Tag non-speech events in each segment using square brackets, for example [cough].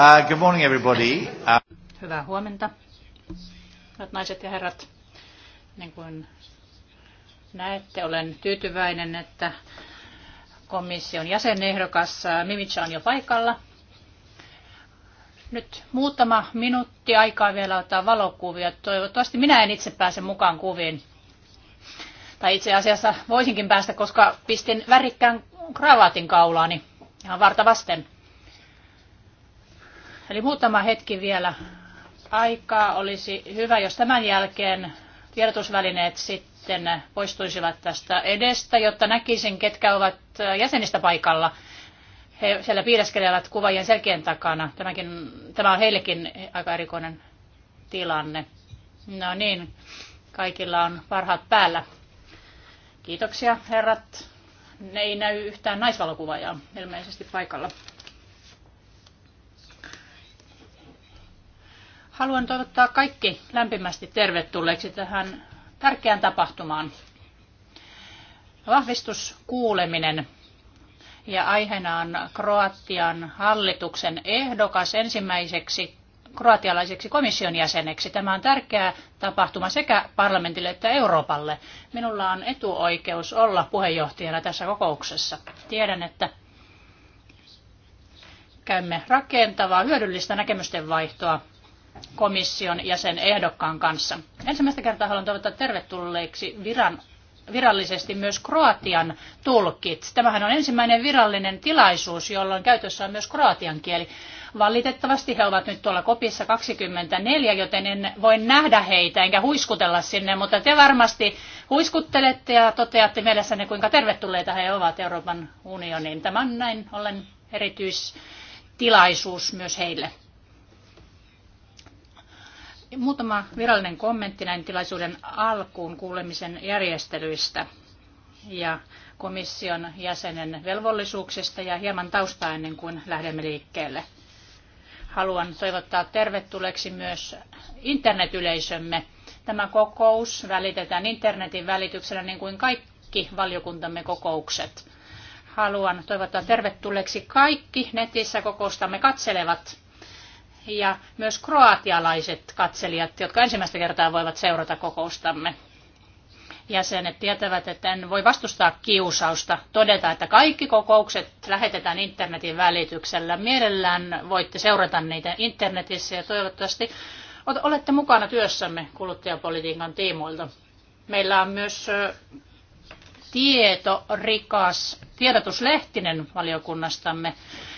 Uh, good morning everybody. Uh, Hyvää huomenta, hyvät naiset ja herrat. Niin kuin näette, olen tyytyväinen, että komission jäsenehdokas uh, Mimica on jo paikalla. Nyt muutama minuutti aikaa vielä ottaa valokuvia. Toivottavasti minä en itse pääse mukaan kuviin. Tai itse asiassa voisinkin päästä, koska pistin värikkään kravaatin kaulaani ihan varta vasten. Eli muutama hetki vielä aikaa olisi hyvä, jos tämän jälkeen tiedotusvälineet sitten poistuisivat tästä edestä, jotta näkisin, ketkä ovat jäsenistä paikalla. He siellä piileskelevät kuvaajien selkien takana. Tämäkin, tämä on heillekin aika erikoinen tilanne. No niin, kaikilla on parhaat päällä. Kiitoksia, herrat. Ne ei näy yhtään naisvalokuvaajaa ilmeisesti paikalla. Haluan toivottaa kaikki lämpimästi tervetulleeksi tähän tärkeään tapahtumaan. Vahvistuskuuleminen ja aiheena on Kroatian hallituksen ehdokas ensimmäiseksi kroatialaiseksi komission jäseneksi. Tämä on tärkeä tapahtuma sekä parlamentille että Euroopalle. Minulla on etuoikeus olla puheenjohtajana tässä kokouksessa. Tiedän, että käymme rakentavaa, hyödyllistä näkemysten vaihtoa komission jäsen ehdokkaan kanssa. Ensimmäistä kertaa haluan toivottaa tervetulleeksi viran, virallisesti myös Kroatian tulkit. Tämähän on ensimmäinen virallinen tilaisuus, jolloin käytössä on myös kroatian kieli. Valitettavasti he ovat nyt tuolla kopissa 24, joten en voi nähdä heitä enkä huiskutella sinne, mutta te varmasti huiskuttelette ja toteatte mielessänne, kuinka tervetulleita he ovat Euroopan unioniin. Tämä on näin ollen erityistilaisuus myös heille. Muutama virallinen kommentti näin tilaisuuden alkuun kuulemisen järjestelyistä ja komission jäsenen velvollisuuksista ja hieman taustaa ennen kuin lähdemme liikkeelle. Haluan toivottaa tervetulleeksi myös internetyleisömme. Tämä kokous välitetään internetin välityksellä niin kuin kaikki valiokuntamme kokoukset. Haluan toivottaa tervetulleeksi kaikki netissä kokoustamme katselevat ja myös kroatialaiset katselijat, jotka ensimmäistä kertaa voivat seurata kokoustamme. Jäsenet tietävät, että en voi vastustaa kiusausta todeta, että kaikki kokoukset lähetetään internetin välityksellä. Mielellään voitte seurata niitä internetissä ja toivottavasti olette mukana työssämme kuluttajapolitiikan tiimoilta. Meillä on myös tietorikas tiedotuslehtinen valiokunnastamme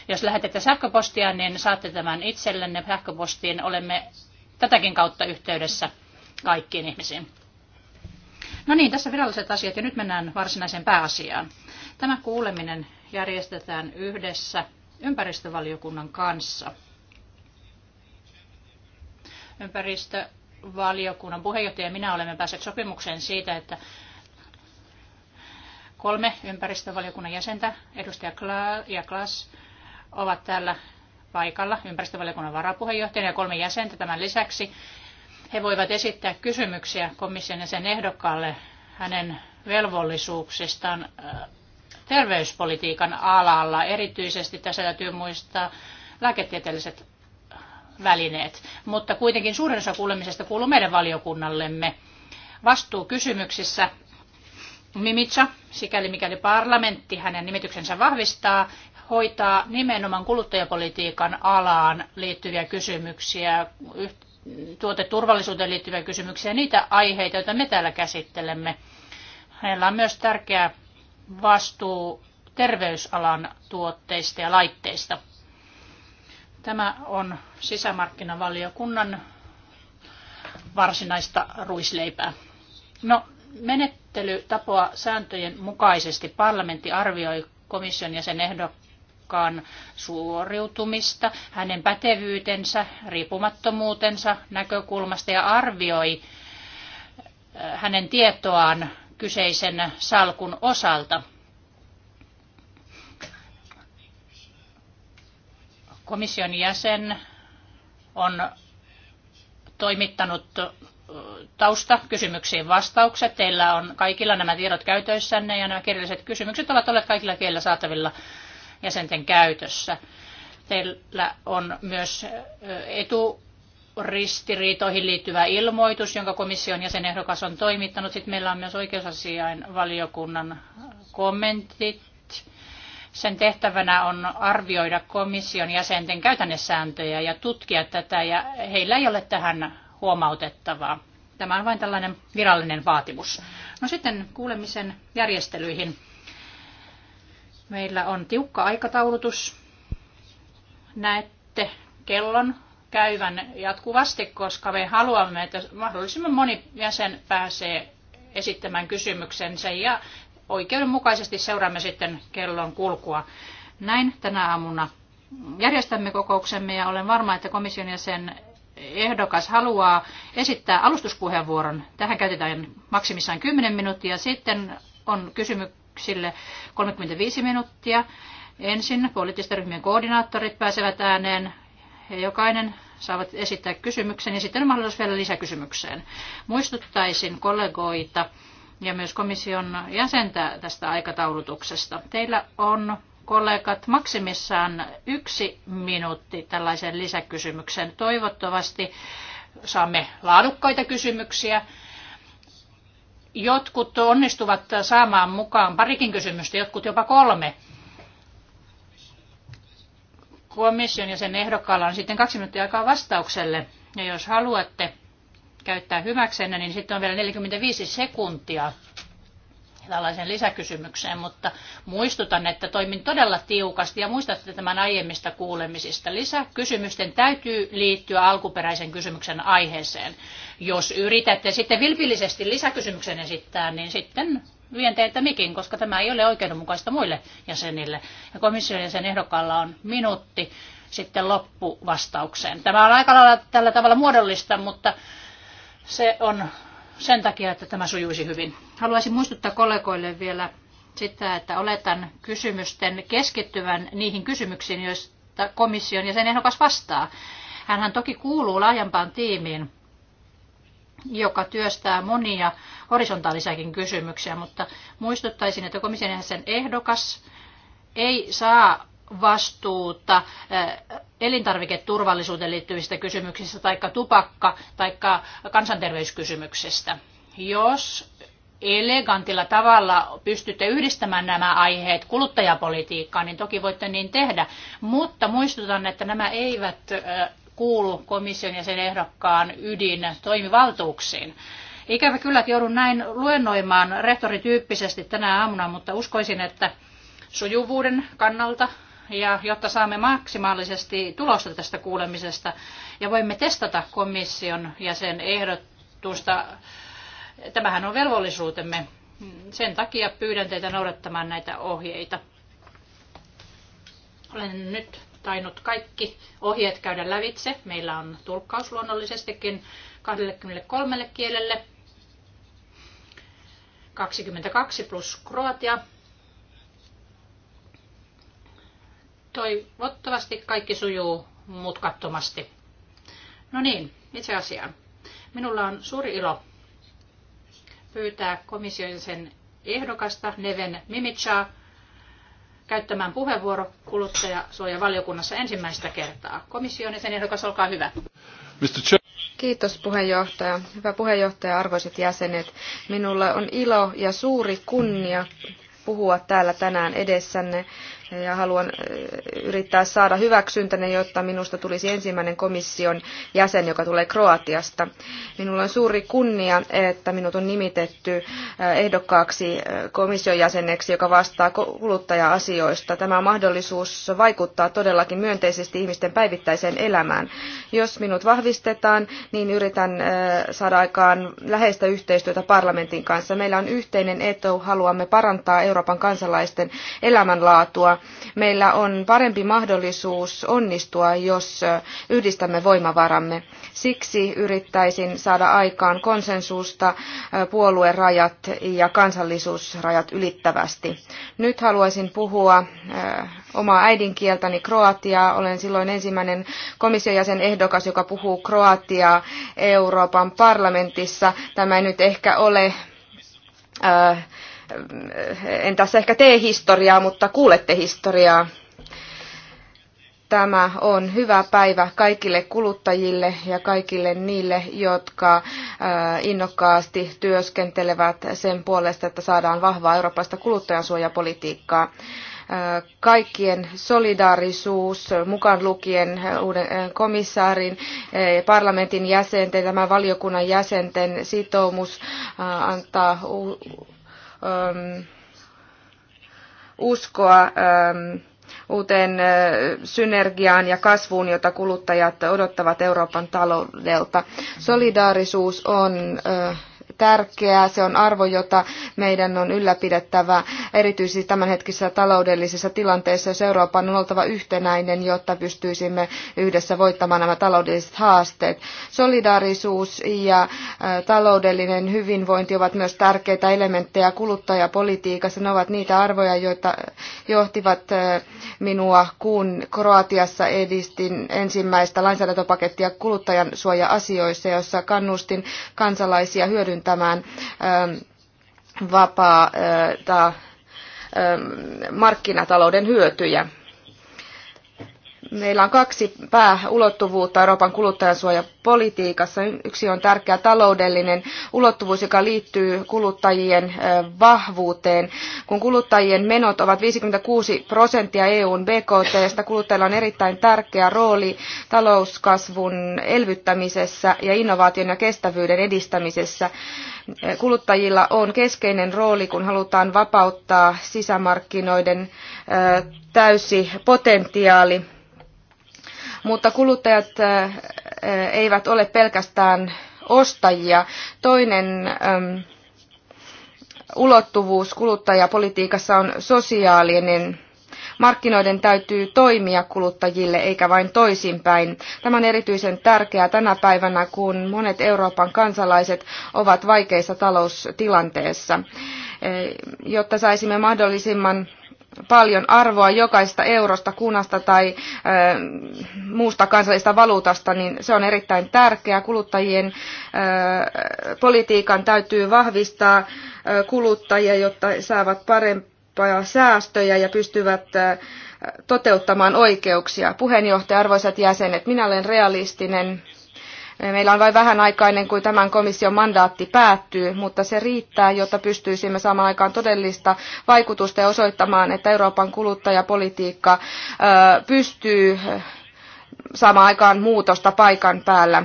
jos lähetätte sähköpostia, niin saatte tämän itsellenne sähköpostiin. Olemme tätäkin kautta yhteydessä kaikkiin ihmisiin. No niin, tässä viralliset asiat ja nyt mennään varsinaiseen pääasiaan. Tämä kuuleminen järjestetään yhdessä ympäristövaliokunnan kanssa. Ympäristövaliokunnan puheenjohtaja ja minä olemme päässeet sopimukseen siitä, että kolme ympäristövaliokunnan jäsentä, edustaja Kla ja Klas, ovat täällä paikalla ympäristövaliokunnan varapuheenjohtajana ja kolme jäsentä tämän lisäksi. He voivat esittää kysymyksiä komission ja sen ehdokkaalle hänen velvollisuuksistaan äh, terveyspolitiikan alalla. Erityisesti tässä täytyy muistaa lääketieteelliset välineet, mutta kuitenkin suurin osa kuulemisesta kuuluu meidän valiokunnallemme. vastuu kysymyksissä Mimitsa, sikäli mikäli parlamentti hänen nimityksensä vahvistaa, hoitaa nimenomaan kuluttajapolitiikan alaan liittyviä kysymyksiä, tuoteturvallisuuteen liittyviä kysymyksiä, niitä aiheita, joita me täällä käsittelemme. Hänellä on myös tärkeä vastuu terveysalan tuotteista ja laitteista. Tämä on sisämarkkinavaliokunnan varsinaista ruisleipää. No, menettelytapoa sääntöjen mukaisesti parlamentti arvioi komission jäsen ehdokkaan mukaan suoriutumista hänen pätevyytensä, riippumattomuutensa näkökulmasta ja arvioi äh, hänen tietoaan kyseisen salkun osalta. Komission jäsen on toimittanut äh, tausta kysymyksiin vastaukset. Teillä on kaikilla nämä tiedot käytöissänne ja nämä kirjalliset kysymykset ovat olleet kaikilla kielillä saatavilla jäsenten käytössä. Teillä on myös eturistiriitoihin liittyvä ilmoitus, jonka komission jäsenehdokas on toimittanut. Sitten meillä on myös oikeusasiain valiokunnan kommentit. Sen tehtävänä on arvioida komission jäsenten käytännesääntöjä ja tutkia tätä, ja heillä ei ole tähän huomautettavaa. Tämä on vain tällainen virallinen vaatimus. No sitten kuulemisen järjestelyihin. Meillä on tiukka aikataulutus. Näette kellon käyvän jatkuvasti, koska me haluamme, että mahdollisimman moni jäsen pääsee esittämään kysymyksensä ja oikeudenmukaisesti seuraamme sitten kellon kulkua. Näin tänä aamuna järjestämme kokouksemme ja olen varma, että komission jäsen ehdokas haluaa esittää alustuspuheenvuoron. Tähän käytetään maksimissaan 10 minuuttia. Sitten on kysymy- yksille 35 minuuttia. Ensin poliittisten ryhmien koordinaattorit pääsevät ääneen He jokainen saavat esittää kysymyksen ja sitten on mahdollisuus vielä lisäkysymykseen. Muistuttaisin kollegoita ja myös komission jäsentä tästä aikataulutuksesta. Teillä on kollegat maksimissaan yksi minuutti tällaisen lisäkysymyksen. Toivottavasti saamme laadukkaita kysymyksiä Jotkut onnistuvat saamaan mukaan parikin kysymystä, jotkut jopa kolme. Komission ja sen ehdokkaalla on sitten kaksi minuuttia aikaa vastaukselle. Ja jos haluatte käyttää hyväksenne, niin sitten on vielä 45 sekuntia tällaiseen lisäkysymykseen, mutta muistutan, että toimin todella tiukasti ja muistatte tämän aiemmista kuulemisista. Lisäkysymysten täytyy liittyä alkuperäisen kysymyksen aiheeseen. Jos yritätte sitten vilpillisesti lisäkysymyksen esittää, niin sitten vien teitä mikin, koska tämä ei ole oikeudenmukaista muille jäsenille. Ja komission jäsen ehdokkaalla on minuutti sitten loppuvastaukseen. Tämä on aika lailla tällä tavalla muodollista, mutta se on sen takia, että tämä sujuisi hyvin. Haluaisin muistuttaa kollegoille vielä sitä, että oletan kysymysten keskittyvän niihin kysymyksiin, joista komission ja sen ehdokas vastaa. Hänhän toki kuuluu laajempaan tiimiin, joka työstää monia horisontaalisiakin kysymyksiä, mutta muistuttaisin, että komission sen ehdokas ei saa vastuuta elintarviketurvallisuuteen liittyvistä kysymyksistä, taikka tupakka- tai kansanterveyskysymyksistä. Jos elegantilla tavalla pystytte yhdistämään nämä aiheet kuluttajapolitiikkaan, niin toki voitte niin tehdä. Mutta muistutan, että nämä eivät kuulu komission ja sen ehdokkaan ydin toimivaltuuksiin. Ikävä kyllä, että joudun näin luennoimaan rehtorityyppisesti tänä aamuna, mutta uskoisin, että sujuvuuden kannalta ja jotta saamme maksimaalisesti tulosta tästä kuulemisesta ja voimme testata komission ja sen ehdotusta. Tämähän on velvollisuutemme. Sen takia pyydän teitä noudattamaan näitä ohjeita. Olen nyt tainnut kaikki ohjeet käydä lävitse. Meillä on tulkkaus luonnollisestikin 23 kielelle. 22 plus Kroatia, Toivottavasti kaikki sujuu mutkattomasti. No niin, itse asiaan. Minulla on suuri ilo pyytää komission sen ehdokasta Neven Mimitsaa käyttämään puheenvuoro kuluttajasuojavaliokunnassa ensimmäistä kertaa. Komission sen ehdokas, olkaa hyvä. Mr. Kiitos puheenjohtaja. Hyvä puheenjohtaja, arvoisat jäsenet. Minulla on ilo ja suuri kunnia puhua täällä tänään edessänne ja haluan yrittää saada hyväksyntäne, jotta minusta tulisi ensimmäinen komission jäsen, joka tulee Kroatiasta. Minulla on suuri kunnia, että minut on nimitetty ehdokkaaksi komission jäseneksi, joka vastaa kuluttaja-asioista. Tämä mahdollisuus vaikuttaa todellakin myönteisesti ihmisten päivittäiseen elämään. Jos minut vahvistetaan, niin yritän saada aikaan läheistä yhteistyötä parlamentin kanssa. Meillä on yhteinen etu, haluamme parantaa Euroopan kansalaisten elämänlaatua meillä on parempi mahdollisuus onnistua, jos yhdistämme voimavaramme. Siksi yrittäisin saada aikaan konsensusta puoluerajat ja kansallisuusrajat ylittävästi. Nyt haluaisin puhua omaa äidinkieltäni kroatiaa. Olen silloin ensimmäinen komission ehdokas, joka puhuu kroatiaa Euroopan parlamentissa. Tämä ei nyt ehkä ole äh, en tässä ehkä tee historiaa, mutta kuulette historiaa. Tämä on hyvä päivä kaikille kuluttajille ja kaikille niille, jotka äh, innokkaasti työskentelevät sen puolesta, että saadaan vahvaa eurooppalaista kuluttajansuojapolitiikkaa äh, kaikkien solidaarisuus, mukaan lukien uuden äh, komissaarin, parlamentin jäsenten, tämän valiokunnan jäsenten sitoumus antaa Ähm, uskoa ähm, uuteen äh, synergiaan ja kasvuun, jota kuluttajat odottavat Euroopan taloudelta. Solidaarisuus on äh, tärkeää, se on arvo, jota meidän on ylläpidettävä erityisesti tämänhetkisessä taloudellisessa tilanteessa, jos Euroopan on oltava yhtenäinen, jotta pystyisimme yhdessä voittamaan nämä taloudelliset haasteet. Solidaarisuus ja taloudellinen hyvinvointi ovat myös tärkeitä elementtejä kuluttajapolitiikassa. Ne ovat niitä arvoja, joita johtivat minua, kun Kroatiassa edistin ensimmäistä lainsäädäntöpakettia kuluttajan suoja-asioissa, jossa kannustin kansalaisia hyödyntämään hyödyntämään ähm, vapaata äh, ähm, markkinatalouden hyötyjä. Meillä on kaksi pääulottuvuutta Euroopan kuluttajansuojapolitiikassa. Yksi on tärkeä taloudellinen ulottuvuus, joka liittyy kuluttajien vahvuuteen. Kun kuluttajien menot ovat 56 prosenttia EUn BKTstä, kuluttajilla on erittäin tärkeä rooli talouskasvun elvyttämisessä ja innovaation ja kestävyyden edistämisessä. Kuluttajilla on keskeinen rooli, kun halutaan vapauttaa sisämarkkinoiden täysi potentiaali mutta kuluttajat äh, äh, eivät ole pelkästään ostajia. Toinen ähm, ulottuvuus kuluttajapolitiikassa on sosiaalinen. Markkinoiden täytyy toimia kuluttajille eikä vain toisinpäin. Tämä on erityisen tärkeää tänä päivänä, kun monet Euroopan kansalaiset ovat vaikeissa taloustilanteissa. Äh, jotta saisimme mahdollisimman paljon arvoa jokaista eurosta, kunnasta tai äh, muusta kansallisesta valuutasta, niin se on erittäin tärkeää. Kuluttajien äh, politiikan täytyy vahvistaa äh, kuluttajia, jotta saavat parempaa säästöjä ja pystyvät toteuttamaan oikeuksia. Puheenjohtaja, arvoisat jäsenet, minä olen realistinen Meillä on vain vähän aikaa ennen kuin tämän komission mandaatti päättyy, mutta se riittää, jotta pystyisimme saamaan aikaan todellista vaikutusta ja osoittamaan, että Euroopan kuluttajapolitiikka pystyy saamaan aikaan muutosta paikan päällä.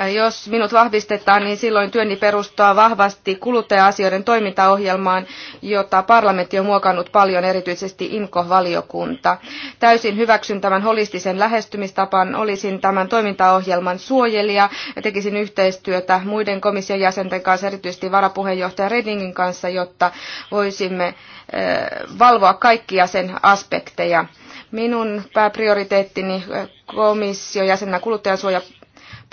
Äh, jos minut vahvistetaan, niin silloin työni perustaa vahvasti kuluttaja-asioiden toimintaohjelmaan, jota parlamentti on muokannut paljon, erityisesti IMKO-valiokunta. Täysin hyväksyn tämän holistisen lähestymistapan, olisin tämän toimintaohjelman suojelija ja tekisin yhteistyötä muiden komission jäsenten kanssa, erityisesti varapuheenjohtaja Redingin kanssa, jotta voisimme äh, valvoa kaikkia sen aspekteja minun pääprioriteettini äh, komission jäsenenä kuluttajansuoja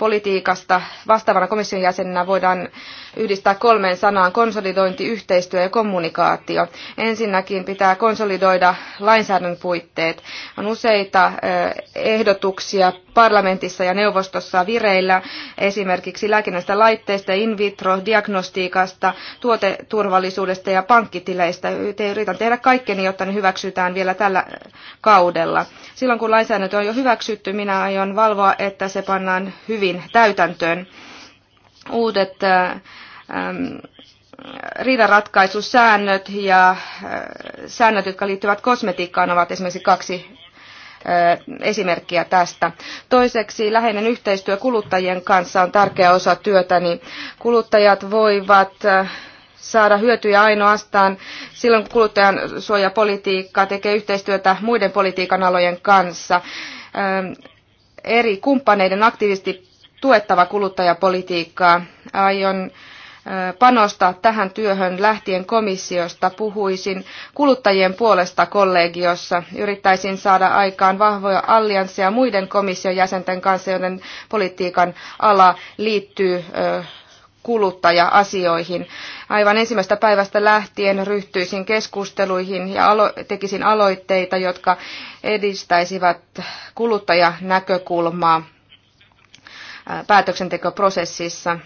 politiikasta vastaavana komission jäsenenä voidaan yhdistää kolmeen sanaan konsolidointi, yhteistyö ja kommunikaatio. Ensinnäkin pitää konsolidoida lainsäädännön puitteet. On useita ehdotuksia parlamentissa ja neuvostossa vireillä, esimerkiksi lääkinnästä laitteista, in vitro, diagnostiikasta, tuoteturvallisuudesta ja pankkitileistä. Yritän tehdä kaikkeni, jotta ne hyväksytään vielä tällä kaudella. Silloin kun lainsäädäntö on jo hyväksytty, minä aion valvoa, että se pannaan hyvin täytäntöön. Uudet Ähm, riidanratkaisusäännöt ja äh, säännöt, jotka liittyvät kosmetiikkaan, ovat esimerkiksi kaksi äh, esimerkkiä tästä. Toiseksi läheinen yhteistyö kuluttajien kanssa on tärkeä osa työtäni. Niin kuluttajat voivat äh, saada hyötyjä ainoastaan silloin, kun kuluttajan suojapolitiikka tekee yhteistyötä muiden politiikan alojen kanssa. Ähm, eri kumppaneiden aktiivisesti tuettava kuluttajapolitiikkaa. Aion panostaa tähän työhön lähtien komissiosta. Puhuisin kuluttajien puolesta kollegiossa. Yrittäisin saada aikaan vahvoja alliansseja muiden komission jäsenten kanssa, joiden politiikan ala liittyy kuluttaja-asioihin. Aivan ensimmäistä päivästä lähtien ryhtyisin keskusteluihin ja alo- tekisin aloitteita, jotka edistäisivät kuluttajanäkökulmaa päätöksentekoprosessissa.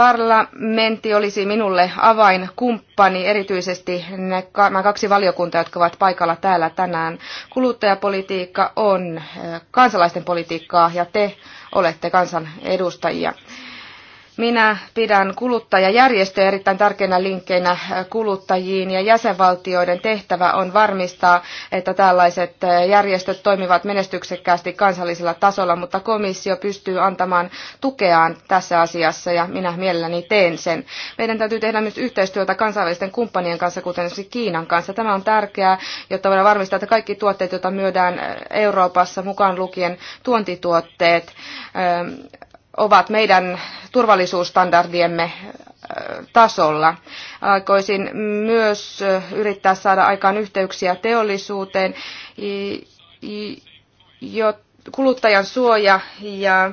Parlamentti olisi minulle avainkumppani, erityisesti nämä kaksi valiokuntaa, jotka ovat paikalla täällä tänään. Kuluttajapolitiikka on eh, kansalaisten politiikkaa ja te olette kansan edustajia. Minä pidän kuluttajajärjestöjä erittäin tärkeänä linkkeinä eh, kuluttajiin ja jäsenvaltioiden tehtävä on varmistaa, että tällaiset eh, järjestöt toimivat menestyksekkäästi kansallisella tasolla, mutta komissio pystyy antamaan tukeaan tässä asiassa ja minä mielelläni teen sen. Meidän täytyy tehdä myös yhteistyötä kansainvälisten kumppanien kanssa, kuten esimerkiksi Kiinan kanssa. Tämä on tärkeää, jotta voidaan varmistaa, että kaikki tuotteet, joita myydään eh, Euroopassa, mukaan lukien tuontituotteet, ovat meidän turvallisuusstandardiemme tasolla. Aikoisin myös yrittää saada aikaan yhteyksiä teollisuuteen, jo kuluttajan suoja ja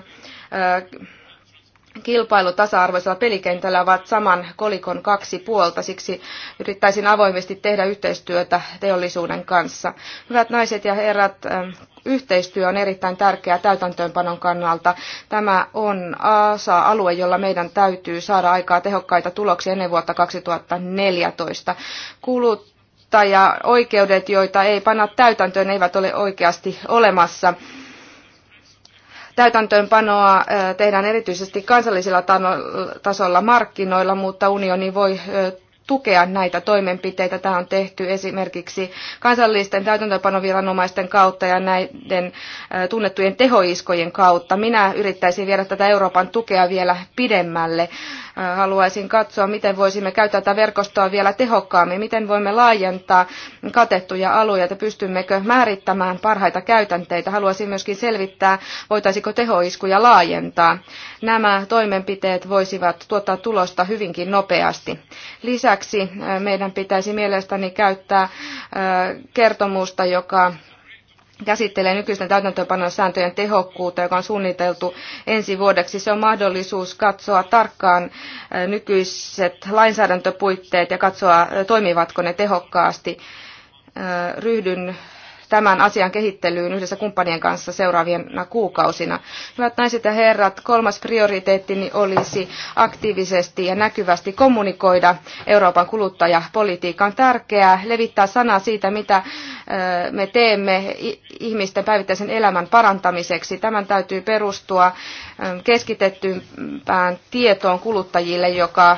kilpailu tasa-arvoisella pelikentällä ovat saman kolikon kaksi puolta, siksi yrittäisin avoimesti tehdä yhteistyötä teollisuuden kanssa. Hyvät naiset ja herrat, yhteistyö on erittäin tärkeää täytäntöönpanon kannalta. Tämä on ASA-alue, jolla meidän täytyy saada aikaa tehokkaita tuloksia ennen vuotta 2014. Kulut ja oikeudet, joita ei panna täytäntöön, eivät ole oikeasti olemassa. Täytäntöönpanoa tehdään erityisesti kansallisella tasolla markkinoilla, mutta unioni voi tukea näitä toimenpiteitä. Tämä on tehty esimerkiksi kansallisten täytäntöönpanoviranomaisten kautta ja näiden tunnettujen tehoiskojen kautta. Minä yrittäisin viedä tätä Euroopan tukea vielä pidemmälle haluaisin katsoa, miten voisimme käyttää tätä verkostoa vielä tehokkaammin, miten voimme laajentaa katettuja alueita, pystymmekö määrittämään parhaita käytänteitä. Haluaisin myöskin selvittää, voitaisiko tehoiskuja laajentaa. Nämä toimenpiteet voisivat tuottaa tulosta hyvinkin nopeasti. Lisäksi meidän pitäisi mielestäni käyttää kertomusta, joka käsittelee nykyisten täytäntöönpanon sääntöjen tehokkuutta, joka on suunniteltu ensi vuodeksi. Se on mahdollisuus katsoa tarkkaan nykyiset lainsäädäntöpuitteet ja katsoa, toimivatko ne tehokkaasti. Ryhdyn tämän asian kehittelyyn yhdessä kumppanien kanssa seuraavina kuukausina. Hyvät naiset ja herrat, kolmas prioriteettini olisi aktiivisesti ja näkyvästi kommunikoida Euroopan kuluttajapolitiikan tärkeää, levittää sanaa siitä, mitä me teemme ihmisten päivittäisen elämän parantamiseksi. Tämän täytyy perustua keskitettympään tietoon kuluttajille, joka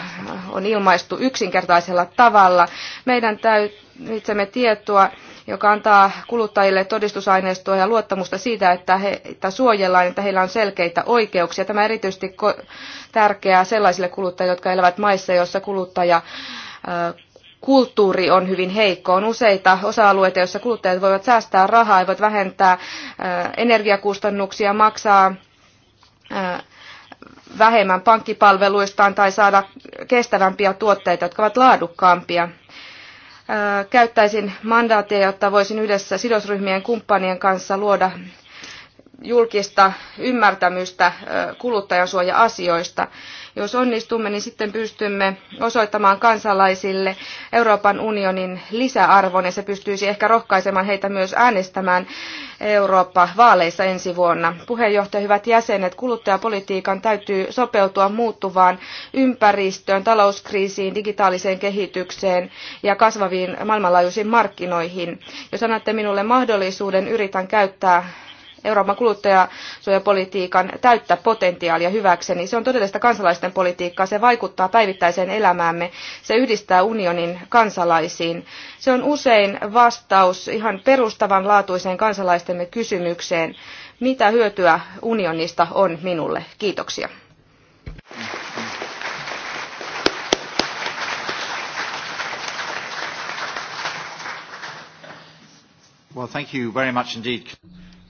on ilmaistu yksinkertaisella tavalla. Meidän täytyy tarvitsemme tietoa joka antaa kuluttajille todistusaineistoa ja luottamusta siitä, että heitä suojellaan, että heillä on selkeitä oikeuksia. Tämä on erityisesti tärkeää sellaisille kuluttajille, jotka elävät maissa, joissa kuluttaja kulttuuri on hyvin heikko. On useita osa-alueita, joissa kuluttajat voivat säästää rahaa, voivat vähentää energiakustannuksia, maksaa vähemmän pankkipalveluistaan tai saada kestävämpiä tuotteita, jotka ovat laadukkaampia käyttäisin mandaattia, jotta voisin yhdessä sidosryhmien kumppanien kanssa luoda julkista ymmärtämystä kuluttajansuoja-asioista. Jos onnistumme, niin sitten pystymme osoittamaan kansalaisille Euroopan unionin lisäarvon ja se pystyisi ehkä rohkaisemaan heitä myös äänestämään Eurooppa-vaaleissa ensi vuonna. Puheenjohtaja, hyvät jäsenet, kuluttajapolitiikan täytyy sopeutua muuttuvaan ympäristöön, talouskriisiin, digitaaliseen kehitykseen ja kasvaviin maailmanlaajuisiin markkinoihin. Jos annatte minulle mahdollisuuden, yritän käyttää Euroopan kuluttajasuojapolitiikan täyttä potentiaalia hyväkseni. Se on todellista kansalaisten politiikkaa, se vaikuttaa päivittäiseen elämäämme, se yhdistää unionin kansalaisiin. Se on usein vastaus ihan perustavanlaatuiseen kansalaistemme kysymykseen, mitä hyötyä unionista on minulle. Kiitoksia. Well, thank you very much indeed.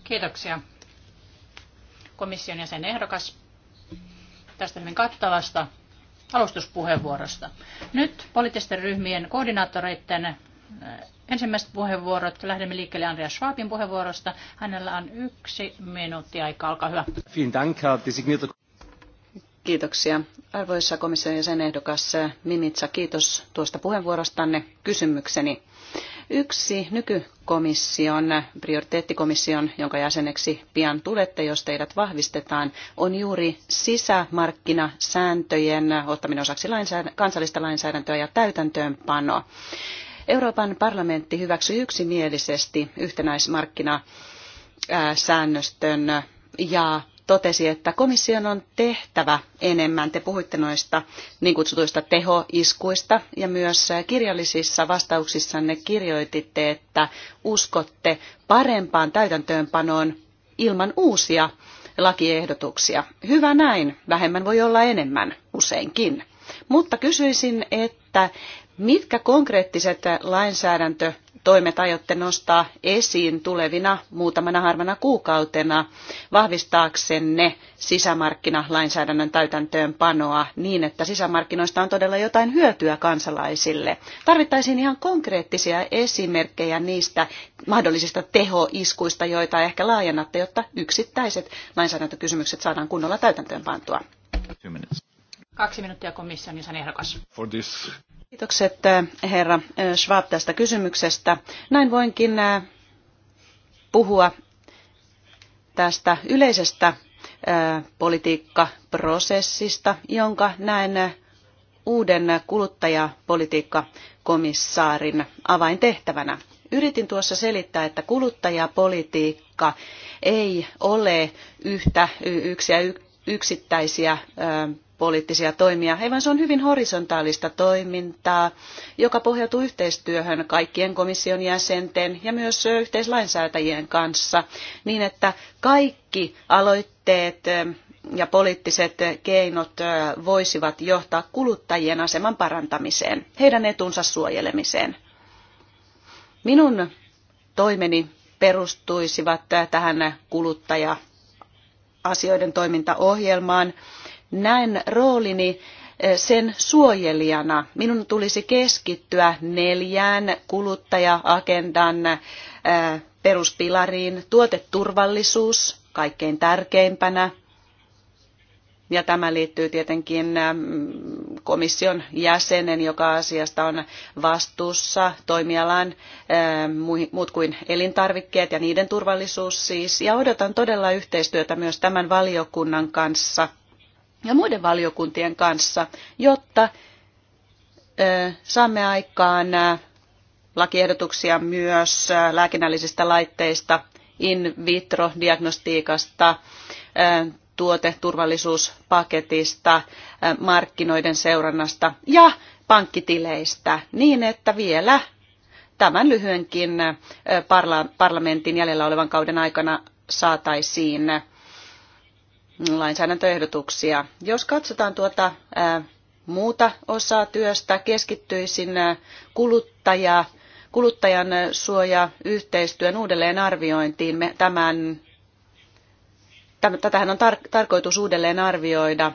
Kiitoksia komission jäsen ehdokas tästä hyvin kattavasta alustuspuheenvuorosta. Nyt poliittisten ryhmien koordinaattoreiden äh, ensimmäiset puheenvuorot. Lähdemme liikkeelle Andreas Schwabin puheenvuorosta. Hänellä on yksi minuutti aika. Olkaa hyvä. Kiitoksia. Arvoisa komission jäsen ehdokas äh, Mimitsa, kiitos tuosta puheenvuorostanne. Kysymykseni Yksi nykykomission, prioriteettikomission, jonka jäseneksi pian tulette, jos teidät vahvistetaan, on juuri sisämarkkinasääntöjen ottaminen osaksi lainsäädä, kansallista lainsäädäntöä ja täytäntöönpano. Euroopan parlamentti hyväksyi yksimielisesti yhtenäismarkkinasäännöstön ja totesi, että komission on tehtävä enemmän. Te puhuitte noista niin kutsutuista tehoiskuista ja myös kirjallisissa vastauksissanne kirjoititte, että uskotte parempaan täytäntöönpanoon ilman uusia lakiehdotuksia. Hyvä näin, vähemmän voi olla enemmän useinkin. Mutta kysyisin, että mitkä konkreettiset lainsäädäntö toimet aiotte nostaa esiin tulevina muutamana harvana kuukautena vahvistaaksenne sisämarkkinalainsäädännön täytäntöönpanoa niin, että sisämarkkinoista on todella jotain hyötyä kansalaisille. Tarvittaisiin ihan konkreettisia esimerkkejä niistä mahdollisista tehoiskuista, joita ehkä laajennatte, jotta yksittäiset lainsäädäntökysymykset saadaan kunnolla täytäntöönpantua. Kaksi minuuttia komission jäsen ehdokas. Kiitokset eh, herra eh, Schwab tästä kysymyksestä. Näin voinkin eh, puhua tästä yleisestä politiikkaprosessista, jonka näen uuden kuluttajapolitiikkakomissaarin avaintehtävänä. Yritin tuossa selittää, että kuluttajapolitiikka ei ole yhtä yksiä yksittäisiä poliittisia toimia, ei vaan se on hyvin horisontaalista toimintaa, joka pohjautuu yhteistyöhön kaikkien komission jäsenten ja myös yhteislainsäätäjien kanssa, niin että kaikki aloitteet ja poliittiset keinot voisivat johtaa kuluttajien aseman parantamiseen, heidän etunsa suojelemiseen. Minun toimeni perustuisivat tähän kuluttaja-asioiden toimintaohjelmaan, näen roolini eh, sen suojelijana. Minun tulisi keskittyä neljään kuluttaja-agendan eh, peruspilariin. Tuoteturvallisuus kaikkein tärkeimpänä. Ja tämä liittyy tietenkin ehm, komission jäsenen, joka asiasta on vastuussa, toimialan ehm, muut kuin elintarvikkeet ja niiden turvallisuus siis. Ja odotan todella yhteistyötä myös tämän valiokunnan kanssa ja muiden valiokuntien kanssa, jotta saamme aikaan lakiehdotuksia myös lääkinnällisistä laitteista, in vitro-diagnostiikasta, tuoteturvallisuuspaketista, markkinoiden seurannasta ja pankkitileistä niin, että vielä tämän lyhyenkin parlamentin jäljellä olevan kauden aikana saataisiin lainsäädäntöehdotuksia. Jos katsotaan tuota muuta osaa työstä, keskittyisin kuluttaja, kuluttajan suojayhteistyön uudelleenarviointiin. Me tämän, tätähän on tar- tarkoitus uudelleen arvioida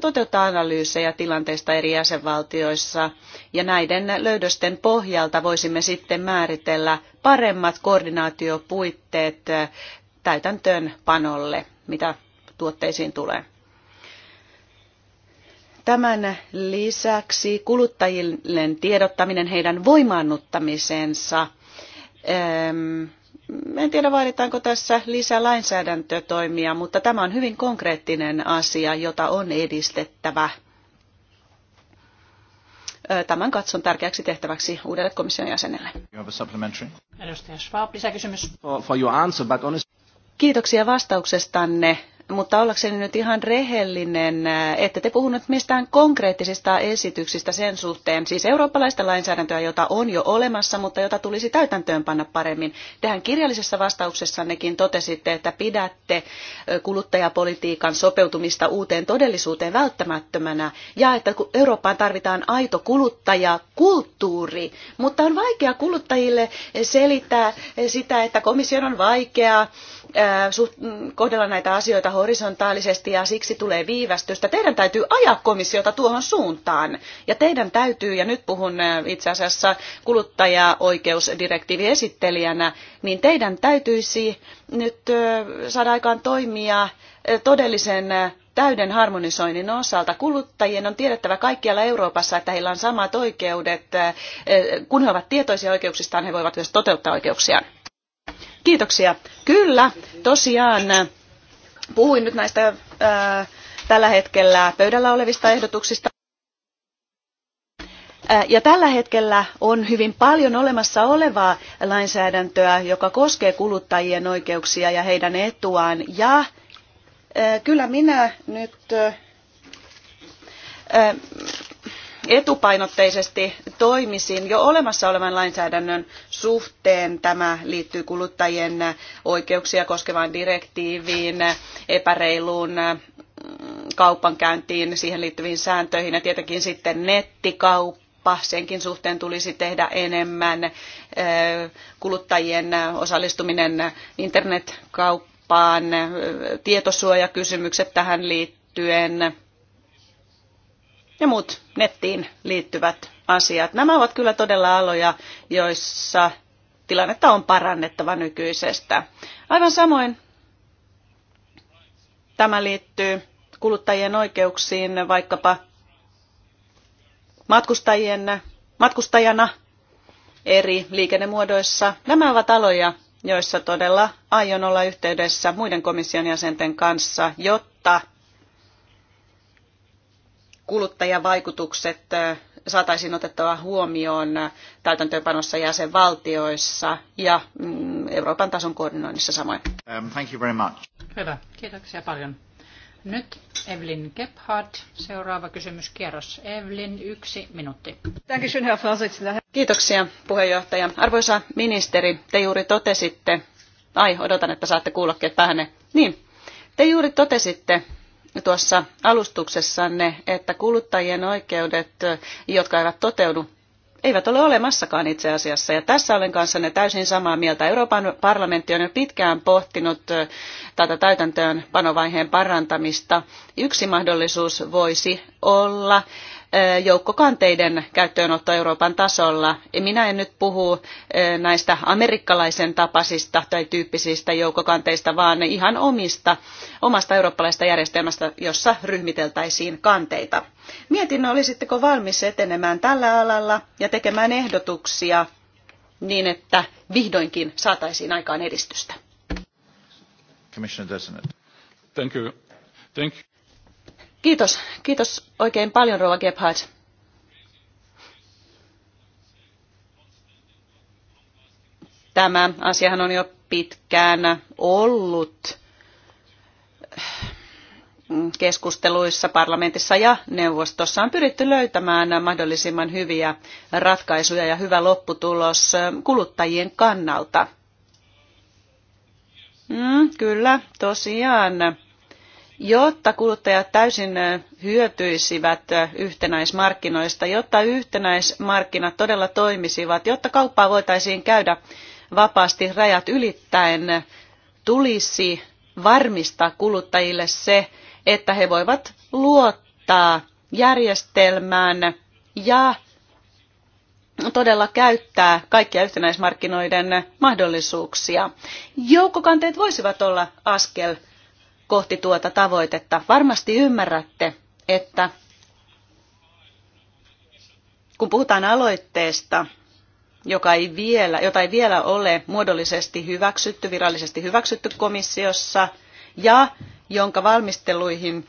toteuttaa analyysejä tilanteista eri jäsenvaltioissa ja näiden löydösten pohjalta voisimme sitten määritellä paremmat koordinaatiopuitteet täytäntöönpanolle, mitä tuotteisiin tulee. Tämän lisäksi kuluttajille tiedottaminen heidän voimaannuttamisensa. En tiedä, vaaditaanko tässä lisää lainsäädäntötoimia, mutta tämä on hyvin konkreettinen asia, jota on edistettävä. Tämän katson tärkeäksi tehtäväksi uudelle komission jäsenelle. Edustaja Schwab, lisäkysymys. For, for your answer, but Kiitoksia vastauksestanne, mutta ollakseni nyt ihan rehellinen, äh, että te puhunut mistään konkreettisista esityksistä sen suhteen, siis eurooppalaista lainsäädäntöä, jota on jo olemassa, mutta jota tulisi täytäntöönpanna paremmin. Tähän kirjallisessa vastauksessannekin totesitte, että pidätte äh, kuluttajapolitiikan sopeutumista uuteen todellisuuteen välttämättömänä ja että Eurooppaan tarvitaan aito kuluttajakulttuuri, mutta on vaikea kuluttajille selittää äh, sitä, että komission on vaikeaa kohdella näitä asioita horisontaalisesti ja siksi tulee viivästystä. Teidän täytyy ajaa komissiota tuohon suuntaan ja teidän täytyy, ja nyt puhun itse asiassa kuluttajaoikeusdirektiiviesittelijänä, niin teidän täytyisi nyt saada aikaan toimia todellisen täyden harmonisoinnin osalta. Kuluttajien on tiedettävä kaikkialla Euroopassa, että heillä on samat oikeudet. Kun he ovat tietoisia oikeuksistaan, he voivat myös toteuttaa oikeuksiaan. Kiitoksia. Kyllä, tosiaan puhuin nyt näistä ää, äh, tällä hetkellä pöydällä olevista ehdotuksista. Äh, ja tällä hetkellä on hyvin paljon olemassa olevaa lainsäädäntöä, joka koskee kuluttajien oikeuksia ja heidän etuaan. Ja äh, kyllä minä nyt etupainotteisesti toimisin jo olemassa olevan lainsäädännön suhteen. Tämä liittyy kuluttajien oikeuksia koskevaan direktiiviin, epäreiluun mm, kaupankäyntiin, siihen liittyviin sääntöihin ja tietenkin sitten nettikauppa. Senkin suhteen tulisi tehdä enemmän kuluttajien osallistuminen internetkauppaan, tietosuojakysymykset tähän liittyen ja muut nettiin liittyvät asiat. Nämä ovat kyllä todella aloja, joissa tilannetta on parannettava nykyisestä. Aivan samoin tämä liittyy kuluttajien oikeuksiin vaikkapa matkustajien, matkustajana eri liikennemuodoissa. Nämä ovat aloja, joissa todella aion olla yhteydessä muiden komission jäsenten kanssa, jotta kuluttajavaikutukset saataisiin otettava huomioon täytäntöönpanossa jäsenvaltioissa ja mm, Euroopan tason koordinoinnissa samoin. Um, thank you very much. Hyvä, kiitoksia paljon. Nyt Evelyn Gebhardt, seuraava kysymyskierros. Evelyn, yksi minuutti. Kiitoksia puheenjohtaja. Arvoisa ministeri, te juuri totesitte, ai odotan, että saatte kuulokkeet päähänne. Niin, te juuri totesitte, tuossa alustuksessanne, että kuluttajien oikeudet, jotka eivät toteudu, eivät ole olemassakaan itse asiassa. Ja tässä olen kanssanne täysin samaa mieltä. Euroopan parlamentti on jo pitkään pohtinut tätä täytäntöönpanovaiheen parantamista. Yksi mahdollisuus voisi olla joukkokanteiden käyttöönotto Euroopan tasolla. Minä en nyt puhu näistä amerikkalaisen tapaisista tai tyyppisistä joukkokanteista, vaan ihan omista, omasta eurooppalaisesta järjestelmästä, jossa ryhmiteltäisiin kanteita. Mietin, olisitteko valmis etenemään tällä alalla ja tekemään ehdotuksia niin, että vihdoinkin saataisiin aikaan edistystä. Commissioner Thank you. Thank you. Kiitos. Kiitos oikein paljon, Rova Gebhardt. Tämä asiahan on jo pitkään ollut keskusteluissa parlamentissa ja neuvostossa on pyritty löytämään mahdollisimman hyviä ratkaisuja ja hyvä lopputulos kuluttajien kannalta. Mm, kyllä, tosiaan jotta kuluttajat täysin hyötyisivät yhtenäismarkkinoista, jotta yhtenäismarkkinat todella toimisivat, jotta kauppaa voitaisiin käydä vapaasti rajat ylittäen, tulisi varmistaa kuluttajille se, että he voivat luottaa järjestelmään ja todella käyttää kaikkia yhtenäismarkkinoiden mahdollisuuksia. Joukkokanteet voisivat olla askel kohti tuota tavoitetta. Varmasti ymmärrätte, että kun puhutaan aloitteesta, joka ei vielä, jota ei vielä ole muodollisesti hyväksytty, virallisesti hyväksytty komissiossa, ja jonka valmisteluihin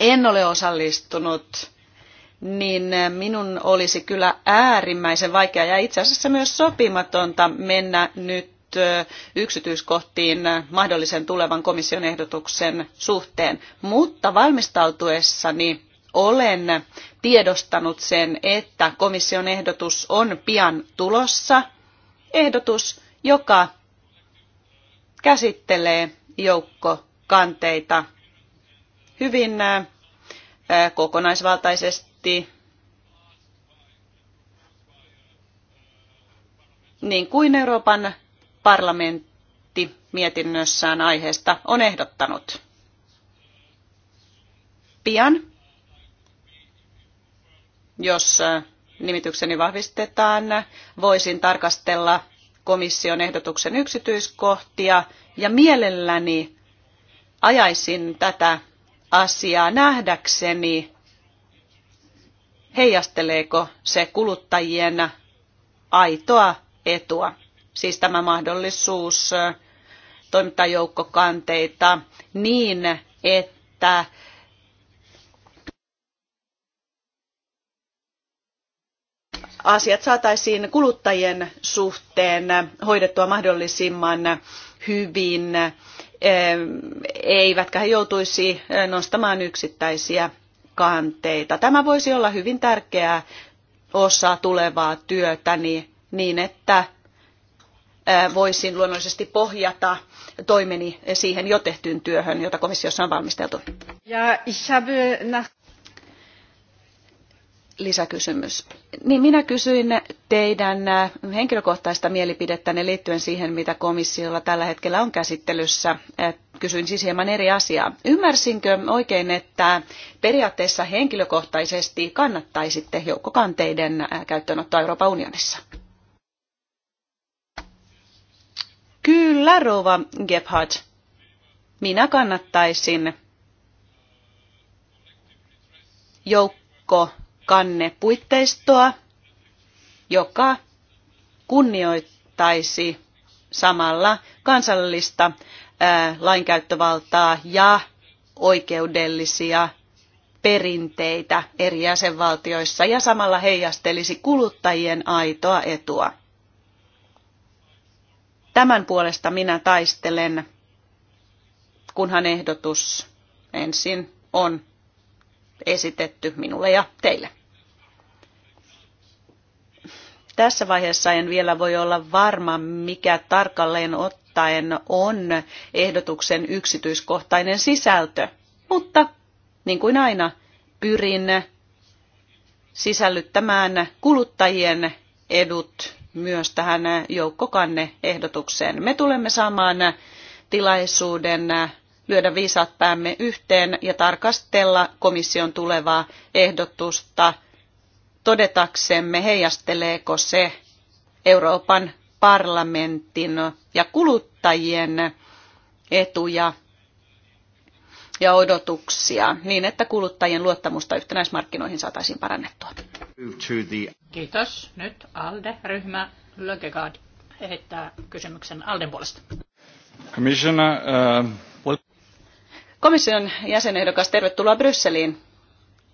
en ole osallistunut, niin minun olisi kyllä äärimmäisen vaikea ja itse asiassa myös sopimatonta mennä nyt yksityiskohtiin mahdollisen tulevan komission ehdotuksen suhteen, mutta valmistautuessani olen tiedostanut sen, että komission ehdotus on pian tulossa. Ehdotus, joka käsittelee joukkokanteita hyvin kokonaisvaltaisesti niin kuin Euroopan parlamentti mietinnössään aiheesta on ehdottanut. Pian, jos äh, nimitykseni vahvistetaan, voisin tarkastella komission ehdotuksen yksityiskohtia ja mielelläni ajaisin tätä asiaa nähdäkseni, heijasteleeko se kuluttajien aitoa etua siis tämä mahdollisuus toimittaa joukkokanteita niin, että asiat saataisiin kuluttajien suhteen hoidettua mahdollisimman hyvin, eivätkä he joutuisi nostamaan yksittäisiä kanteita. Tämä voisi olla hyvin tärkeää osa tulevaa työtäni niin, että voisin luonnollisesti pohjata toimeni siihen jo tehtyyn työhön, jota komissiossa on valmisteltu. Ja ich habe nach... Lisäkysymys. Niin minä kysyin teidän henkilökohtaista mielipidettänne liittyen siihen, mitä komissiolla tällä hetkellä on käsittelyssä. Kysyin siis hieman eri asiaa. Ymmärsinkö oikein, että periaatteessa henkilökohtaisesti kannattaisitte joukkokanteiden käyttöönottoa Euroopan unionissa? Kyllä, Rova Gebhardt. Minä kannattaisin joukko kannepuitteistoa, joka kunnioittaisi samalla kansallista ää, lainkäyttövaltaa ja oikeudellisia perinteitä eri jäsenvaltioissa ja samalla heijastelisi kuluttajien aitoa etua. Tämän puolesta minä taistelen, kunhan ehdotus ensin on esitetty minulle ja teille. Tässä vaiheessa en vielä voi olla varma, mikä tarkalleen ottaen on ehdotuksen yksityiskohtainen sisältö, mutta niin kuin aina pyrin sisällyttämään kuluttajien edut myös tähän joukkokanne-ehdotukseen. Me tulemme saamaan tilaisuuden lyödä viisaat päämme yhteen ja tarkastella komission tulevaa ehdotusta todetaksemme, heijasteleeko se Euroopan parlamentin ja kuluttajien etuja ja odotuksia niin, että kuluttajien luottamusta yhtenäismarkkinoihin saataisiin parannettua. Kiitos. Nyt ALDE-ryhmä Lökegaard heittää kysymyksen ALDEn puolesta. Uh, Komission jäsenehdokas, tervetuloa Brysseliin.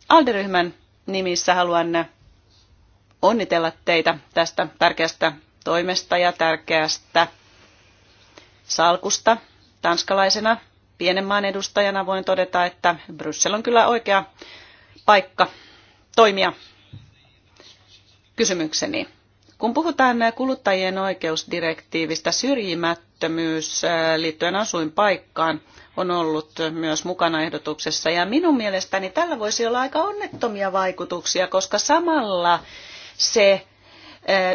ALDE-ryhmän nimissä haluan onnitella teitä tästä tärkeästä toimesta ja tärkeästä salkusta tanskalaisena pienen maan edustajana voin todeta, että Bryssel on kyllä oikea paikka toimia kysymykseni. Kun puhutaan kuluttajien oikeusdirektiivistä, syrjimättömyys äh, liittyen asuinpaikkaan on ollut myös mukana ehdotuksessa. Ja minun mielestäni tällä voisi olla aika onnettomia vaikutuksia, koska samalla se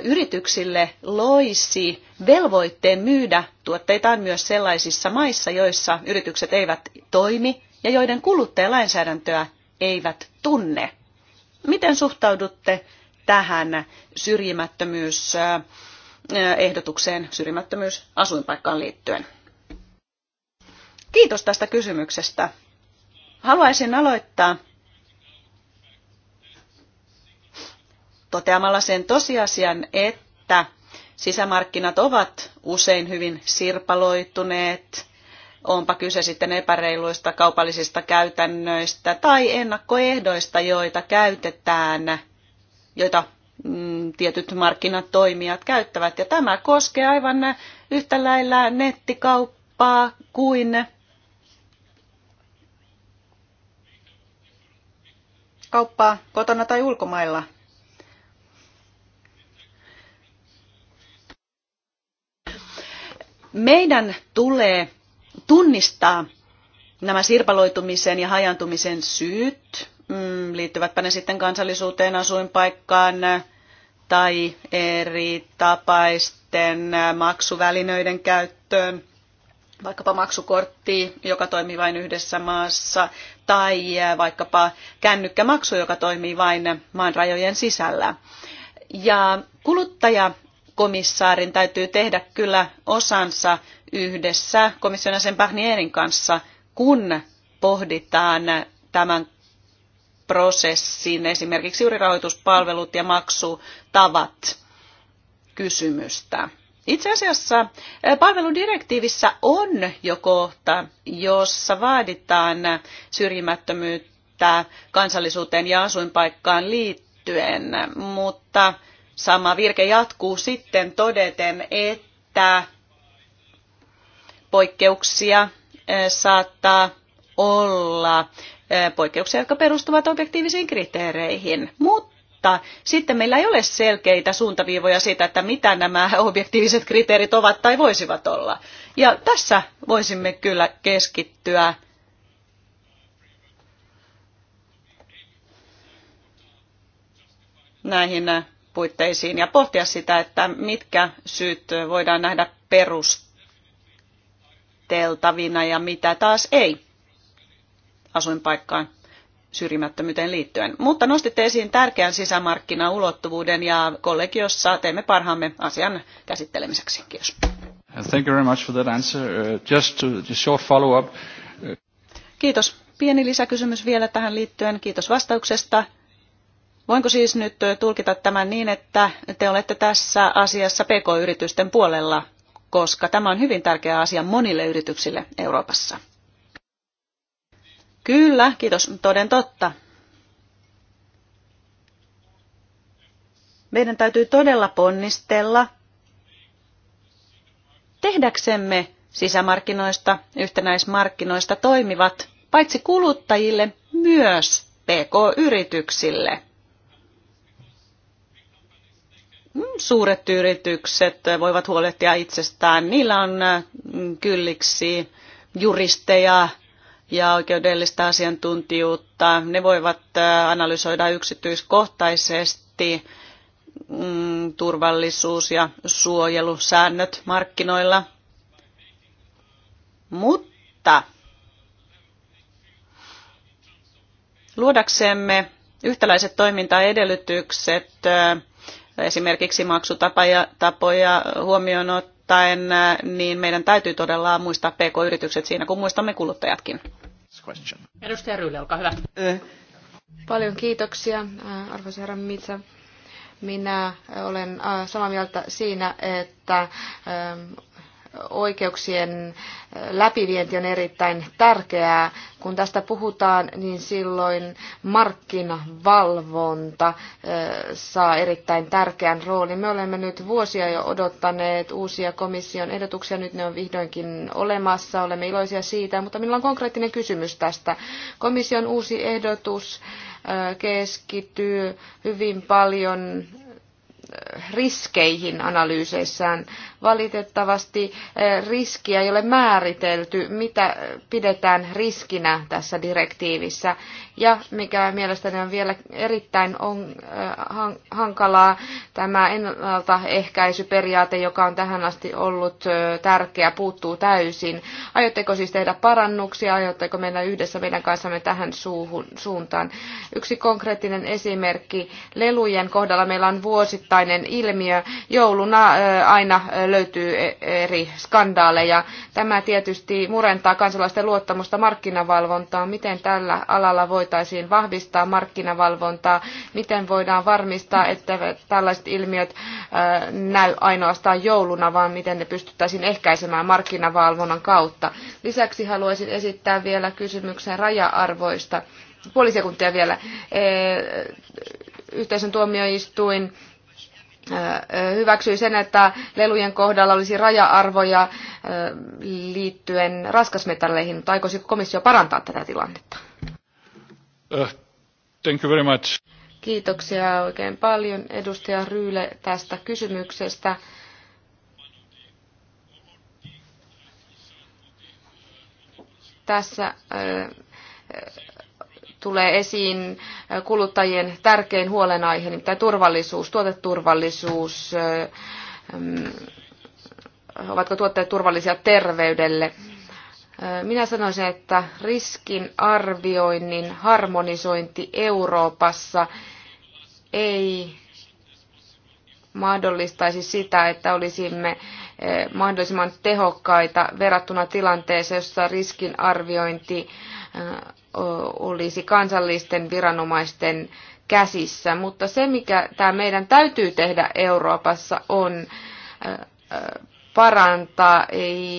yrityksille loisi velvoitteen myydä tuotteitaan myös sellaisissa maissa, joissa yritykset eivät toimi ja joiden kuluttajalainsäädäntöä eivät tunne. Miten suhtaudutte tähän syrjimättömyysehdotukseen, ehdotukseen liittyen? Kiitos tästä kysymyksestä. Haluaisin aloittaa toteamalla sen tosiasian, että sisämarkkinat ovat usein hyvin sirpaloituneet, onpa kyse sitten epäreiluista kaupallisista käytännöistä tai ennakkoehdoista, joita käytetään, joita mm, tietyt markkinatoimijat käyttävät. Ja tämä koskee aivan yhtä lailla nettikauppaa kuin kauppaa kotona tai ulkomailla Meidän tulee tunnistaa nämä sirpaloitumisen ja hajantumisen syyt, mm, liittyvätpä ne sitten kansallisuuteen, asuinpaikkaan äh, tai eri tapaisten äh, maksuvälineiden käyttöön, vaikkapa maksukortti, joka toimii vain yhdessä maassa, tai äh, vaikkapa kännykkämaksu, joka toimii vain maan rajojen sisällä. Ja kuluttaja komissaarin täytyy tehdä kyllä osansa yhdessä komission sen Barnierin kanssa, kun pohditaan tämän prosessin, esimerkiksi juuri rahoituspalvelut ja maksutavat kysymystä. Itse asiassa eh, palveludirektiivissä on jo kohta, jossa vaaditaan syrjimättömyyttä kansallisuuteen ja asuinpaikkaan liittyen, mutta sama virke jatkuu sitten todeten, että poikkeuksia saattaa olla poikkeuksia, jotka perustuvat objektiivisiin kriteereihin. Mutta sitten meillä ei ole selkeitä suuntaviivoja siitä, että mitä nämä [laughs] objektiiviset kriteerit ovat tai voisivat olla. Ja tässä voisimme kyllä keskittyä näihin puitteisiin ja pohtia sitä, että mitkä syyt voidaan nähdä perusteltavina ja mitä taas ei asuinpaikkaan syrjimättömyyteen liittyen. Mutta nostitte esiin tärkeän sisämarkkinaulottuvuuden ja kollegiossa teemme parhaamme asian käsittelemiseksi. Kiitos. Thank you very much for that answer. Uh, just to, just short follow-up. Uh, Kiitos. Pieni lisäkysymys vielä tähän liittyen. Kiitos vastauksesta. Voinko siis nyt tulkita tämän niin, että te olette tässä asiassa pk-yritysten puolella, koska tämä on hyvin tärkeä asia monille yrityksille Euroopassa? Kyllä, kiitos. Toden totta. Meidän täytyy todella ponnistella tehdäksemme sisämarkkinoista, yhtenäismarkkinoista toimivat paitsi kuluttajille myös pk-yrityksille. suuret yritykset voivat huolehtia itsestään. Niillä on äh, kylliksi juristeja ja oikeudellista asiantuntijuutta. Ne voivat äh, analysoida yksityiskohtaisesti mm, turvallisuus- ja suojelusäännöt markkinoilla. Mutta luodaksemme yhtäläiset toimintaedellytykset äh, esimerkiksi maksutapoja huomioon ottaen, niin meidän täytyy todella muistaa pk-yritykset siinä, kun muistamme kuluttajatkin. Edustaja Ryyli, olkaa hyvä. Eh. Paljon kiitoksia, eh, arvoisa herra Mitsa. Minä olen eh, samaa mieltä siinä, että oikeuksien läpivienti on erittäin tärkeää. Kun tästä puhutaan, niin silloin markkinavalvonta saa erittäin tärkeän roolin. Me olemme nyt vuosia jo odottaneet uusia komission ehdotuksia, nyt ne on vihdoinkin olemassa, olemme iloisia siitä, mutta minulla on konkreettinen kysymys tästä. Komission uusi ehdotus keskittyy hyvin paljon riskeihin analyyseissään. Valitettavasti eh, riskiä ei ole määritelty, mitä pidetään riskinä tässä direktiivissä. Ja mikä mielestäni on vielä erittäin on, äh, hankalaa, tämä ennaltaehkäisyperiaate, joka on tähän asti ollut äh, tärkeä, puuttuu täysin. Aiotteko siis tehdä parannuksia, aiotteko mennä yhdessä meidän kanssamme tähän suuhun, suuntaan? Yksi konkreettinen esimerkki, lelujen kohdalla meillä on vuosittainen ilmiö, jouluna äh, aina äh, löytyy e-, eri skandaaleja. Tämä tietysti murentaa kansalaisten luottamusta markkinavalvontaan. Miten tällä alalla voi voitaisiin vahvistaa markkinavalvontaa, miten voidaan varmistaa, että tällaiset ilmiöt äh, näy ainoastaan jouluna, vaan miten ne pystyttäisiin ehkäisemään markkinavalvonnan kautta. Lisäksi haluaisin esittää vielä kysymyksen raja-arvoista. Puoli sekuntia vielä. E, yhteisön tuomioistuin äh, hyväksyi sen, että lelujen kohdalla olisi raja-arvoja äh, liittyen raskasmetalleihin, mutta aikoisiko komissio parantaa tätä tilannetta? Uh, thank you very much. Kiitoksia oikein paljon edustaja Ryyle tästä kysymyksestä. Tässä uh, tulee esiin kuluttajien tärkein huolenaihe, nimittäin turvallisuus, tuoteturvallisuus, uh, um, ovatko tuotteet turvallisia terveydelle. Minä sanoisin, että riskin arvioinnin harmonisointi Euroopassa ei mahdollistaisi sitä, että olisimme mahdollisimman tehokkaita verrattuna tilanteeseen, jossa riskin arviointi olisi kansallisten viranomaisten käsissä. Mutta se, mikä tämä meidän täytyy tehdä Euroopassa, on parantaa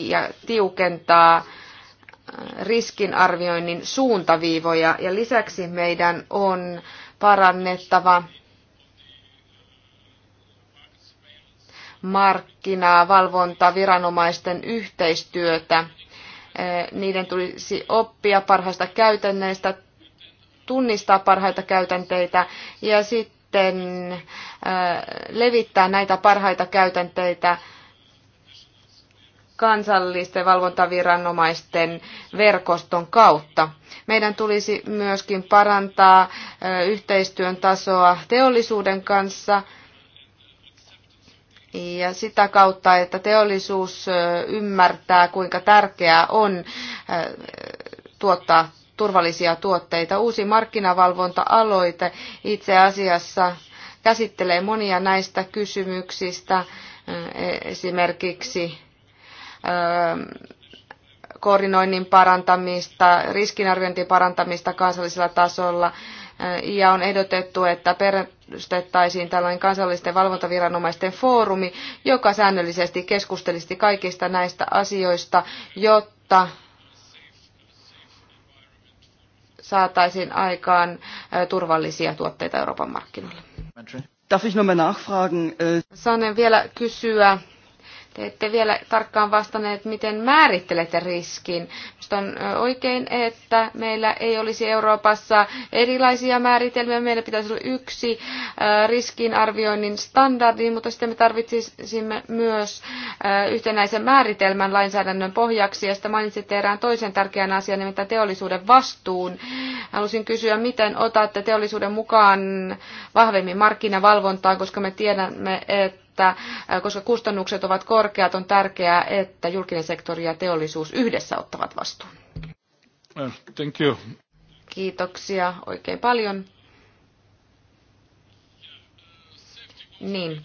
ja tiukentaa riskinarvioinnin suuntaviivoja ja lisäksi meidän on parannettava markkinaa, valvontaa, viranomaisten yhteistyötä. Niiden tulisi oppia parhaista käytännöistä, tunnistaa parhaita käytänteitä ja sitten levittää näitä parhaita käytänteitä kansallisten valvontaviranomaisten verkoston kautta. Meidän tulisi myöskin parantaa yhteistyön tasoa teollisuuden kanssa ja sitä kautta, että teollisuus ymmärtää, kuinka tärkeää on tuottaa turvallisia tuotteita. Uusi markkinavalvonta-aloite itse asiassa käsittelee monia näistä kysymyksistä, esimerkiksi koordinoinnin parantamista, riskinarviointin parantamista kansallisella tasolla, ja on ehdotettu, että perustettaisiin tällainen kansallisten valvontaviranomaisten foorumi, joka säännöllisesti keskustelisi kaikista näistä asioista, jotta saataisiin aikaan turvallisia tuotteita Euroopan markkinoille. Darf ich nochmal nachfragen? Äh, Saanen vielä kysyä te ette vielä tarkkaan vastanneet, miten määrittelette riskin. Minusta on oikein, että meillä ei olisi Euroopassa erilaisia määritelmiä. Meillä pitäisi olla yksi riskinarvioinnin standardi, mutta sitten me tarvitsisimme myös yhtenäisen määritelmän lainsäädännön pohjaksi. Ja sitten mainitsitte erään toisen tärkeän asian, nimittäin teollisuuden vastuun. Halusin kysyä, miten otatte teollisuuden mukaan vahvemmin markkinavalvontaa, koska me tiedämme, että että koska kustannukset ovat korkeat, on tärkeää, että julkinen sektori ja teollisuus yhdessä ottavat vastuun. Thank you. Kiitoksia oikein paljon. Niin,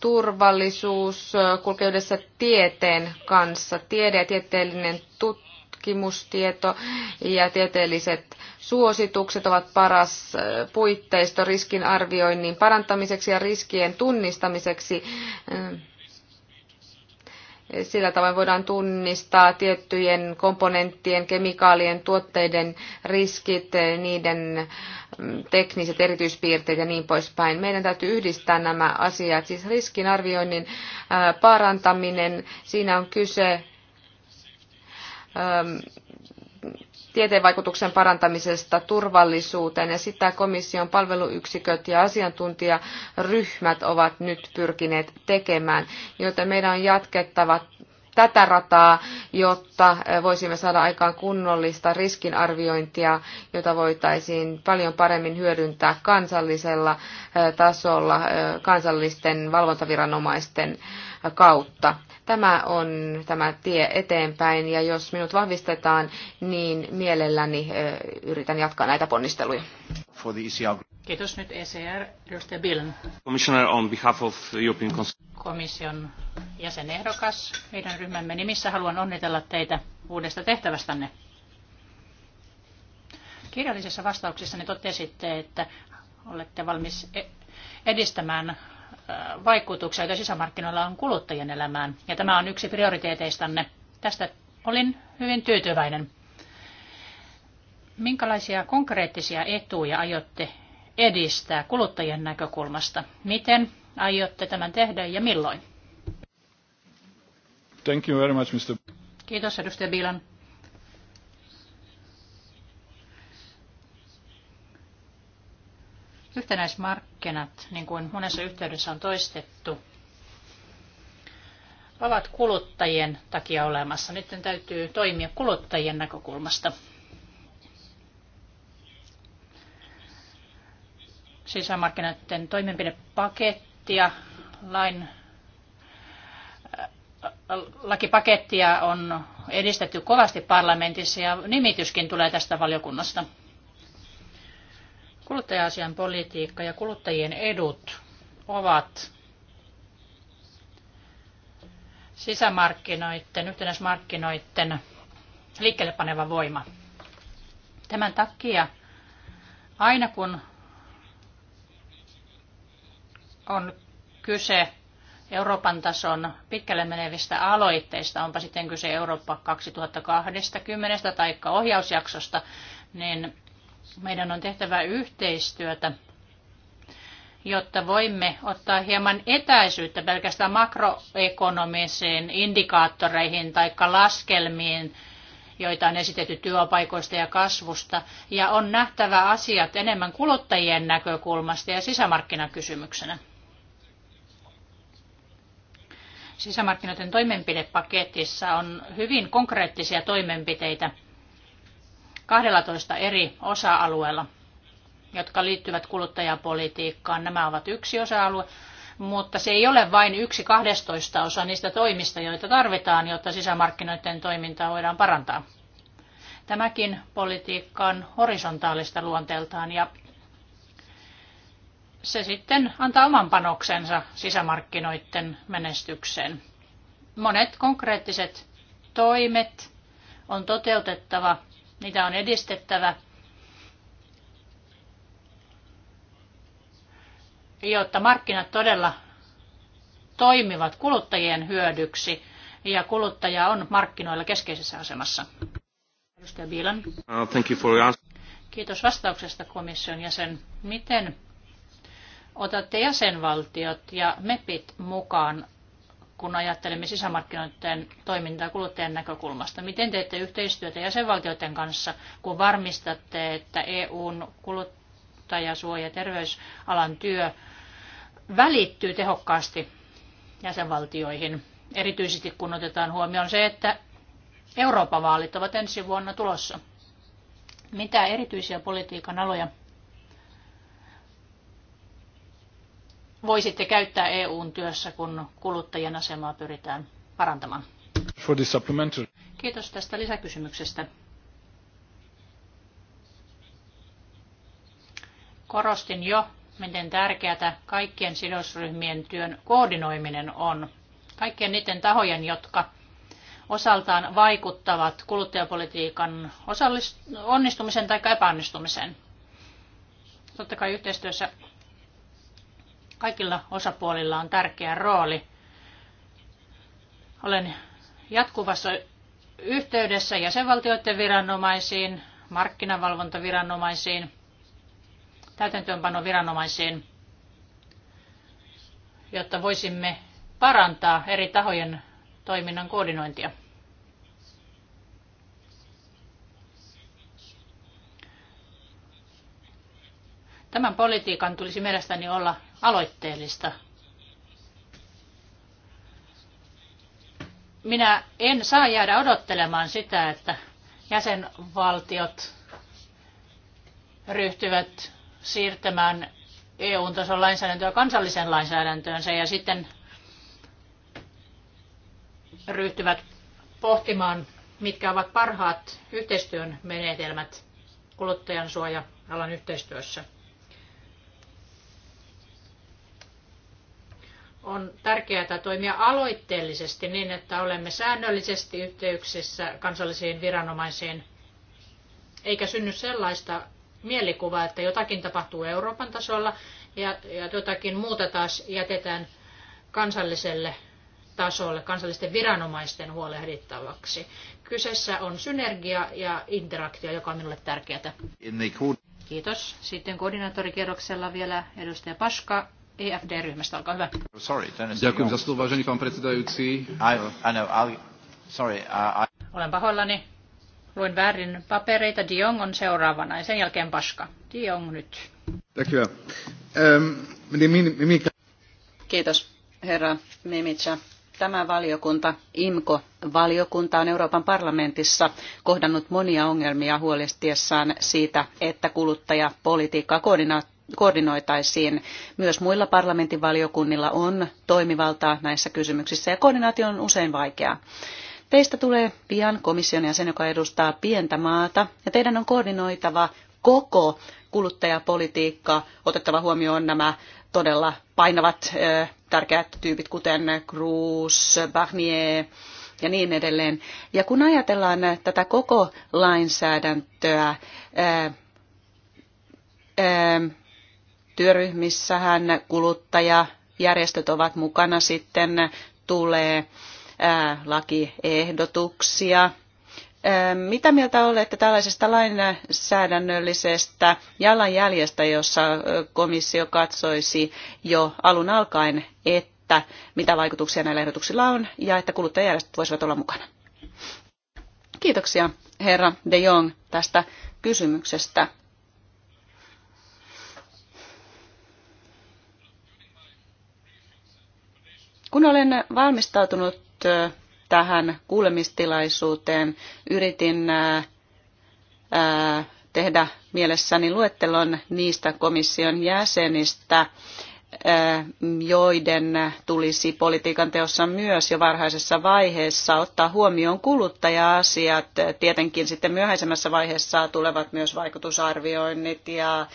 turvallisuus kulkee yhdessä tieteen kanssa. Tiede ja tieteellinen tutkimus tutkimustieto ja tieteelliset suositukset ovat paras äh, puitteisto riskin arvioinnin parantamiseksi ja riskien tunnistamiseksi. Äh, sillä tavoin voidaan tunnistaa tiettyjen komponenttien, kemikaalien, tuotteiden riskit, niiden mm, tekniset erityispiirteet ja niin poispäin. Meidän täytyy yhdistää nämä asiat, siis riskinarvioinnin äh, parantaminen. Siinä on kyse Ähm, tieteen vaikutuksen parantamisesta turvallisuuteen ja sitä komission palveluyksiköt ja asiantuntijaryhmät ovat nyt pyrkineet tekemään, joten meidän on jatkettava tätä rataa, jotta äh, voisimme saada aikaan kunnollista riskinarviointia, jota voitaisiin paljon paremmin hyödyntää kansallisella äh, tasolla äh, kansallisten valvontaviranomaisten kautta. Tämä on tämä tie eteenpäin ja jos minut vahvistetaan, niin mielelläni yritän jatkaa näitä ponnisteluja. E Kiitos nyt ECR, edustaja Billen. Commissioner on behalf of European Komission jäsenehdokas. Meidän ryhmämme nimissä haluan onnitella teitä uudesta tehtävästänne. Kirjallisessa vastauksessanne totesitte, että olette valmis e- edistämään vaikutuksia, joita sisämarkkinoilla on kuluttajien elämään. Ja tämä on yksi prioriteeteistanne. Tästä olin hyvin tyytyväinen. Minkälaisia konkreettisia etuja aiotte edistää kuluttajien näkökulmasta? Miten aiotte tämän tehdä ja milloin? Thank you very much, Mr. Kiitos, edustaja Bilan. Yhtenäismarkkinat, niin kuin monessa yhteydessä on toistettu, ovat kuluttajien takia olemassa. Nyt täytyy toimia kuluttajien näkökulmasta. Sisämarkkinoiden toimenpidepakettia, lain, äh, lakipakettia on edistetty kovasti parlamentissa ja nimityskin tulee tästä valiokunnasta. Kuluttaja-asian politiikka ja kuluttajien edut ovat sisämarkkinoiden, yhtenäismarkkinoiden liikkeelle paneva voima. Tämän takia aina kun on kyse Euroopan tason pitkälle menevistä aloitteista, onpa sitten kyse Eurooppa 2020 tai ohjausjaksosta, niin meidän on tehtävä yhteistyötä, jotta voimme ottaa hieman etäisyyttä pelkästään makroekonomiseen indikaattoreihin tai laskelmiin, joita on esitetty työpaikoista ja kasvusta, ja on nähtävä asiat enemmän kuluttajien näkökulmasta ja sisämarkkinakysymyksenä. Sisämarkkinoiden toimenpidepaketissa on hyvin konkreettisia toimenpiteitä, 12 eri osa-alueella, jotka liittyvät kuluttajapolitiikkaan. Nämä ovat yksi osa-alue, mutta se ei ole vain yksi 12 osa niistä toimista, joita tarvitaan, jotta sisämarkkinoiden toimintaa voidaan parantaa. Tämäkin politiikka on horisontaalista luonteeltaan ja se sitten antaa oman panoksensa sisämarkkinoiden menestykseen. Monet konkreettiset toimet on toteutettava Niitä on edistettävä, jotta markkinat todella toimivat kuluttajien hyödyksi ja kuluttaja on markkinoilla keskeisessä asemassa. Edustaja Biilan. Uh, Kiitos vastauksesta komission jäsen. Miten otatte jäsenvaltiot ja MEPit mukaan kun ajattelemme sisämarkkinoiden toimintaa kuluttajan näkökulmasta. Miten teette yhteistyötä jäsenvaltioiden kanssa, kun varmistatte, että EUn kuluttajasuoja- ja terveysalan työ välittyy tehokkaasti jäsenvaltioihin, erityisesti kun otetaan huomioon se, että Euroopan vaalit ovat ensi vuonna tulossa. Mitä erityisiä politiikan aloja voisitte käyttää EUn työssä, kun kuluttajien asemaa pyritään parantamaan? For the supplementary. Kiitos tästä lisäkysymyksestä. Korostin jo, miten tärkeää kaikkien sidosryhmien työn koordinoiminen on. Kaikkien niiden tahojen, jotka osaltaan vaikuttavat kuluttajapolitiikan onnistumisen tai epäonnistumiseen. Totta kai yhteistyössä Kaikilla osapuolilla on tärkeä rooli. Olen jatkuvassa yhteydessä jäsenvaltioiden viranomaisiin, markkinavalvontaviranomaisiin, täytäntöönpanoviranomaisiin, jotta voisimme parantaa eri tahojen toiminnan koordinointia. Tämän politiikan tulisi mielestäni olla aloitteellista. Minä en saa jäädä odottelemaan sitä, että jäsenvaltiot ryhtyvät siirtämään EU-tason lainsäädäntöä kansalliseen lainsäädäntöönsä ja sitten ryhtyvät pohtimaan, mitkä ovat parhaat yhteistyön menetelmät kuluttajansuoja-alan yhteistyössä. on tärkeää toimia aloitteellisesti niin, että olemme säännöllisesti yhteyksissä kansallisiin viranomaisiin, eikä synny sellaista mielikuvaa, että jotakin tapahtuu Euroopan tasolla ja, ja jotakin muuta taas jätetään kansalliselle tasolle, kansallisten viranomaisten huolehdittavaksi. Kyseessä on synergia ja interaktio, joka on minulle tärkeää. Kiitos. Sitten koordinaattorikierroksella vielä edustaja Paska EFD-ryhmästä, olkaa hyvä. Sorry, Ďakujem za slovo, vážený pán predsedajúci. I, I know, sorry, uh, I... Olen pahoillani. Luin väärin papereita. Diong on seuraavana ja sen jälkeen Paska. Diong nyt. Um, Kiitos, herra Mimitsa. Tämä valiokunta, IMKO-valiokunta, on Euroopan parlamentissa kohdannut monia ongelmia huolestiessaan siitä, että kuluttajapolitiikkaa koordinoidaan koordinoitaisiin. Myös muilla parlamentin valiokunnilla on toimivaltaa näissä kysymyksissä ja koordinaatio on usein vaikeaa. Teistä tulee pian komission jäsen, joka edustaa pientä maata ja teidän on koordinoitava koko kuluttajapolitiikka, otettava huomioon nämä todella painavat tärkeät tyypit, kuten Cruz, Barnier ja niin edelleen. Ja kun ajatellaan tätä koko lainsäädäntöä, työryhmissähän kuluttajajärjestöt ovat mukana sitten, tulee lakiehdotuksia. Mitä mieltä olette tällaisesta lainsäädännöllisestä jalanjäljestä, jossa komissio katsoisi jo alun alkaen, että mitä vaikutuksia näillä ehdotuksilla on ja että kuluttajajärjestöt voisivat olla mukana? Kiitoksia herra De Jong tästä kysymyksestä. Kun olen valmistautunut tähän kuulemistilaisuuteen, yritin tehdä mielessäni luettelon niistä komission jäsenistä, Eh, joiden tulisi politiikan teossa myös jo varhaisessa vaiheessa ottaa huomioon kuluttaja-asiat. Tietenkin sitten myöhäisemmässä vaiheessa tulevat myös vaikutusarvioinnit ja eh,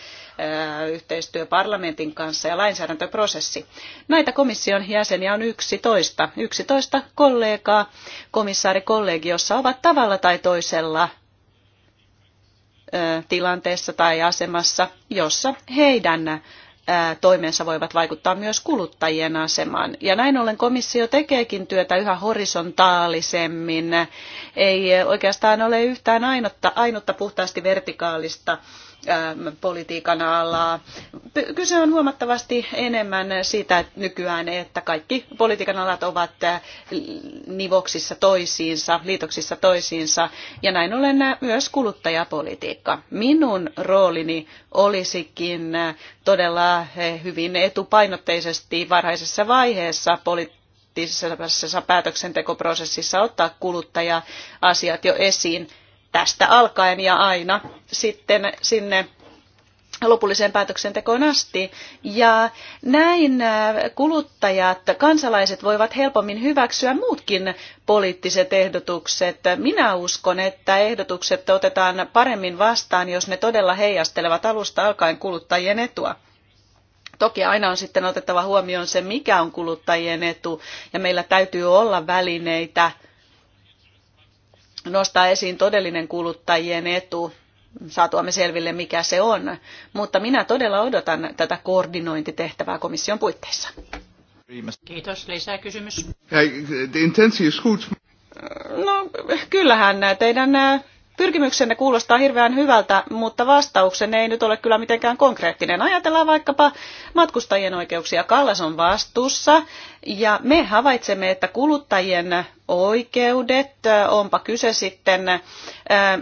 yhteistyö parlamentin kanssa ja lainsäädäntöprosessi. Näitä komission jäseniä on 11. 11 kollegaa komissaarikollegiossa ovat tavalla tai toisella eh, tilanteessa tai asemassa, jossa heidän toimensa voivat vaikuttaa myös kuluttajien asemaan. Ja näin ollen komissio tekeekin työtä yhä horisontaalisemmin. Ei oikeastaan ole yhtään ainutta, ainutta puhtaasti vertikaalista Ähm, politiikan alaa. Kyse on huomattavasti enemmän siitä nykyään, että kaikki politiikan alat ovat äh, nivoksissa toisiinsa, liitoksissa toisiinsa, ja näin ollen äh, myös kuluttajapolitiikka. Minun roolini olisikin äh, todella hyvin etupainotteisesti varhaisessa vaiheessa poliittisessa päätöksentekoprosessissa ottaa kuluttaja-asiat jo esiin tästä alkaen ja aina sitten sinne lopulliseen päätöksentekoon asti. Ja näin äh, kuluttajat, kansalaiset voivat helpommin hyväksyä muutkin poliittiset ehdotukset. Minä uskon, että ehdotukset otetaan paremmin vastaan, jos ne todella heijastelevat alusta alkaen kuluttajien etua. Toki aina on sitten otettava huomioon se, mikä on kuluttajien etu, ja meillä täytyy olla välineitä – nostaa esiin todellinen kuluttajien etu saatuamme selville, mikä se on. Mutta minä todella odotan tätä koordinointitehtävää komission puitteissa. Kiitos. Lisää kysymys. No, kyllähän teidän Pyrkimyksenne kuulostaa hirveän hyvältä, mutta vastauksenne ei nyt ole kyllä mitenkään konkreettinen. Ajatellaan vaikkapa matkustajien oikeuksia. Kallas on vastuussa ja me havaitsemme, että kuluttajien oikeudet, onpa kyse sitten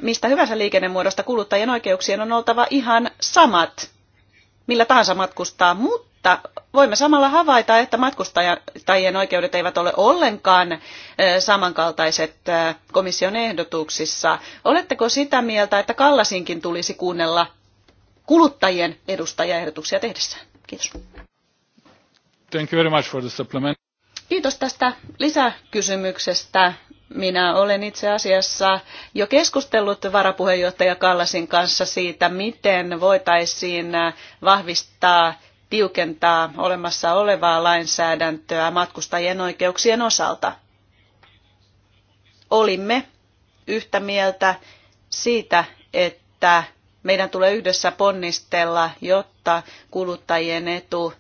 mistä hyvänsä liikennemuodosta, kuluttajien oikeuksien on oltava ihan samat millä tahansa matkustaa, mutta mutta voimme samalla havaita, että matkustajien oikeudet eivät ole ollenkaan samankaltaiset komission ehdotuksissa. Oletteko sitä mieltä, että Kallasinkin tulisi kuunnella kuluttajien edustajaehdotuksia tehdessään? Kiitos. Thank you very much for the supplement. Kiitos tästä lisäkysymyksestä. Minä olen itse asiassa jo keskustellut varapuheenjohtaja Kallasin kanssa siitä, miten voitaisiin vahvistaa tiukentaa olemassa olevaa lainsäädäntöä matkustajien oikeuksien osalta. Olimme yhtä mieltä siitä, että meidän tulee yhdessä ponnistella, jotta kuluttajien etu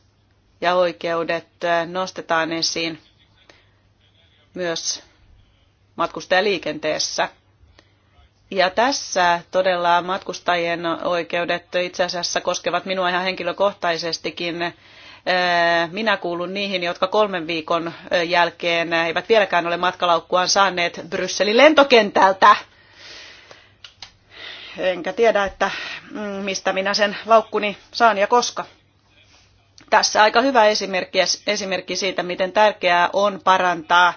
ja oikeudet nostetaan esiin myös matkustajaliikenteessä. Ja tässä todella matkustajien oikeudet itse asiassa koskevat minua ihan henkilökohtaisestikin. Minä kuulun niihin, jotka kolmen viikon jälkeen eivät vieläkään ole matkalaukkuaan saaneet Brysselin lentokentältä. Enkä tiedä, että mm, mistä minä sen laukkuni saan ja koska. Tässä aika hyvä esimerkki, esimerkki siitä, miten tärkeää on parantaa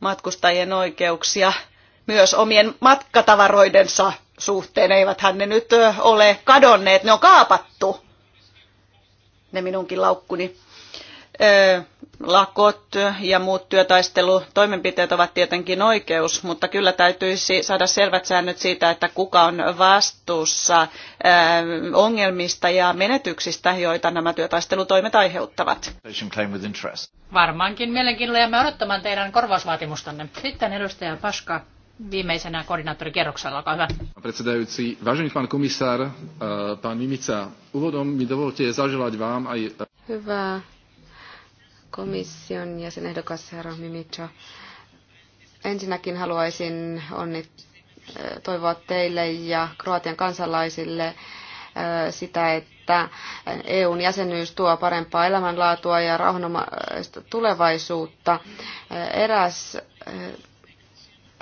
matkustajien oikeuksia – myös omien matkatavaroidensa suhteen. Eiväthän ne nyt ole kadonneet, ne on kaapattu, ne minunkin laukkuni. Lakot ja muut työtaistelutoimenpiteet ovat tietenkin oikeus, mutta kyllä täytyisi saada selvät säännöt siitä, että kuka on vastuussa ongelmista ja menetyksistä, joita nämä työtaistelutoimet aiheuttavat. Varmaankin mielenkiinnolla jäämme odottamaan teidän korvausvaatimustanne. Sitten edustaja Paska viimeisenä koordinaattorikierroksella. Olkaa hyvä. Predsedajúci, vážený pán komisár, eh, pán Mimica, úvodom mi dovolte zaželať vám aj... Eh, hyvä komission ehdokas herra Mimica. Ensinnäkin haluaisin onnit eh, toivoa teille ja Kroatian kansalaisille sitä, että EUn jäsenyys tuo parempaa elämänlaatua ja rauhanomaista tulevaisuutta. Eräs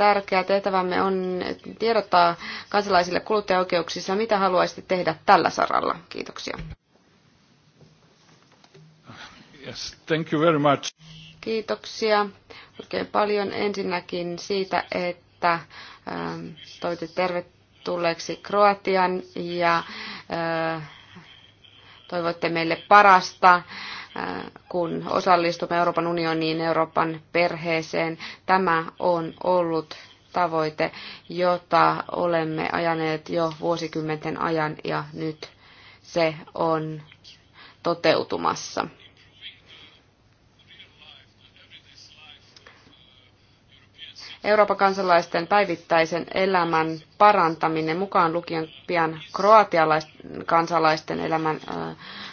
tärkeä tehtävämme on tiedottaa kansalaisille kuluttajaoikeuksissa, mitä haluaisitte tehdä tällä saralla. Kiitoksia. Yes, thank you very much. Kiitoksia oikein paljon ensinnäkin siitä, että ähm, toitte tervetulleeksi Kroatian ja äh, toivotte meille parasta, äh, kun osallistumme Euroopan unioniin, Euroopan perheeseen. Tämä on ollut tavoite, jota olemme ajaneet jo vuosikymmenten ajan ja nyt se on toteutumassa. Euroopan kansalaisten päivittäisen elämän parantaminen, mukaan lukien pian kroatialaisten kansalaisten elämän äh,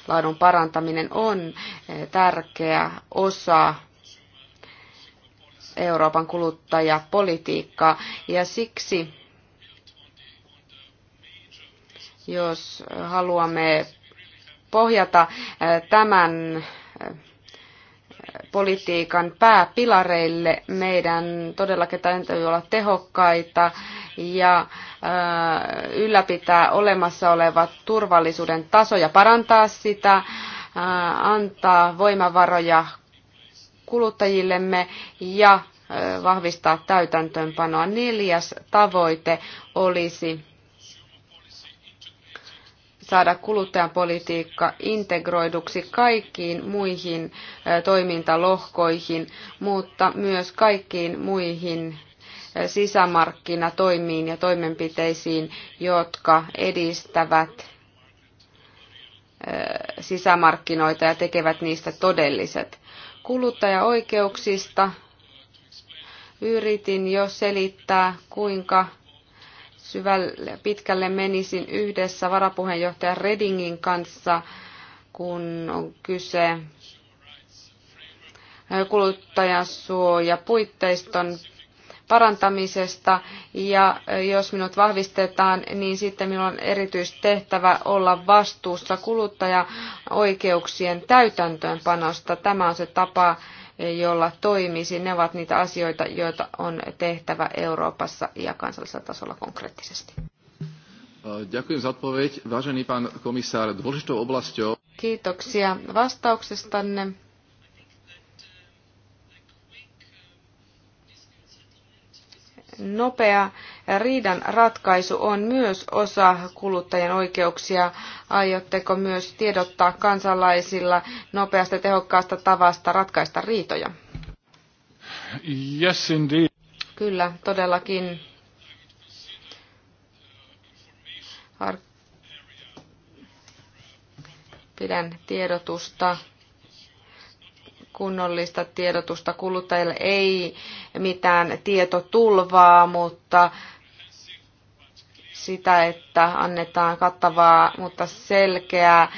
laadun parantaminen, on äh, tärkeä osa Euroopan kuluttajapolitiikkaa. Ja siksi, jos haluamme pohjata äh, tämän politiikan pääpilareille. Meidän todellakin täytyy olla tehokkaita ja äh, ylläpitää olemassa olevat turvallisuuden taso ja parantaa sitä, äh, antaa voimavaroja kuluttajillemme ja äh, vahvistaa täytäntöönpanoa. Neljäs tavoite olisi saada kuluttajapolitiikka integroiduksi kaikkiin muihin toimintalohkoihin, mutta myös kaikkiin muihin sisämarkkinatoimiin ja toimenpiteisiin, jotka edistävät sisämarkkinoita ja tekevät niistä todelliset. Kuluttajaoikeuksista yritin jo selittää, kuinka syvälle, pitkälle menisin yhdessä varapuheenjohtaja Redingin kanssa, kun on kyse kuluttajansuoja puitteiston parantamisesta ja jos minut vahvistetaan, niin sitten minulla on erityistehtävä olla vastuussa kuluttajaoikeuksien täytäntöönpanosta. Tämä on se tapa, jolla toimisi. Ne ovat niitä asioita, joita on tehtävä Euroopassa ja kansallisella tasolla konkreettisesti. Ďakujem za odpoveď. Vážený pán komisár, dôležitou oblasťou... Kiitoksia vastauksestanne. Nopea riidan ratkaisu on myös osa kuluttajan oikeuksia. Aiotteko myös tiedottaa kansalaisilla nopeasta tehokkaasta tavasta ratkaista riitoja? Yes, indeed. Kyllä, todellakin. Pidän tiedotusta kunnollista tiedotusta kuluttajille, ei mitään tietotulvaa, mutta sitä, että annetaan kattavaa, mutta selkeää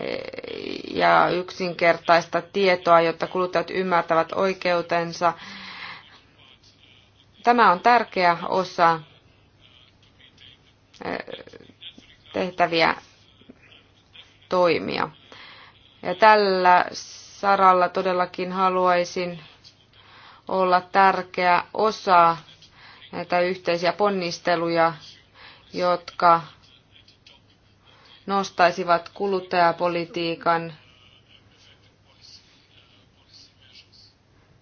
eh, ja yksinkertaista tietoa, jotta kuluttajat ymmärtävät oikeutensa. Tämä on tärkeä osa eh, tehtäviä toimia. Ja tällä saralla todellakin haluaisin olla tärkeä osa näitä yhteisiä ponnisteluja, jotka nostaisivat kuluttajapolitiikan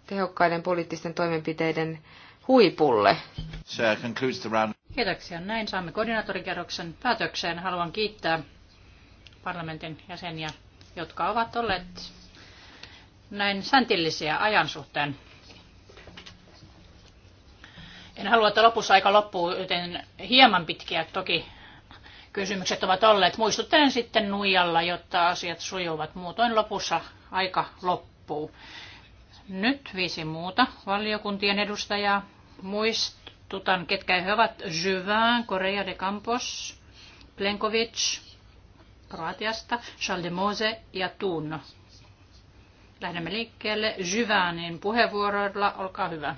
tehokkaiden poliittisten toimenpiteiden huipulle. Kiitoksia. Näin saamme koordinaatorikerroksen päätökseen. Haluan kiittää parlamentin jäseniä, jotka ovat olleet näin säntillisiä ajan suhteen. En halua, että lopussa aika loppuu, joten hieman pitkiä toki kysymykset ovat olleet. Muistuttelen sitten nuijalla, jotta asiat sujuvat. Muutoin lopussa aika loppuu. Nyt viisi muuta valiokuntien edustajaa. Muistutan, ketkä he ovat. Jyvän, Korea de Campos, Plenkovic, Kroatiasta, Charles de Mose ja Tun Lähdemme liikkeelle Jyvänin puheenvuoroilla. Olkaa hyvä.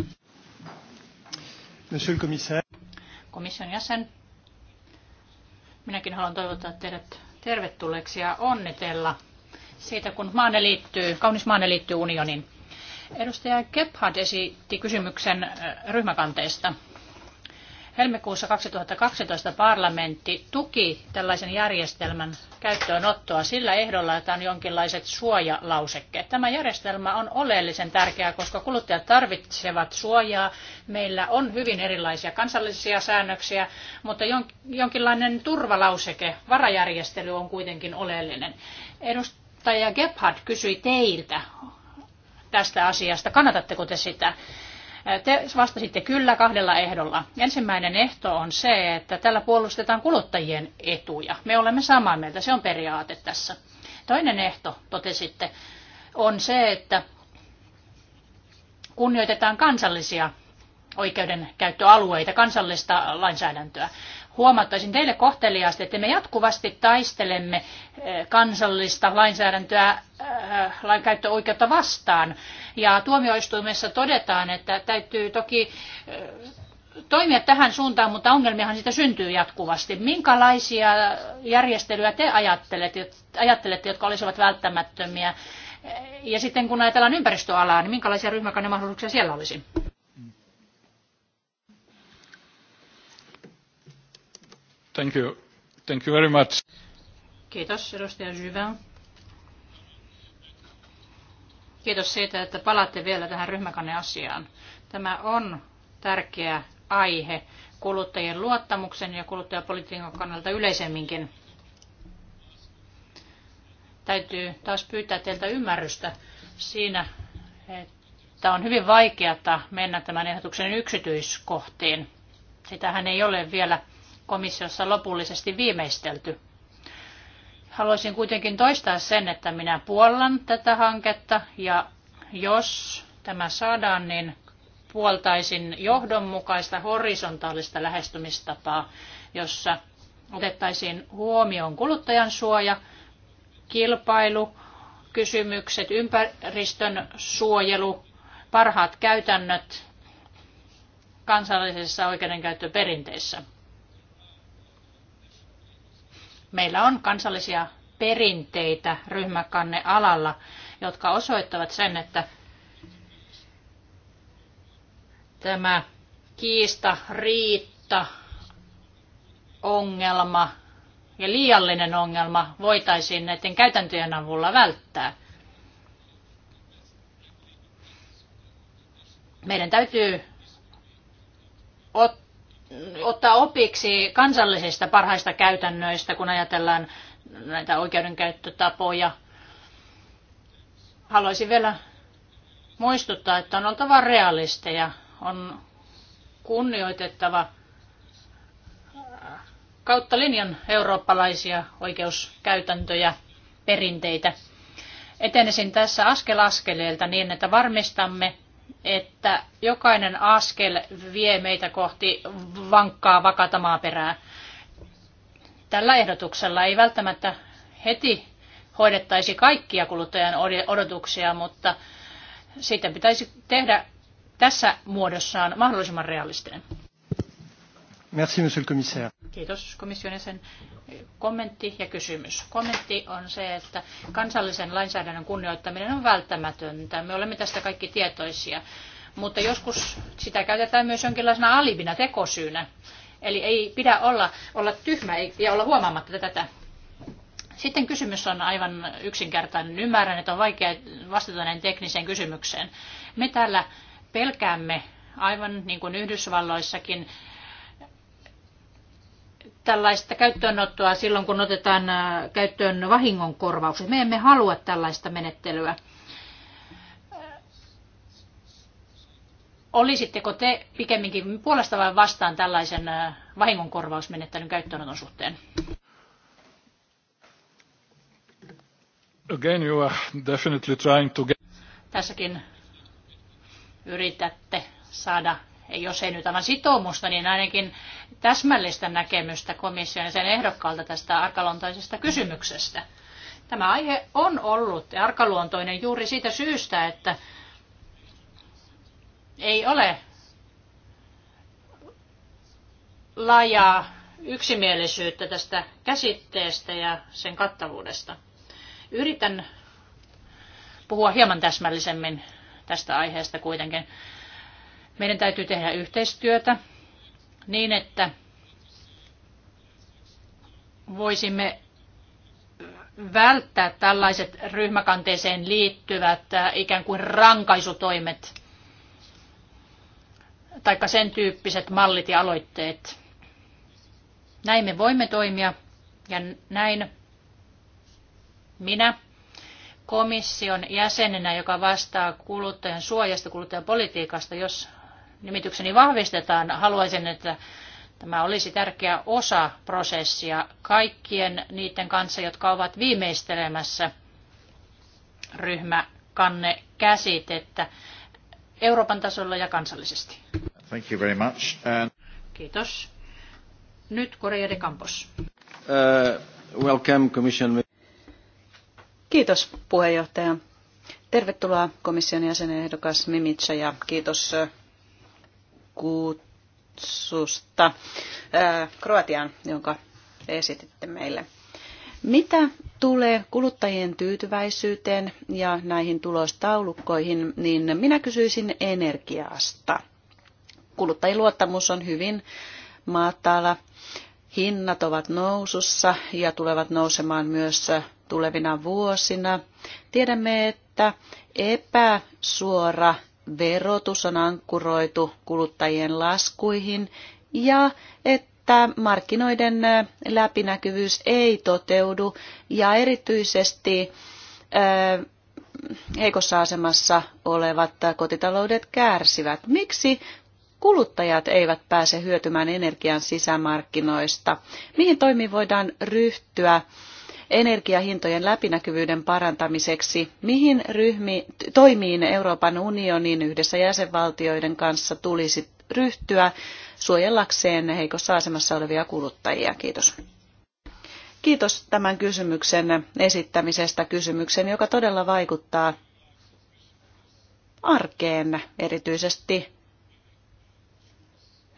Monsieur le commissaire. Komission jäsen. Minäkin haluan toivottaa teidät tervetulleeksi ja onnitella siitä, kun maanne liittyy, kaunis maanne liittyy unioniin. Edustaja Gebhard esitti kysymyksen äh, ryhmäkanteesta. Helmikuussa 2012 parlamentti tuki tällaisen järjestelmän käyttöönottoa sillä ehdolla, että on jonkinlaiset suojalausekkeet. Tämä järjestelmä on oleellisen tärkeä, koska kuluttajat tarvitsevat suojaa. Meillä on hyvin erilaisia kansallisia säännöksiä, mutta jonkinlainen turvalauseke, varajärjestely on kuitenkin oleellinen. Edustaja Gebhard kysyi teiltä tästä asiasta. Kannatatteko te sitä? Te vastasitte kyllä kahdella ehdolla. Ensimmäinen ehto on se, että tällä puolustetaan kuluttajien etuja. Me olemme samaa mieltä, se on periaate tässä. Toinen ehto, totesitte, on se, että kunnioitetaan kansallisia oikeudenkäyttöalueita, kansallista lainsäädäntöä huomauttaisin teille kohteliaasti, että me jatkuvasti taistelemme eh, kansallista lainsäädäntöä eh, lainkäyttöoikeutta vastaan. Ja tuomioistuimessa todetaan, että täytyy toki eh, toimia tähän suuntaan, mutta ongelmiahan siitä syntyy jatkuvasti. Minkälaisia järjestelyjä te ajattelette, ajattelette jotka olisivat välttämättömiä? Ja sitten kun ajatellaan ympäristöalaa, niin minkälaisia ryhmäkannemahdollisuuksia siellä olisi? Thank you. Thank you very much. Kiitos edustaja Jyvän. Kiitos siitä, että palaatte vielä tähän ryhmäkanneasiaan. Tämä on tärkeä aihe kuluttajien luottamuksen ja kuluttajapolitiikan kannalta yleisemminkin. Täytyy taas pyytää teiltä ymmärrystä siinä, että on hyvin vaikeata mennä tämän ehdotuksen yksityiskohtiin. Sitähän ei ole vielä komissiossa lopullisesti viimeistelty. Haluaisin kuitenkin toistaa sen, että minä puollan tätä hanketta ja jos tämä saadaan, niin puoltaisin johdonmukaista horisontaalista lähestymistapaa, jossa otettaisiin huomioon kuluttajan suoja, kilpailu, kysymykset, ympäristön suojelu, parhaat käytännöt kansallisessa oikeudenkäyttöperinteissä. Meillä on kansallisia perinteitä alalla, jotka osoittavat sen, että tämä kiista, riitta, ongelma ja liiallinen ongelma voitaisiin näiden käytäntöjen avulla välttää. Meidän täytyy ottaa ottaa opiksi kansallisista parhaista käytännöistä, kun ajatellaan näitä oikeudenkäyttötapoja. Haluaisin vielä muistuttaa, että on oltava realisteja, on kunnioitettava kautta linjan eurooppalaisia oikeuskäytäntöjä, perinteitä. Etenisin tässä askel askeleelta niin, että varmistamme, että jokainen askel vie meitä kohti vankkaa, vakata maaperää. Tällä ehdotuksella ei välttämättä heti hoidettaisi kaikkia kuluttajan odotuksia, mutta siitä pitäisi tehdä tässä muodossaan mahdollisimman realistinen. Merci, monsieur le commissaire. Kiitos komission jäsen kommentti ja kysymys. Kommentti on se, että kansallisen lainsäädännön kunnioittaminen on välttämätöntä. Me olemme tästä kaikki tietoisia, mutta joskus sitä käytetään myös jonkinlaisena alibina, tekosyynä. Eli ei pidä olla, olla tyhmä ja olla huomaamatta tätä. Sitten kysymys on aivan yksinkertainen. Ymmärrän, että on vaikea vastata näin tekniseen kysymykseen. Me täällä pelkäämme, aivan niin kuin Yhdysvalloissakin, tällaista käyttöönottoa silloin, kun otetaan äh, käyttöön vahingonkorvaukset. Me emme halua tällaista menettelyä. Äh, olisitteko te pikemminkin puolesta vai vastaan tällaisen äh, vahingonkorvausmenettelyn käyttöönoton suhteen? Again, you are definitely trying to get... Tässäkin yritätte saada jos ei nyt aivan sitoumusta, niin ainakin täsmällistä näkemystä komission ja sen ehdokkaalta tästä arkaluontoisesta kysymyksestä. Tämä aihe on ollut arkaluontoinen juuri siitä syystä, että ei ole laajaa yksimielisyyttä tästä käsitteestä ja sen kattavuudesta. Yritän puhua hieman täsmällisemmin tästä aiheesta kuitenkin. Meidän täytyy tehdä yhteistyötä niin, että voisimme välttää tällaiset ryhmäkanteeseen liittyvät äh, ikään kuin rankaisutoimet tai sen tyyppiset mallit ja aloitteet. Näin me voimme toimia ja näin minä komission jäsenenä, joka vastaa kuluttajan suojasta, kuluttajapolitiikasta, jos nimitykseni vahvistetaan, haluaisin, että tämä olisi tärkeä osa prosessia kaikkien niiden kanssa, jotka ovat viimeistelemässä ryhmäkanne käsitettä Euroopan tasolla ja kansallisesti. Thank you very much. And... Kiitos. Nyt Korea de Campos. Uh, welcome, commission. Kiitos puheenjohtaja. Tervetuloa komission jäsenehdokas Mimitsa ja kiitos kutsusta Kroatiaan, jonka esititte meille. Mitä tulee kuluttajien tyytyväisyyteen ja näihin tulostaulukkoihin, niin minä kysyisin energiasta. Kuluttajien luottamus on hyvin matala. Hinnat ovat nousussa ja tulevat nousemaan myös tulevina vuosina. Tiedämme, että epäsuora verotus on ankkuroitu kuluttajien laskuihin ja että markkinoiden läpinäkyvyys ei toteudu ja erityisesti heikossa asemassa olevat kotitaloudet kärsivät. Miksi kuluttajat eivät pääse hyötymään energian sisämarkkinoista? Mihin toimiin voidaan ryhtyä? energiahintojen läpinäkyvyyden parantamiseksi. Mihin ryhmi, toimiin Euroopan unionin yhdessä jäsenvaltioiden kanssa tulisi ryhtyä suojellakseen heikossa asemassa olevia kuluttajia? Kiitos. Kiitos tämän kysymyksen esittämisestä, kysymyksen, joka todella vaikuttaa arkeen, erityisesti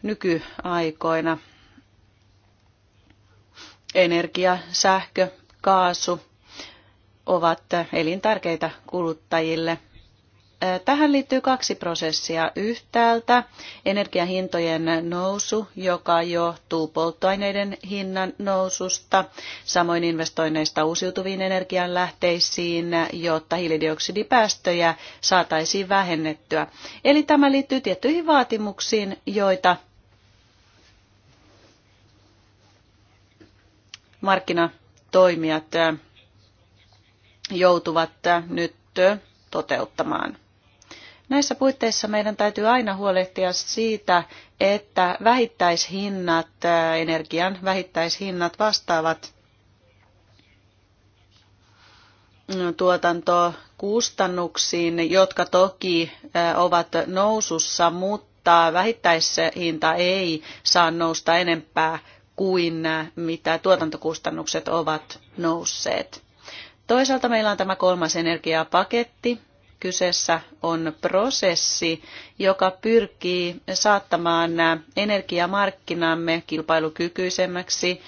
nykyaikoina. Energia, sähkö, kaasu ovat elintärkeitä kuluttajille. Tähän liittyy kaksi prosessia. Yhtäältä energiahintojen nousu, joka johtuu polttoaineiden hinnan noususta, samoin investoinneista uusiutuviin energianlähteisiin, jotta hiilidioksidipäästöjä saataisiin vähennettyä. Eli tämä liittyy tiettyihin vaatimuksiin, joita markkina toimijat äh, joutuvat äh, nyt äh, toteuttamaan. Näissä puitteissa meidän täytyy aina huolehtia siitä, että vähittäishinnat, energian vähittäishinnat vastaavat mm, tuotantokustannuksiin, jotka toki ovat nousussa, mutta vähittäishinta ei saa nousta enempää kuin mitä tuotantokustannukset ovat nousseet. Toisaalta meillä on tämä kolmas energiapaketti. Kyseessä on prosessi, joka pyrkii saattamaan energiamarkkinamme kilpailukykyisemmäksi,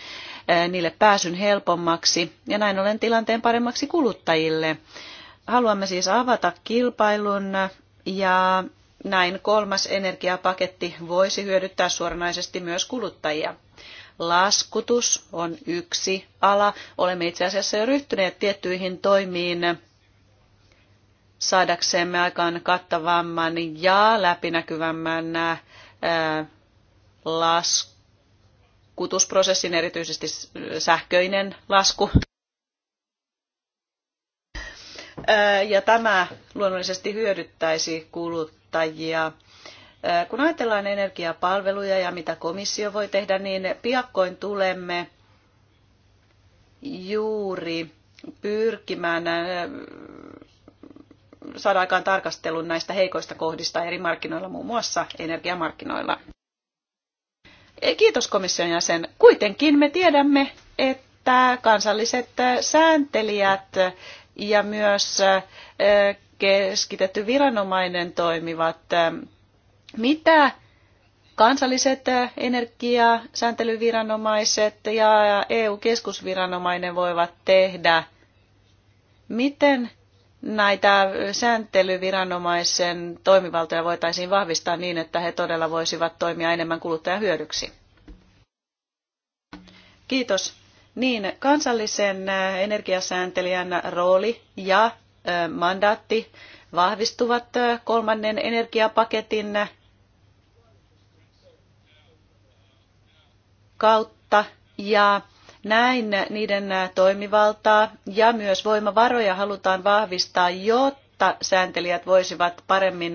niille pääsyn helpommaksi ja näin ollen tilanteen paremmaksi kuluttajille. Haluamme siis avata kilpailun ja näin kolmas energiapaketti voisi hyödyttää suoranaisesti myös kuluttajia. Laskutus on yksi ala. Olemme itse asiassa jo ryhtyneet tiettyihin toimiin saadaksemme aikaan kattavamman ja läpinäkyvämmän laskutusprosessin, erityisesti sähköinen lasku. Ja tämä luonnollisesti hyödyttäisi kuluttajia. Kun ajatellaan energiapalveluja ja mitä komissio voi tehdä, niin piakkoin tulemme juuri pyrkimään saada aikaan tarkastelun näistä heikoista kohdista eri markkinoilla, muun muassa energiamarkkinoilla. E, kiitos komission jäsen. Kuitenkin me tiedämme, että kansalliset sääntelijät ja myös keskitetty viranomainen toimivat mitä kansalliset energiasääntelyviranomaiset ja EU-keskusviranomainen voivat tehdä? Miten näitä sääntelyviranomaisen toimivaltoja voitaisiin vahvistaa niin, että he todella voisivat toimia enemmän kuluttajahyödyksi? Kiitos. Niin, kansallisen energiasääntelijän rooli ja mandaatti vahvistuvat kolmannen energiapaketin kautta ja näin niiden toimivaltaa ja myös voimavaroja halutaan vahvistaa, jotta sääntelijät voisivat paremmin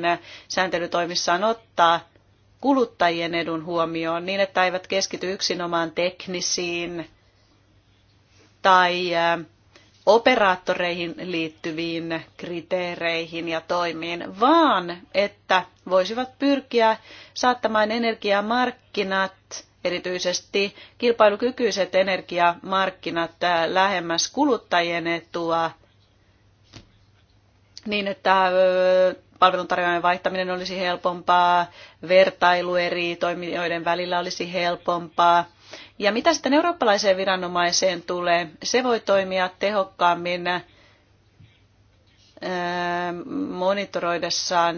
sääntelytoimissaan ottaa kuluttajien edun huomioon niin, että eivät keskity yksinomaan teknisiin tai operaattoreihin liittyviin kriteereihin ja toimiin, vaan että voisivat pyrkiä saattamaan energiamarkkinat erityisesti kilpailukykyiset energiamarkkinat äh, lähemmäs kuluttajien etua niin, että äh, palveluntarjoajan vaihtaminen olisi helpompaa, vertailu eri toimijoiden välillä olisi helpompaa. Ja mitä sitten eurooppalaiseen viranomaiseen tulee, se voi toimia tehokkaammin äh, monitoroidessaan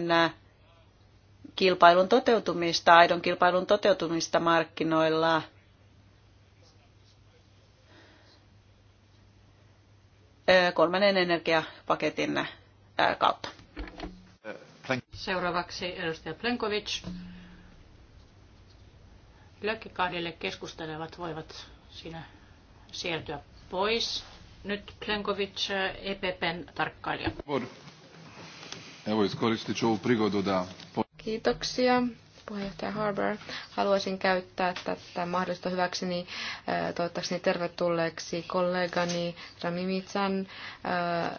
kilpailun toteutumista, aidon kilpailun toteutumista markkinoilla. kolmannen energiapaketin kautta. Seuraavaksi edustaja Plenkovic. Lökkikaadille keskustelevat voivat siinä siirtyä pois. Nyt Plenkovic, EPPn tarkkailija. Evo, iskoristit prigodu da... Kiitoksia. Puheenjohtaja Harbour, haluaisin käyttää tätä mahdollista hyväkseni äh, toivottavasti tervetulleeksi kollegani Ramimitsan äh,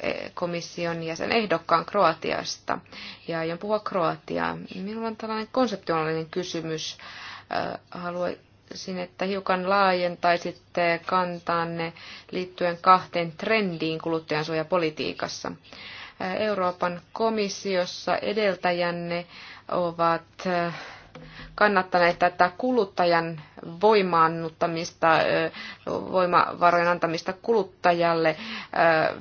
e, komission jäsen ehdokkaan Kroatiasta ja aion puhua Kroatiaa. Minulla on tällainen konseptuaalinen kysymys. Äh, haluaisin, että hiukan laajentaisitte kantaanne liittyen kahteen trendiin kuluttajansuojapolitiikassa. politiikassa Euroopan komissiossa edeltäjänne ovat kannattaneet tätä kuluttajan voimaannuttamista, voimavarojen antamista kuluttajalle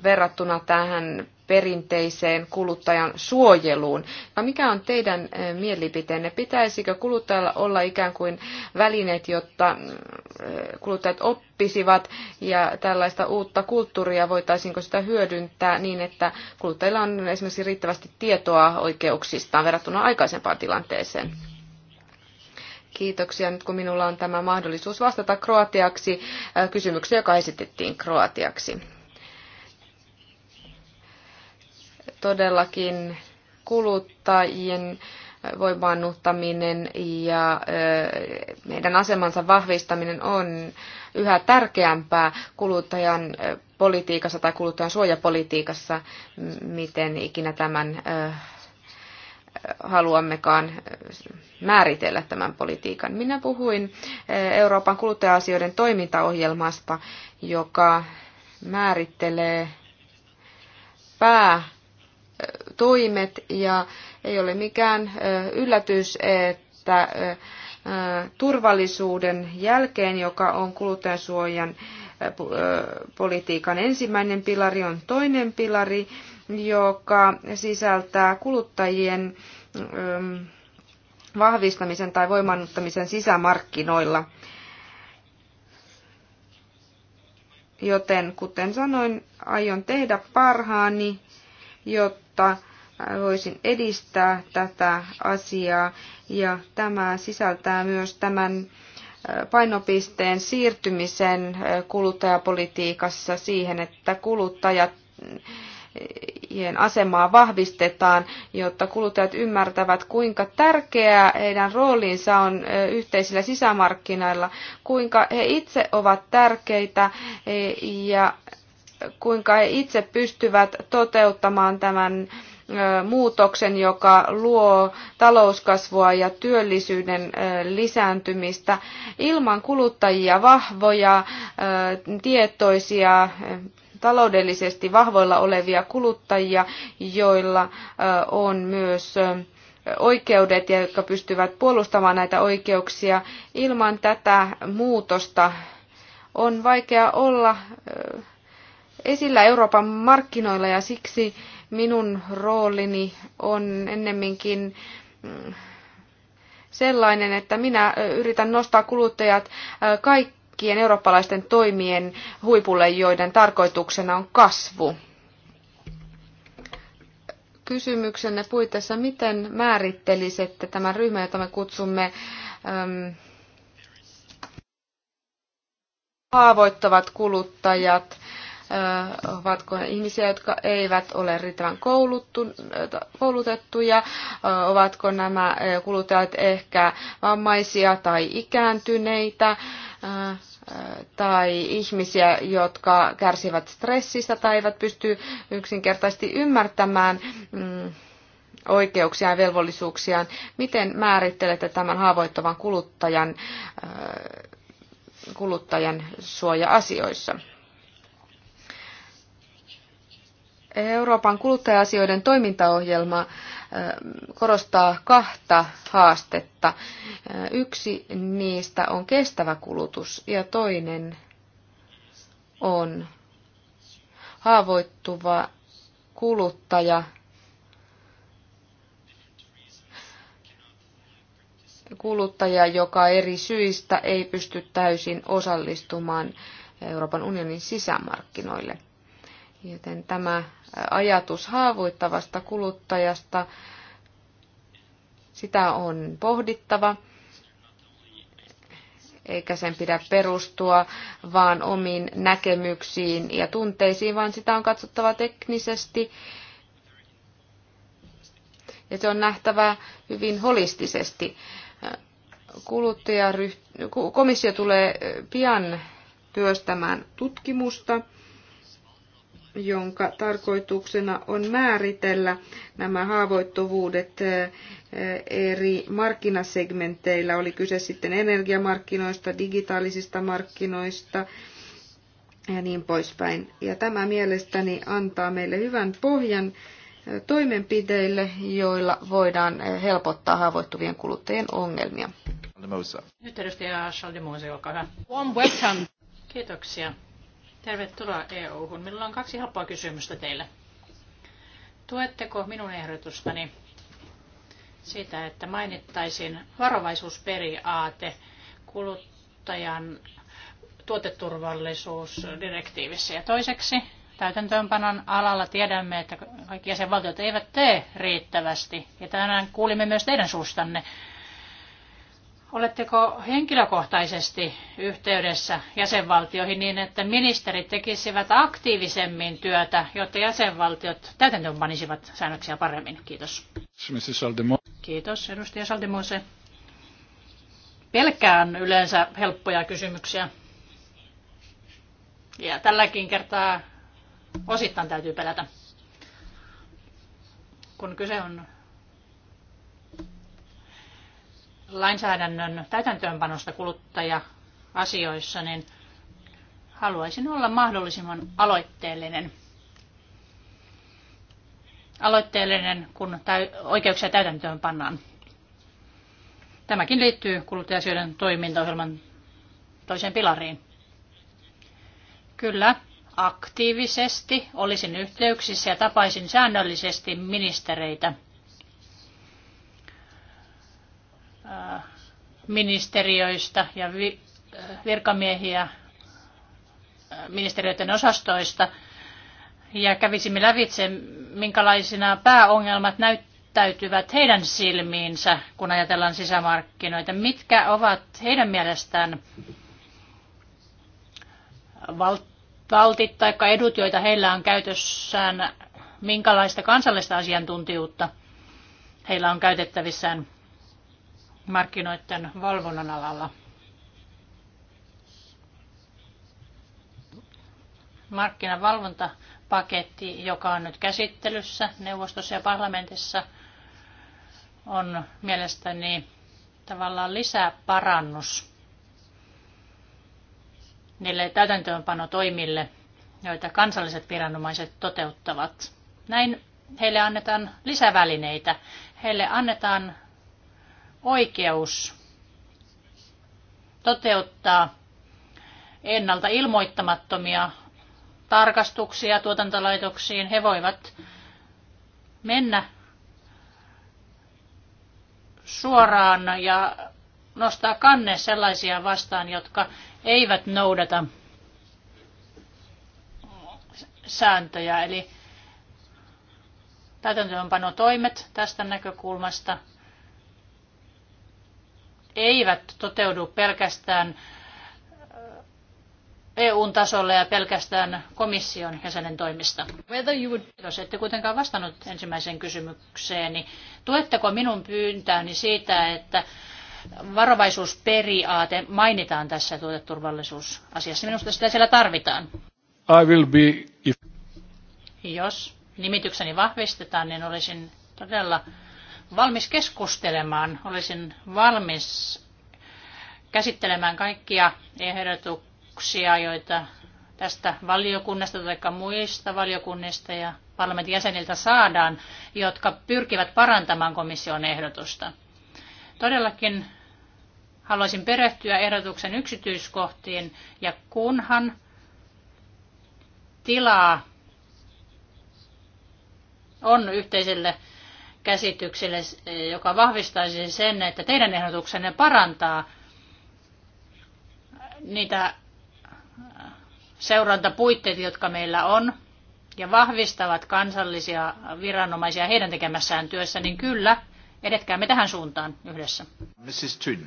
verrattuna tähän perinteiseen kuluttajan suojeluun. No, mikä on teidän eh, mielipiteenne? Pitäisikö kuluttajalla olla ikään kuin välineet, jotta eh, kuluttajat oppisivat ja tällaista uutta kulttuuria voitaisiinko sitä hyödyntää niin, että kuluttajilla on esimerkiksi riittävästi tietoa oikeuksistaan verrattuna aikaisempaan tilanteeseen? Kiitoksia. Nyt kun minulla on tämä mahdollisuus vastata kroatiaksi eh, kysymykseen, joka esitettiin kroatiaksi. todellakin kuluttajien voimaannuttaminen ja meidän asemansa vahvistaminen on yhä tärkeämpää kuluttajan politiikassa tai kuluttajan suojapolitiikassa, miten ikinä tämän haluammekaan määritellä tämän politiikan. Minä puhuin Euroopan kuluttaja-asioiden toimintaohjelmasta, joka määrittelee pää toimet ja ei ole mikään yllätys, että turvallisuuden jälkeen, joka on kuluttajansuojan politiikan ensimmäinen pilari, on toinen pilari, joka sisältää kuluttajien vahvistamisen tai voimannuttamisen sisämarkkinoilla. Joten kuten sanoin, aion tehdä parhaani, jotta jotta voisin edistää tätä asiaa. Ja tämä sisältää myös tämän painopisteen siirtymisen kuluttajapolitiikassa siihen, että kuluttajat asemaa vahvistetaan, jotta kuluttajat ymmärtävät, kuinka tärkeää heidän roolinsa on yhteisillä sisämarkkinoilla, kuinka he itse ovat tärkeitä e, ja kuinka he itse pystyvät toteuttamaan tämän muutoksen, joka luo talouskasvua ja työllisyyden lisääntymistä ilman kuluttajia vahvoja, tietoisia, taloudellisesti vahvoilla olevia kuluttajia, joilla on myös oikeudet ja jotka pystyvät puolustamaan näitä oikeuksia. Ilman tätä muutosta on vaikea olla esillä Euroopan markkinoilla ja siksi minun roolini on ennemminkin mm, sellainen, että minä yritän nostaa kuluttajat kaikkien eurooppalaisten toimien huipulle, joiden tarkoituksena on kasvu. Kysymyksenne puitteissa, miten määrittelisitte tämän ryhmän, jota me kutsumme äm, haavoittavat kuluttajat? ovatko ihmisiä, jotka eivät ole riittävän koulutettuja, ovatko nämä kuluttajat ehkä vammaisia tai ikääntyneitä tai ihmisiä, jotka kärsivät stressistä tai eivät pysty yksinkertaisesti ymmärtämään mm, oikeuksiaan ja velvollisuuksiaan. Miten määrittelette tämän haavoittavan kuluttajan, kuluttajan suoja-asioissa? Euroopan kuluttaja-asioiden toimintaohjelma korostaa kahta haastetta. Yksi niistä on kestävä kulutus ja toinen on haavoittuva kuluttaja. kuluttaja, joka eri syistä ei pysty täysin osallistumaan Euroopan unionin sisämarkkinoille. Joten tämä ajatus haavoittavasta kuluttajasta, sitä on pohdittava, eikä sen pidä perustua vaan omiin näkemyksiin ja tunteisiin, vaan sitä on katsottava teknisesti ja se on nähtävä hyvin holistisesti. Kuluttajaryht... Komissio tulee pian työstämään tutkimusta jonka tarkoituksena on määritellä nämä haavoittuvuudet eri markkinasegmenteillä, oli kyse sitten energiamarkkinoista, digitaalisista markkinoista ja niin poispäin. Ja tämä mielestäni antaa meille hyvän pohjan toimenpiteille, joilla voidaan helpottaa haavoittuvien kuluttajien ongelmia. Nyt edustaja Schaldemuusi, olkaa hyvä. Kiitoksia. Tervetuloa EU-hun. Minulla on kaksi helppoa kysymystä teille. Tuetteko minun ehdotustani siitä, että mainittaisin varovaisuusperiaate kuluttajan tuoteturvallisuusdirektiivissä? Ja toiseksi, täytäntöönpanon alalla tiedämme, että kaikki jäsenvaltiot eivät tee riittävästi. Ja tänään kuulimme myös teidän suustanne Oletteko henkilökohtaisesti yhteydessä jäsenvaltioihin niin, että ministerit tekisivät aktiivisemmin työtä, jotta jäsenvaltiot täytäntöön panisivat säännöksiä paremmin? Kiitos. Kiitos, edustaja Saldimose. Pelkään yleensä helppoja kysymyksiä. Ja tälläkin kertaa osittain täytyy pelätä. Kun kyse on lainsäädännön täytäntöönpanosta kuluttaja-asioissa, niin haluaisin olla mahdollisimman aloitteellinen. Aloitteellinen, kun täy- oikeuksia täytäntöön pannaan. Tämäkin liittyy kuluttajasyöden toimintaohjelman toiseen pilariin. Kyllä, aktiivisesti olisin yhteyksissä ja tapaisin säännöllisesti ministereitä – Äh, ministeriöistä ja äh, virkamiehiä äh, ministeriöiden osastoista ja kävisimme lävitse, minkälaisina pääongelmat näyttäytyvät heidän silmiinsä, kun ajatellaan sisämarkkinoita. Mitkä ovat heidän mielestään valtit tai edut, joita heillä on käytössään, minkälaista kansallista asiantuntijuutta heillä on käytettävissään – markkinoiden valvonnan alalla. Markkinavalvontapaketti, joka on nyt käsittelyssä neuvostossa ja parlamentissa, on mielestäni tavallaan lisää parannus niille toimille, joita kansalliset viranomaiset toteuttavat. Näin heille annetaan lisävälineitä. Heille annetaan oikeus toteuttaa ennalta ilmoittamattomia tarkastuksia tuotantolaitoksiin. He voivat mennä suoraan ja nostaa kanne sellaisia vastaan, jotka eivät noudata sääntöjä. Eli toimet tästä näkökulmasta eivät toteudu pelkästään äh, EUn tasolla ja pelkästään komission jäsenen toimista. Whether you would... Jos ette kuitenkaan vastannut ensimmäiseen kysymykseen, niin tuetteko minun pyyntääni siitä, että varovaisuusperiaate mainitaan tässä tuoteturvallisuusasiassa. Minusta sitä siellä tarvitaan. I will be if... Jos nimitykseni vahvistetaan, niin olisin todella valmis keskustelemaan. Olisin valmis käsittelemään kaikkia ehdotuksia, joita tästä valiokunnasta tai muista valiokunnista ja parlamentin jäseniltä saadaan, jotka pyrkivät parantamaan komission ehdotusta. Todellakin haluaisin perehtyä ehdotuksen yksityiskohtiin ja kunhan tilaa on yhteiselle käsitykselle, joka vahvistaisi sen, että teidän ehdotuksenne parantaa niitä äh, seurantapuitteita, jotka meillä on, ja vahvistavat kansallisia viranomaisia heidän tekemässään työssä, niin kyllä, edetkäämme tähän suuntaan yhdessä. Mrs. Thun.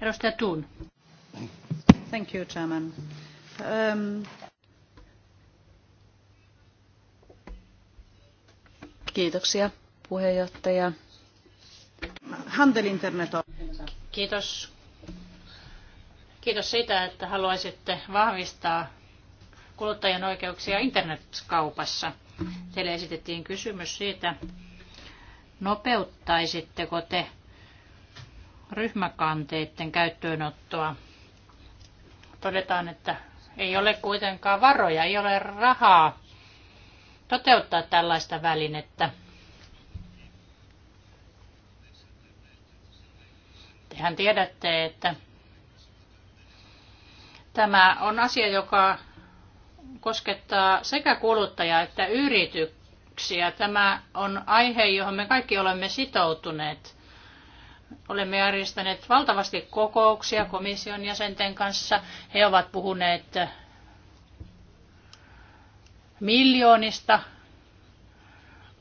Edustaja Thun. Thank you, Chairman. Um... Kiitoksia puheenjohtaja. Handel Internet on. Kiitos. Kiitos siitä, että haluaisitte vahvistaa kuluttajan oikeuksia internetkaupassa. Teille esitettiin kysymys siitä, nopeuttaisitteko te ryhmäkanteiden käyttöönottoa. Todetaan, että ei ole kuitenkaan varoja, ei ole rahaa toteuttaa tällaista välinettä. Tehän tiedätte, että tämä on asia, joka koskettaa sekä kuluttajaa että yrityksiä. Tämä on aihe, johon me kaikki olemme sitoutuneet. Olemme järjestäneet valtavasti kokouksia komission jäsenten kanssa. He ovat puhuneet miljoonista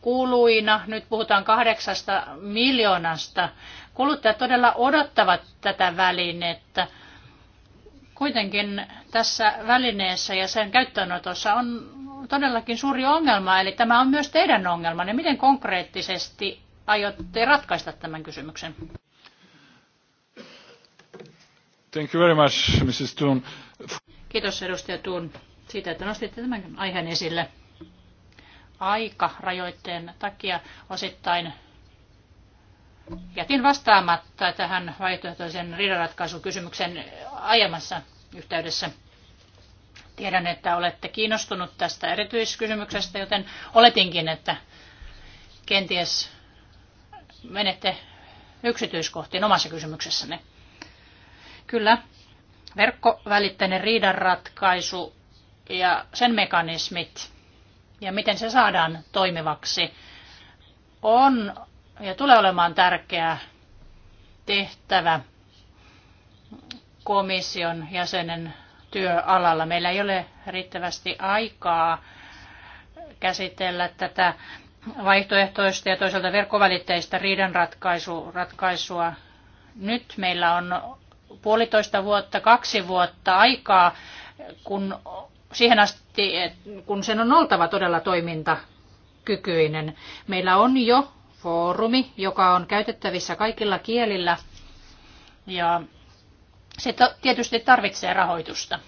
kuluina. Nyt puhutaan kahdeksasta miljoonasta. Kuluttajat todella odottavat tätä välinettä. Kuitenkin tässä välineessä ja sen käyttöönotossa on todellakin suuri ongelma, eli tämä on myös teidän ongelmanne. Miten konkreettisesti aiotte ratkaista tämän kysymyksen? Thank you very much, Mrs. Thun. Kiitos edustaja Thun siitä, että nostitte tämän aiheen esille aika rajoitteen takia osittain jätin vastaamatta tähän vaihtoehtoisen riidanratkaisukysymyksen aiemmassa yhteydessä. Tiedän, että olette kiinnostunut tästä erityiskysymyksestä, joten oletinkin, että kenties menette yksityiskohtiin omassa kysymyksessänne. Kyllä, verkkovälitteinen riidanratkaisu ja sen mekanismit ja miten se saadaan toimivaksi, on ja tulee olemaan tärkeä tehtävä komission jäsenen työalalla. Meillä ei ole riittävästi aikaa käsitellä tätä vaihtoehtoista ja toisaalta verkkovälitteistä riidanratkaisua. Nyt meillä on puolitoista vuotta, kaksi vuotta aikaa, kun siihen asti, kun sen on oltava todella toimintakykyinen. Meillä on jo foorumi, joka on käytettävissä kaikilla kielillä ja se tietysti tarvitsee rahoitusta.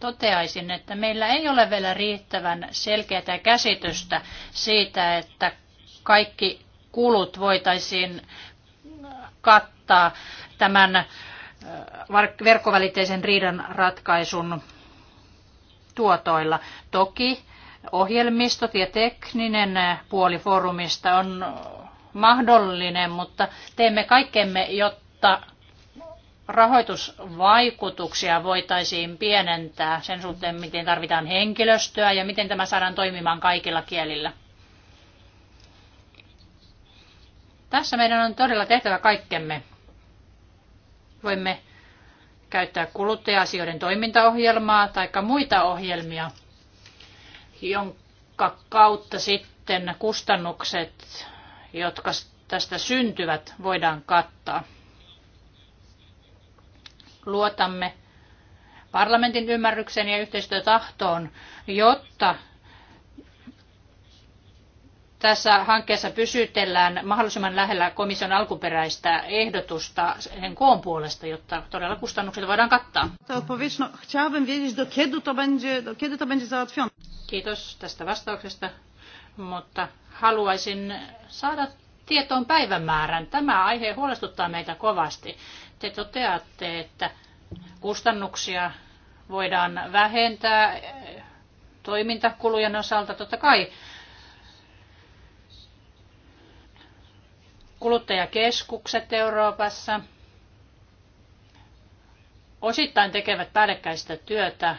Toteaisin, että meillä ei ole vielä riittävän selkeää käsitystä siitä, että kaikki kulut voitaisiin kattaa tämän äh, verkkovälitteisen riidan ratkaisun tuotoilla. Toki ohjelmistot ja tekninen puoli foorumista on mahdollinen, mutta teemme kaikkemme, jotta rahoitusvaikutuksia voitaisiin pienentää sen suhteen, miten tarvitaan henkilöstöä ja miten tämä saadaan toimimaan kaikilla kielillä. Tässä meidän on todella tehtävä kaikkemme. Voimme käyttää kuluttaja-asioiden toimintaohjelmaa tai muita ohjelmia, jonka kautta sitten kustannukset, jotka tästä syntyvät, voidaan kattaa. Luotamme parlamentin ymmärrykseen ja yhteistyötahtoon, jotta tässä hankkeessa pysytellään mahdollisimman lähellä komission alkuperäistä ehdotusta sen koon puolesta, jotta todella kustannukset voidaan kattaa. No, Kiitos tästä vastauksesta, mutta haluaisin saada tietoon päivämäärän. Tämä aihe huolestuttaa meitä kovasti. Te toteatte, että kustannuksia voidaan vähentää eh, toimintakulujen osalta totta kai, kuluttajakeskukset Euroopassa osittain tekevät päällekkäistä työtä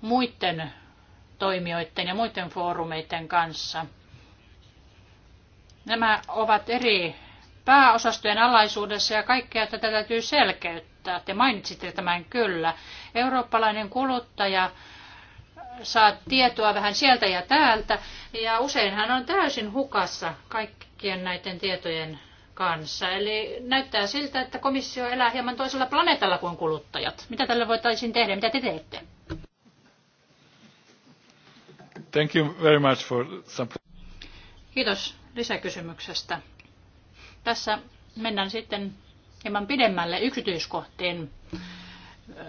muiden toimijoiden ja muiden foorumeiden kanssa. Nämä ovat eri pääosastojen alaisuudessa ja kaikkea tätä täytyy selkeyttää. Te mainitsitte tämän kyllä. Eurooppalainen kuluttaja saa tietoa vähän sieltä ja täältä ja usein hän on täysin hukassa kaikki kaikkien näiden tietojen kanssa. Eli näyttää siltä, että komissio elää hieman toisella planeetalla kuin kuluttajat. Mitä tällä voitaisiin tehdä? Mitä te teette? Thank you very much for some... Kiitos lisäkysymyksestä. Tässä mennään sitten hieman pidemmälle yksityiskohtiin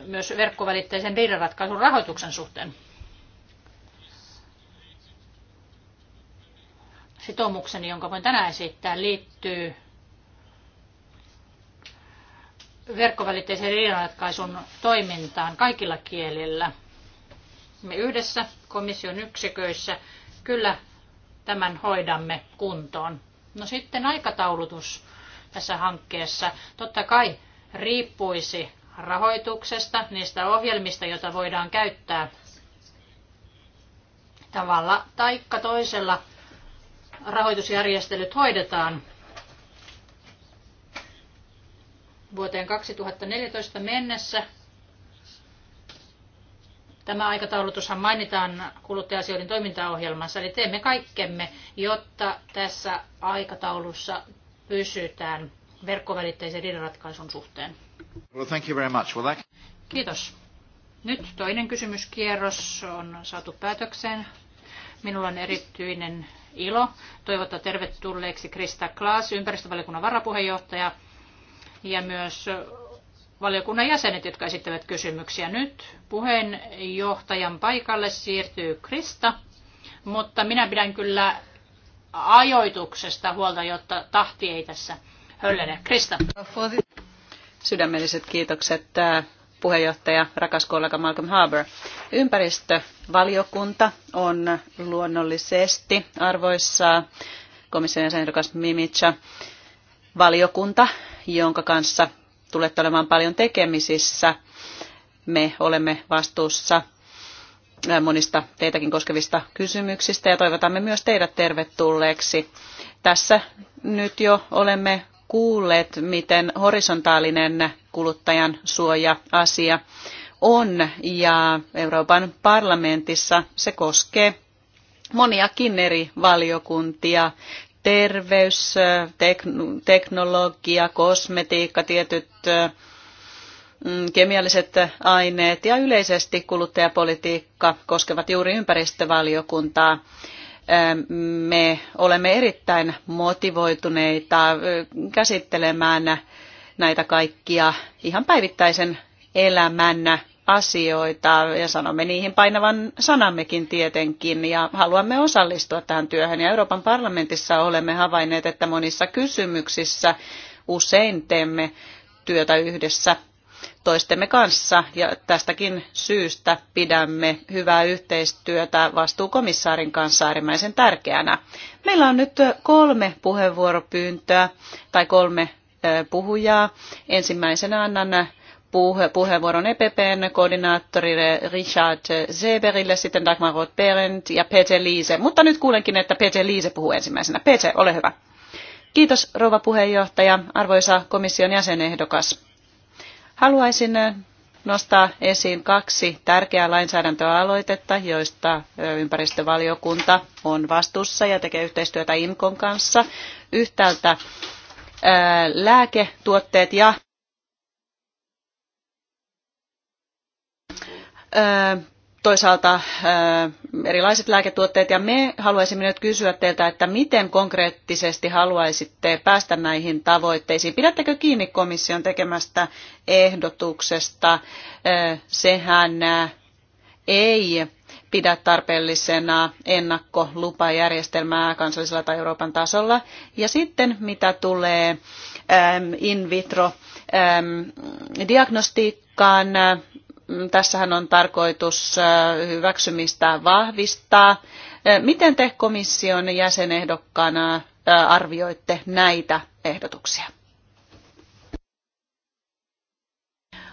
myös verkkovälitteisen riidanratkaisun rahoituksen suhteen. sitoumukseni, jonka voin tänään esittää, liittyy verkkovälitteisen riidanratkaisun toimintaan kaikilla kielillä. Me yhdessä komission yksiköissä kyllä tämän hoidamme kuntoon. No sitten aikataulutus tässä hankkeessa totta kai riippuisi rahoituksesta, niistä ohjelmista, joita voidaan käyttää tavalla taikka toisella – rahoitusjärjestelyt hoidetaan vuoteen 2014 mennessä. Tämä aikataulutushan mainitaan kuluttaja-asioiden toimintaohjelmassa, eli teemme kaikkemme, jotta tässä aikataulussa pysytään verkkovälitteisen riidanratkaisun suhteen. Well, thank you very much. Well, that... Kiitos. Nyt toinen kysymyskierros on saatu päätökseen. Minulla on erityinen ilo toivottaa tervetulleeksi Krista Klaas, ympäristövaliokunnan varapuheenjohtaja, ja myös valiokunnan jäsenet, jotka esittävät kysymyksiä. Nyt puheenjohtajan paikalle siirtyy Krista, mutta minä pidän kyllä ajoituksesta huolta, jotta tahti ei tässä höllene. Krista. Sydämelliset kiitokset äh, puheenjohtaja, rakas kollega Malcolm Harbour. Ympäristövaliokunta on luonnollisesti arvoissa komission jäsenrakas Mimitsa valiokunta, jonka kanssa tulette olemaan paljon tekemisissä. Me olemme vastuussa äh, monista teitäkin koskevista kysymyksistä ja toivotamme myös teidät tervetulleeksi. Tässä nyt jo olemme kuulleet, miten horisontaalinen kuluttajan suoja-asia on ja Euroopan parlamentissa se koskee moniakin eri valiokuntia, terveys, tek- teknologia, kosmetiikka, tietyt mm, kemialliset aineet ja yleisesti kuluttajapolitiikka koskevat juuri ympäristövaliokuntaa. Ähm, me olemme erittäin motivoituneita äh, käsittelemään näitä kaikkia ihan päivittäisen elämän asioita ja sanomme niihin painavan sanammekin tietenkin ja haluamme osallistua tähän työhön. Ja Euroopan parlamentissa olemme havainneet, että monissa kysymyksissä usein teemme työtä yhdessä toistemme kanssa ja tästäkin syystä pidämme hyvää yhteistyötä vastuukomissaarin kanssa äärimmäisen tärkeänä. Meillä on nyt kolme puheenvuoropyyntöä tai kolme puhujaa. Ensimmäisenä annan puheenvuoron EPPn koordinaattorille Richard Zeberille, sitten Dagmar roth ja Peter Liise. Mutta nyt kuulenkin, että Peter Liise puhuu ensimmäisenä. Peter, ole hyvä. Kiitos rouva puheenjohtaja, arvoisa komission jäsenehdokas. Haluaisin äh, nostaa esiin kaksi tärkeää lainsäädäntöaloitetta, joista äh, ympäristövaliokunta on vastuussa ja tekee yhteistyötä Inkon kanssa. Yhtäältä äh, lääketuotteet ja toisaalta äh, erilaiset lääketuotteet. Ja me haluaisimme nyt kysyä teiltä, että miten konkreettisesti haluaisitte päästä näihin tavoitteisiin. Pidättekö kiinni komission tekemästä ehdotuksesta? Äh, sehän äh, ei pidä tarpeellisena ennakkolupajärjestelmää kansallisella tai Euroopan tasolla. Ja sitten mitä tulee ähm, in vitro ähm, diagnostiikkaan, tässähän on tarkoitus äh, hyväksymistä vahvistaa. Äh, miten te komission jäsenehdokkaana äh, arvioitte näitä ehdotuksia?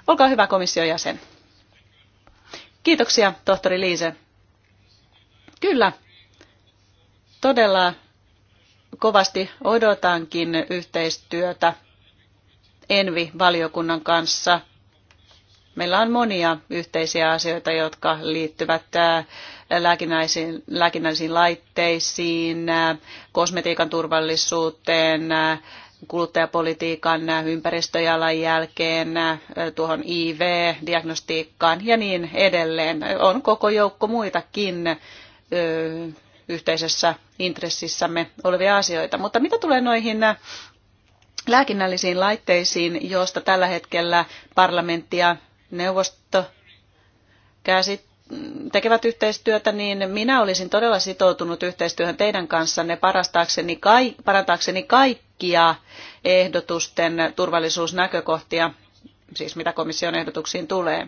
Olkaa hyvä komission jäsen. Kiitoksia, tohtori Liise. Kyllä, todella kovasti odotankin yhteistyötä Envi-valiokunnan kanssa – Meillä on monia yhteisiä asioita, jotka liittyvät lääkinnällisiin, lääkinnällisiin laitteisiin, kosmetiikan turvallisuuteen, kuluttajapolitiikan ympäristöjalanjälkeen, tuohon IV-diagnostiikkaan ja niin edelleen. On koko joukko muitakin yhteisessä intressissämme olevia asioita. Mutta mitä tulee noihin lääkinnällisiin laitteisiin, joista tällä hetkellä parlamentti ja neuvosto käsit, tekevät yhteistyötä, niin minä olisin todella sitoutunut yhteistyöhön teidän kanssanne parantaakseni, kaik, parantaakseni kaikkia ehdotusten turvallisuusnäkökohtia, siis mitä komission ehdotuksiin tulee.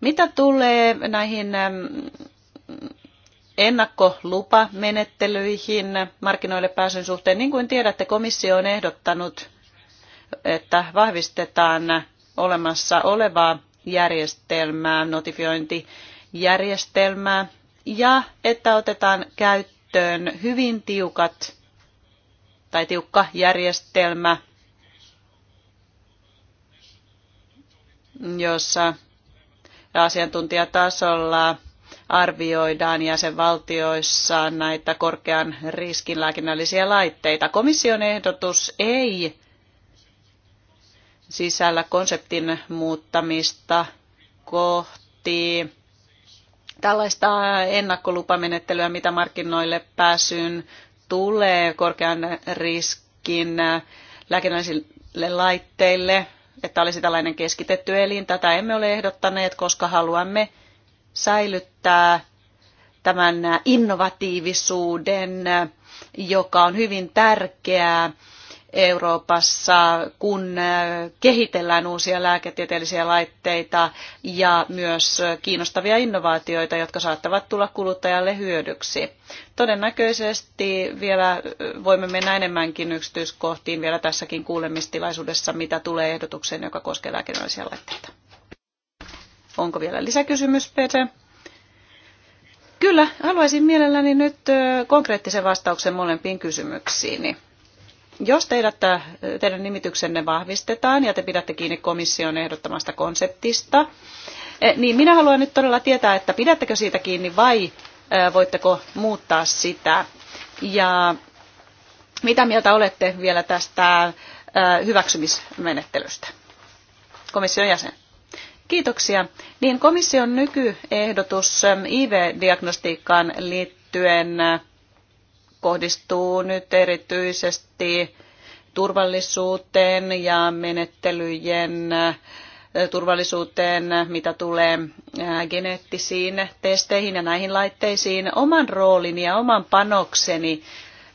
Mitä tulee näihin ennakkolupamenettelyihin markkinoille pääsyn suhteen, niin kuin tiedätte, komissio on ehdottanut, että vahvistetaan olemassa olevaa järjestelmää, notifiointijärjestelmää ja että otetaan käyttöön hyvin tiukat tai tiukka järjestelmä, jossa asiantuntijatasolla arvioidaan jäsenvaltioissa näitä korkean riskin lääkinnällisiä laitteita. Komission ehdotus ei sisällä konseptin muuttamista kohti tällaista ennakkolupamenettelyä, mitä markkinoille pääsyyn tulee korkean riskin lääkinnällisille laitteille, että olisi tällainen keskitetty elin. Tätä emme ole ehdottaneet, koska haluamme säilyttää tämän innovatiivisuuden, joka on hyvin tärkeää Euroopassa, kun äh, kehitellään uusia lääketieteellisiä laitteita ja myös kiinnostavia innovaatioita, jotka saattavat tulla kuluttajalle hyödyksi. Todennäköisesti vielä äh, voimme mennä enemmänkin yksityiskohtiin vielä tässäkin kuulemistilaisuudessa, mitä tulee ehdotukseen, joka koskee lääkinnällisiä laitteita. Onko vielä lisäkysymys, Pete? Kyllä, haluaisin mielelläni nyt äh, konkreettisen vastauksen molempiin kysymyksiini. Jos teidät, äh, teidän nimityksenne vahvistetaan ja te pidätte kiinni komission ehdottamasta konseptista, eh, niin minä haluan nyt todella tietää, että pidättekö siitä kiinni vai äh, voitteko muuttaa sitä. Ja mitä mieltä olette vielä tästä äh, hyväksymismenettelystä? Komission jäsen. Kiitoksia. Niin komission nykyehdotus ähm, IV-diagnostiikkaan liittyen kohdistuu nyt erityisesti turvallisuuteen ja menettelyjen äh, turvallisuuteen, mitä tulee äh, geneettisiin testeihin ja näihin laitteisiin, oman roolin ja oman panokseni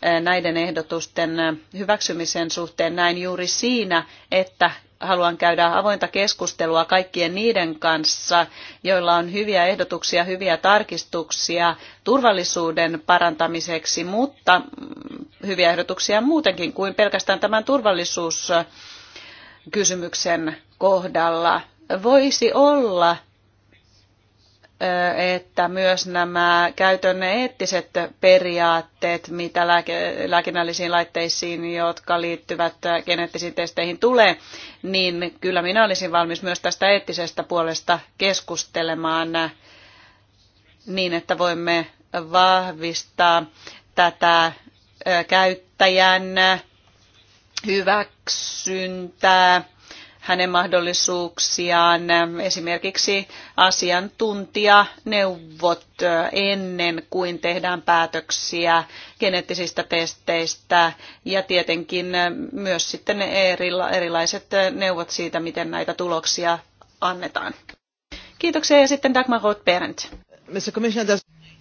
äh, näiden ehdotusten hyväksymisen suhteen näin juuri siinä, että haluan käydä avointa keskustelua kaikkien niiden kanssa, joilla on hyviä ehdotuksia, hyviä tarkistuksia turvallisuuden parantamiseksi, mutta mm, hyviä ehdotuksia muutenkin kuin pelkästään tämän turvallisuuskysymyksen kohdalla. Voisi olla että myös nämä käytön eettiset periaatteet, mitä lääke- lääkinnällisiin laitteisiin, jotka liittyvät geneettisiin testeihin tulee, niin kyllä minä olisin valmis myös tästä eettisestä puolesta keskustelemaan niin, että voimme vahvistaa tätä käyttäjän hyväksyntää hänen mahdollisuuksiaan esimerkiksi asiantuntijaneuvot ennen kuin tehdään päätöksiä geneettisistä testeistä ja tietenkin myös sitten erilaiset neuvot siitä, miten näitä tuloksia annetaan. Kiitoksia ja sitten Dagmar Roth-Berendt.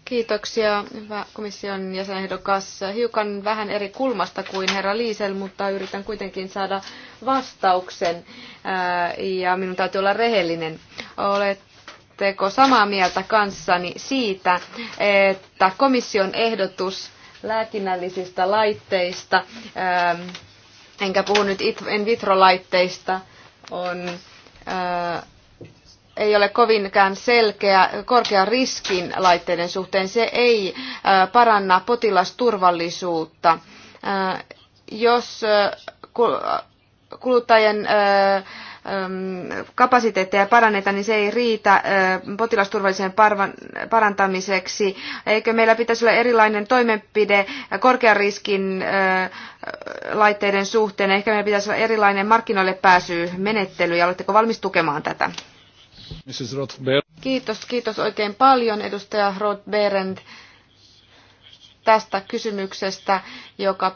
Kiitoksia, hyvä komission jäsenehdokas. Hiukan vähän eri kulmasta kuin herra Liisel, mutta yritän kuitenkin saada vastauksen ja minun täytyy olla rehellinen. Oletteko samaa mieltä kanssani siitä, että komission ehdotus lääkinnällisistä laitteista, enkä puhu nyt in vitro-laitteista, on ei ole kovinkään selkeä korkean riskin laitteiden suhteen. Se ei äh, paranna potilasturvallisuutta. Äh, jos äh, kuluttajien ähm, kapasiteetteja paranneta, niin se ei riitä potilasturvallisuuden parantamiseksi. Eikö meillä pitäisi olla erilainen toimenpide korkean riskin laitteiden suhteen? Ehkä meillä pitäisi olla erilainen markkinoille pääsy menettely ja oletteko valmis tukemaan tätä? Mrs. Kiitos, kiitos oikein paljon edustaja Roth-Berend tästä kysymyksestä, joka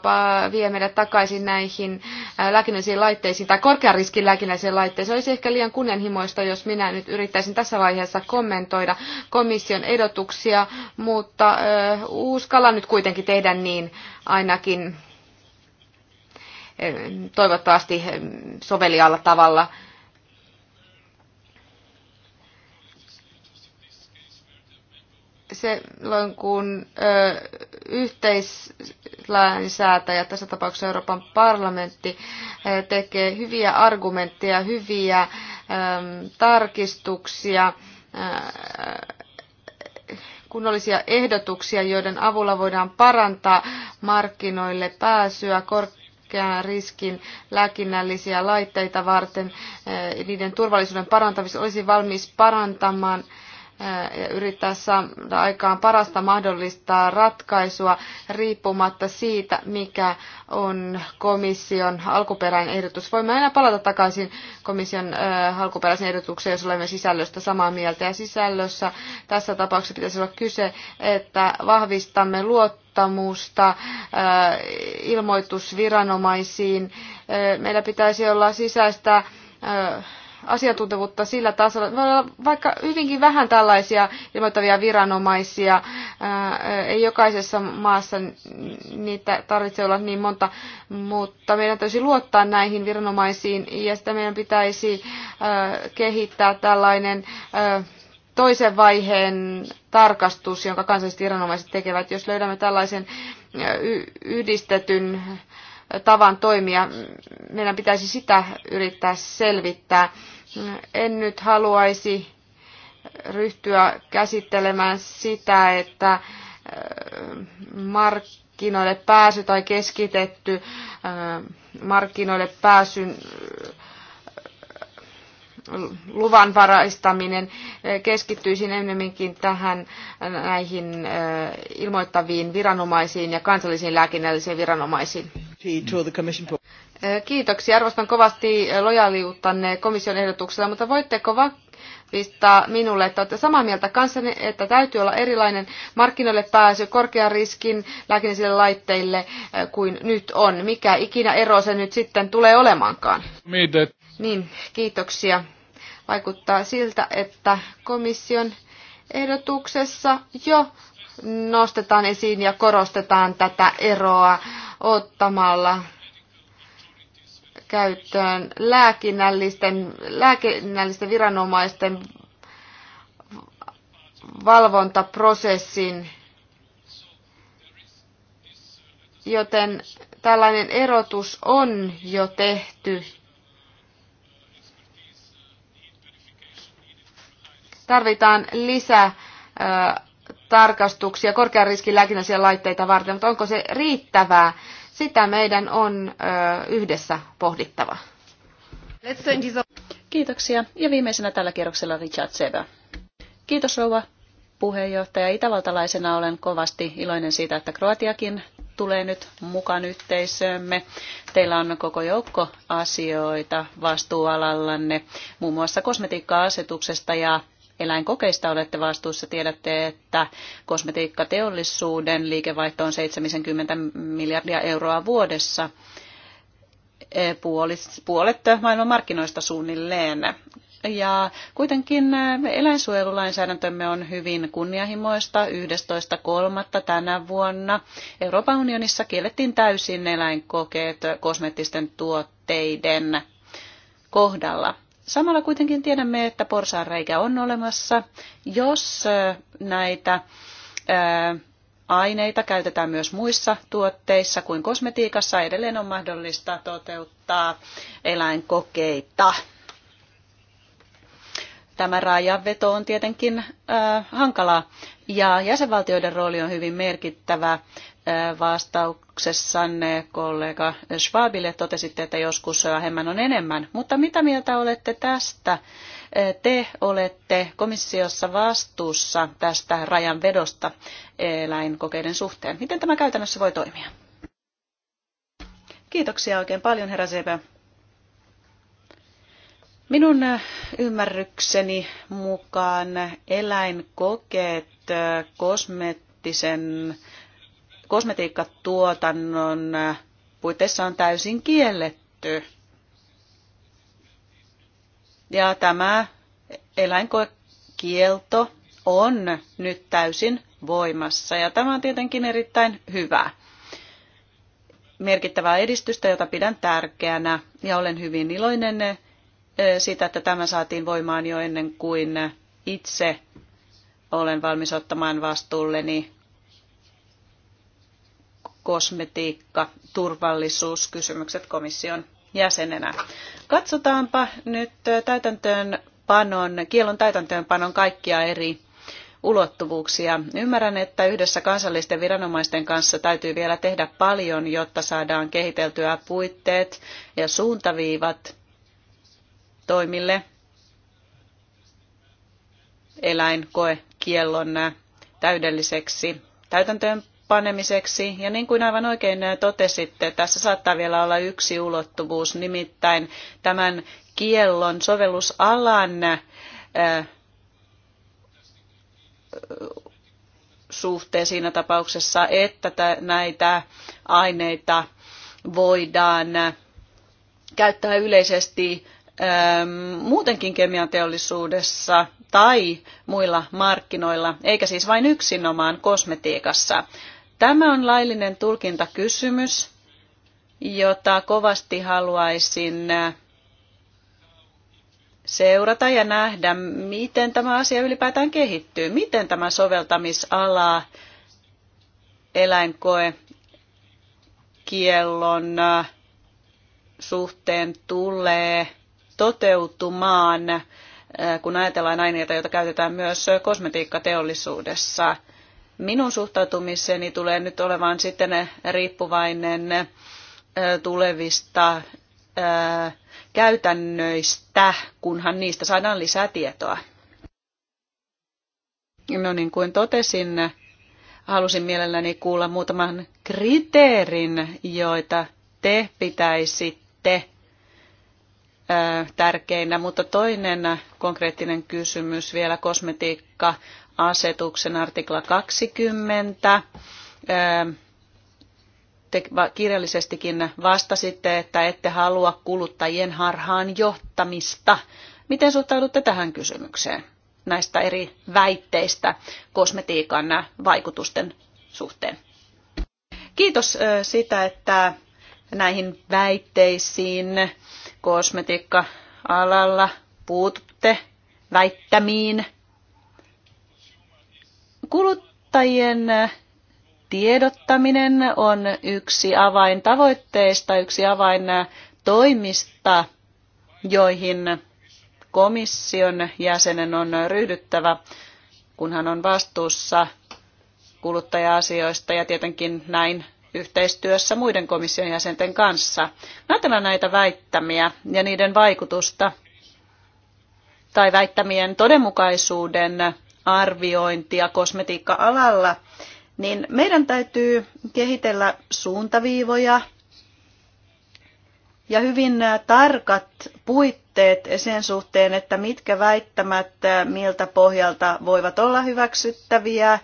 vie meidät takaisin näihin äh, lääkinnällisiin laitteisiin tai korkean riskin lääkinnällisiin laitteisiin. Olisi ehkä liian kunnianhimoista, jos minä nyt yrittäisin tässä vaiheessa kommentoida komission edotuksia, mutta äh, uskalla nyt kuitenkin tehdä niin ainakin äh, toivottavasti äh, sovelialla tavalla. Äh, silloin, kun ö, yhteislainsäätäjä, tässä tapauksessa Euroopan parlamentti, ö, tekee hyviä argumentteja, hyviä ö, tarkistuksia, ö, kunnollisia ehdotuksia, joiden avulla voidaan parantaa markkinoille pääsyä, korkean riskin lääkinnällisiä laitteita varten, niiden turvallisuuden parantamista olisi valmis parantamaan – ja yrittää saada aikaan parasta mahdollista ratkaisua riippumatta siitä, mikä on komission alkuperäinen ehdotus. Voimme aina palata takaisin komission alkuperäisen ehdotukseen, jos olemme sisällöstä samaa mieltä. Ja sisällössä tässä tapauksessa pitäisi olla kyse, että vahvistamme luottamusta ilmoitusviranomaisiin. Meillä pitäisi olla sisäistä asiantuntevuutta sillä tasolla. Voi olla vaikka hyvinkin vähän tällaisia ilmoittavia viranomaisia. Ei jokaisessa maassa niitä tarvitse olla niin monta, mutta meidän täytyy luottaa näihin viranomaisiin ja sitä meidän pitäisi kehittää tällainen toisen vaiheen tarkastus, jonka kansalliset viranomaiset tekevät. Jos löydämme tällaisen yhdistetyn tavan toimia. Meidän pitäisi sitä yrittää selvittää. En nyt haluaisi ryhtyä käsittelemään sitä, että äh, markkinoille pääsy tai keskitetty äh, markkinoille pääsyn luvan varaistaminen. Keskittyisin ennemminkin tähän näihin eh, ilmoittaviin viranomaisiin ja kansallisiin lääkinnällisiin viranomaisiin. Eh, kiitoksia. Arvostan kovasti eh, lojaaliuttanne komission ehdotuksella, mutta voitteko vahvistaa minulle, että olette samaa mieltä kanssani, että täytyy olla erilainen markkinoille pääsy korkean riskin lääkinnällisille laitteille kuin nyt on. Mikä ikinä ero se nyt sitten tulee olemaankaan? Miten? Niin, kiitoksia. Vaikuttaa siltä, että komission ehdotuksessa jo nostetaan esiin ja korostetaan tätä eroa ottamalla käyttöön lääkinnällisten, lääkinnällisten viranomaisten valvontaprosessin, joten tällainen erotus on jo tehty tarvitaan lisää tarkastuksia korkean riskin lääkinnällisiä laitteita varten, mutta onko se riittävää? Sitä meidän on yhdessä pohdittava. Kiitoksia. Ja viimeisenä tällä kierroksella Richard Sebä. Kiitos rouva puheenjohtaja. Itävaltalaisena olen kovasti iloinen siitä, että Kroatiakin tulee nyt mukaan yhteisöömme. Teillä on koko joukko asioita vastuualallanne, muun muassa kosmetiikka-asetuksesta ja eläinkokeista olette vastuussa. Tiedätte, että kosmetiikkateollisuuden liikevaihto on 70 miljardia euroa vuodessa. E, puolet, maailman markkinoista suunnilleen. Ja kuitenkin e, eläinsuojelulainsäädäntömme on hyvin kunnianhimoista. 11.3. tänä vuonna Euroopan unionissa kiellettiin täysin eläinkokeet kosmeettisten tuotteiden kohdalla. Samalla kuitenkin tiedämme, että porsaanreikä on olemassa. Jos näitä aineita käytetään myös muissa tuotteissa kuin kosmetiikassa, edelleen on mahdollista toteuttaa eläinkokeita. Tämä rajanveto on tietenkin äh, hankalaa ja jäsenvaltioiden rooli on hyvin merkittävä vastauksessanne kollega Schwabille totesitte, että joskus vähemmän on enemmän. Mutta mitä mieltä olette tästä? Te olette komissiossa vastuussa tästä rajan vedosta eläinkokeiden suhteen. Miten tämä käytännössä voi toimia? Kiitoksia oikein paljon, herra Sebe. Minun ymmärrykseni mukaan eläinkokeet kosmeettisen kosmetiikkatuotannon puitteissa on täysin kielletty. Ja tämä eläinkoekielto on nyt täysin voimassa ja tämä on tietenkin erittäin hyvä. Merkittävää edistystä, jota pidän tärkeänä ja olen hyvin iloinen siitä, että tämä saatiin voimaan jo ennen kuin itse olen valmis ottamaan vastuulleni kosmetiikka, turvallisuuskysymykset komission jäsenenä. Katsotaanpa nyt täytäntöön panon, kielon täytäntöönpanon kaikkia eri ulottuvuuksia. Ymmärrän, että yhdessä kansallisten viranomaisten kanssa täytyy vielä tehdä paljon, jotta saadaan kehiteltyä puitteet ja suuntaviivat toimille eläinkoekiellon täydelliseksi täytäntöön panemiseksi. Ja niin kuin aivan oikein totesitte, tässä saattaa vielä olla yksi ulottuvuus, nimittäin tämän kiellon sovellusalan äh, suhteen siinä tapauksessa, että näitä aineita voidaan käyttää yleisesti ähm, muutenkin kemianteollisuudessa tai muilla markkinoilla, eikä siis vain yksinomaan kosmetiikassa. Tämä on laillinen tulkintakysymys, jota kovasti haluaisin äh, seurata ja nähdä, miten tämä asia ylipäätään kehittyy, miten tämä soveltamisala eläinkoe kiellon äh, suhteen tulee toteutumaan, äh, kun ajatellaan aineita, joita käytetään myös kosmetiikkateollisuudessa – minun suhtautumiseni tulee nyt olemaan sitten riippuvainen tulevista käytännöistä, kunhan niistä saadaan lisää tietoa. No niin kuin totesin, halusin mielelläni kuulla muutaman kriteerin, joita te pitäisitte tärkeinä, mutta toinen konkreettinen kysymys vielä kosmetiikka asetuksen artikla 20. Te kirjallisestikin vastasitte, että ette halua kuluttajien harhaan johtamista. Miten suhtaudutte tähän kysymykseen näistä eri väitteistä kosmetiikan vaikutusten suhteen? Kiitos sitä, että näihin väitteisiin kosmetiikka-alalla puututte väittämiin Kuluttajien tiedottaminen on yksi avain tavoitteista, yksi avain toimista, joihin komission jäsenen on ryhdyttävä, kun hän on vastuussa kuluttaja-asioista ja tietenkin näin yhteistyössä muiden komission jäsenten kanssa. Ajatellaan näitä väittämiä ja niiden vaikutusta tai väittämien todenmukaisuuden arviointia kosmetiikka-alalla, niin meidän täytyy kehitellä suuntaviivoja ja hyvin tarkat puitteet sen suhteen, että mitkä väittämät miltä pohjalta voivat olla hyväksyttäviä,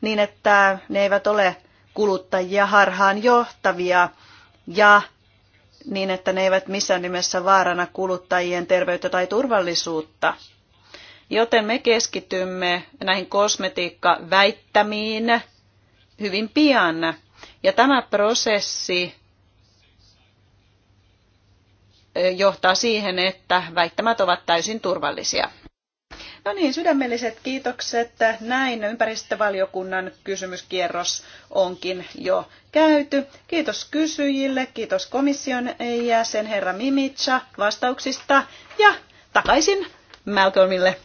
niin että ne eivät ole kuluttajia harhaan johtavia ja niin, että ne eivät missään nimessä vaarana kuluttajien terveyttä tai turvallisuutta. Joten me keskitymme näihin kosmetiikkaväittämiin hyvin pian. Ja tämä prosessi johtaa siihen, että väittämät ovat täysin turvallisia. No niin, sydämelliset kiitokset. Näin ympäristövaliokunnan kysymyskierros onkin jo käyty. Kiitos kysyjille, kiitos komission jäsen herra Mimitsa vastauksista ja takaisin Malcolmille.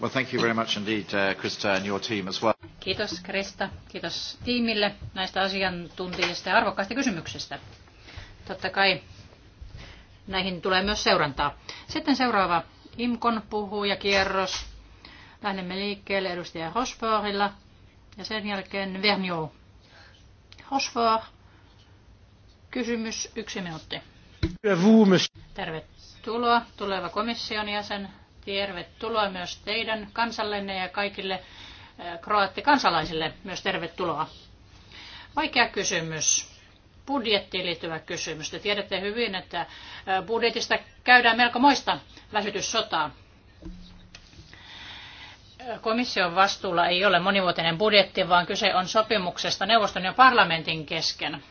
Well, thank you very much indeed, uh, Krista and your team as well. Kiitos Krista, kiitos tiimille näistä asiantuntijista ja arvokkaista kysymyksistä. Totta kai näihin tulee myös seurantaa. Sitten seuraava IMKON kierros. Lähdemme liikkeelle edustaja Hosforilla ja sen jälkeen Vernio. Hosfor, kysymys yksi minuutti. Tervetuloa tuleva komission jäsen Tervetuloa myös teidän kansallenne ja kaikille eh, kansalaisille myös tervetuloa. Vaikea kysymys. Budjettiin liittyvä kysymys. Te tiedätte hyvin, että eh, budjetista käydään melko moista väsytyssotaa. Eh, komission vastuulla ei ole monivuotinen budjetti, vaan kyse on sopimuksesta neuvoston ja parlamentin kesken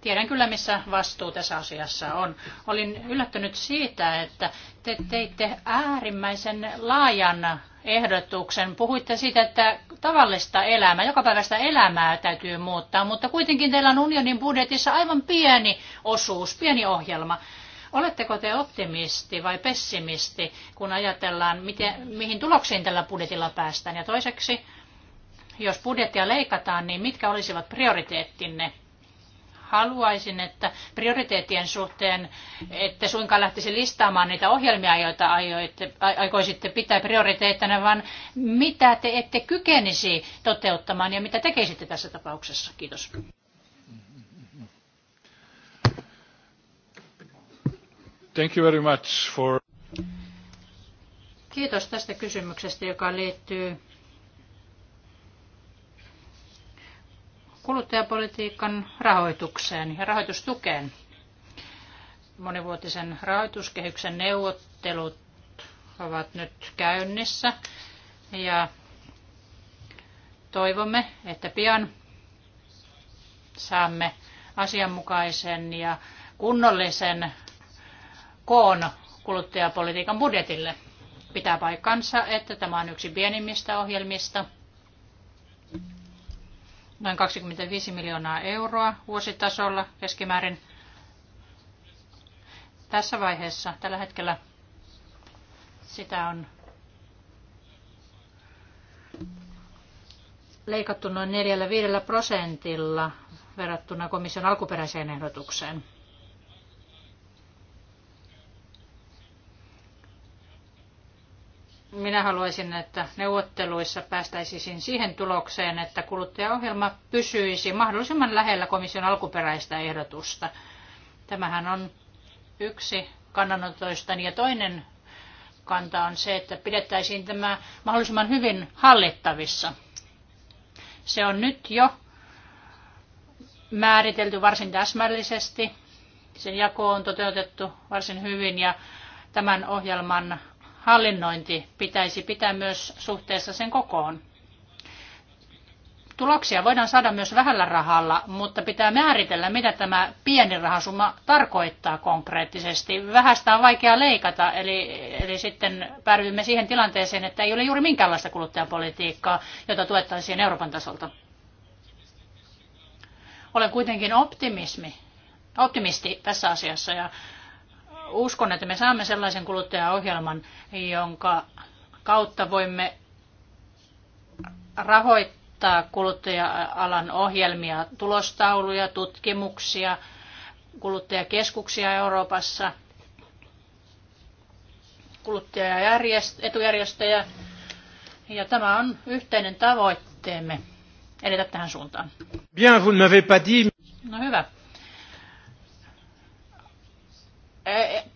Tiedän kyllä, missä vastuu tässä asiassa on. Olin yllättynyt siitä, että te teitte äärimmäisen laajan ehdotuksen. Puhuitte siitä, että tavallista elämää, jokapäiväistä elämää täytyy muuttaa, mutta kuitenkin teillä on unionin budjetissa aivan pieni osuus, pieni ohjelma. Oletteko te optimisti vai pessimisti, kun ajatellaan, miten, mihin tuloksiin tällä budjetilla päästään? Ja toiseksi, jos budjettia leikataan, niin mitkä olisivat prioriteettinne? haluaisin, että prioriteettien suhteen, että suinkaan lähtisi listaamaan niitä ohjelmia, joita aioitte, aikoisitte pitää prioriteettina, vaan mitä te ette kykenisi toteuttamaan ja mitä tekisitte tässä tapauksessa. Kiitos. Thank you very much for... Kiitos tästä kysymyksestä, joka liittyy kuluttajapolitiikan rahoitukseen ja rahoitustukeen. Monivuotisen rahoituskehyksen neuvottelut ovat nyt käynnissä ja toivomme, että pian saamme asianmukaisen ja kunnollisen koon kuluttajapolitiikan budjetille. Pitää paikkansa, että tämä on yksi pienimmistä ohjelmista – noin 25 miljoonaa euroa vuositasolla keskimäärin. Tässä vaiheessa tällä hetkellä sitä on leikattu noin 4-5 prosentilla verrattuna komission alkuperäiseen ehdotukseen. Minä haluaisin, että neuvotteluissa päästäisiin siihen tulokseen, että kuluttajaohjelma pysyisi mahdollisimman lähellä komission alkuperäistä ehdotusta. Tämähän on yksi kannanotoista. Ja toinen kanta on se, että pidettäisiin tämä mahdollisimman hyvin hallittavissa. Se on nyt jo määritelty varsin täsmällisesti. Sen jako on toteutettu varsin hyvin ja tämän ohjelman hallinnointi pitäisi pitää myös suhteessa sen kokoon. Tuloksia voidaan saada myös vähällä rahalla, mutta pitää määritellä, mitä tämä pieni rahasumma tarkoittaa konkreettisesti. Vähästä on vaikea leikata, eli, eli sitten päädyimme siihen tilanteeseen, että ei ole juuri minkäänlaista kuluttajapolitiikkaa, jota tuettaisiin Euroopan tasolta. Olen kuitenkin optimismi, optimisti tässä asiassa ja uskon, että me saamme sellaisen kuluttajaohjelman, jonka kautta voimme rahoittaa kuluttaja-alan ohjelmia, tulostauluja, tutkimuksia, kuluttajakeskuksia Euroopassa, kuluttajaetujärjestöjä. Ja tämä on yhteinen tavoitteemme edetä tähän suuntaan. Bien, vous ne m'avez pas dit... No hyvä.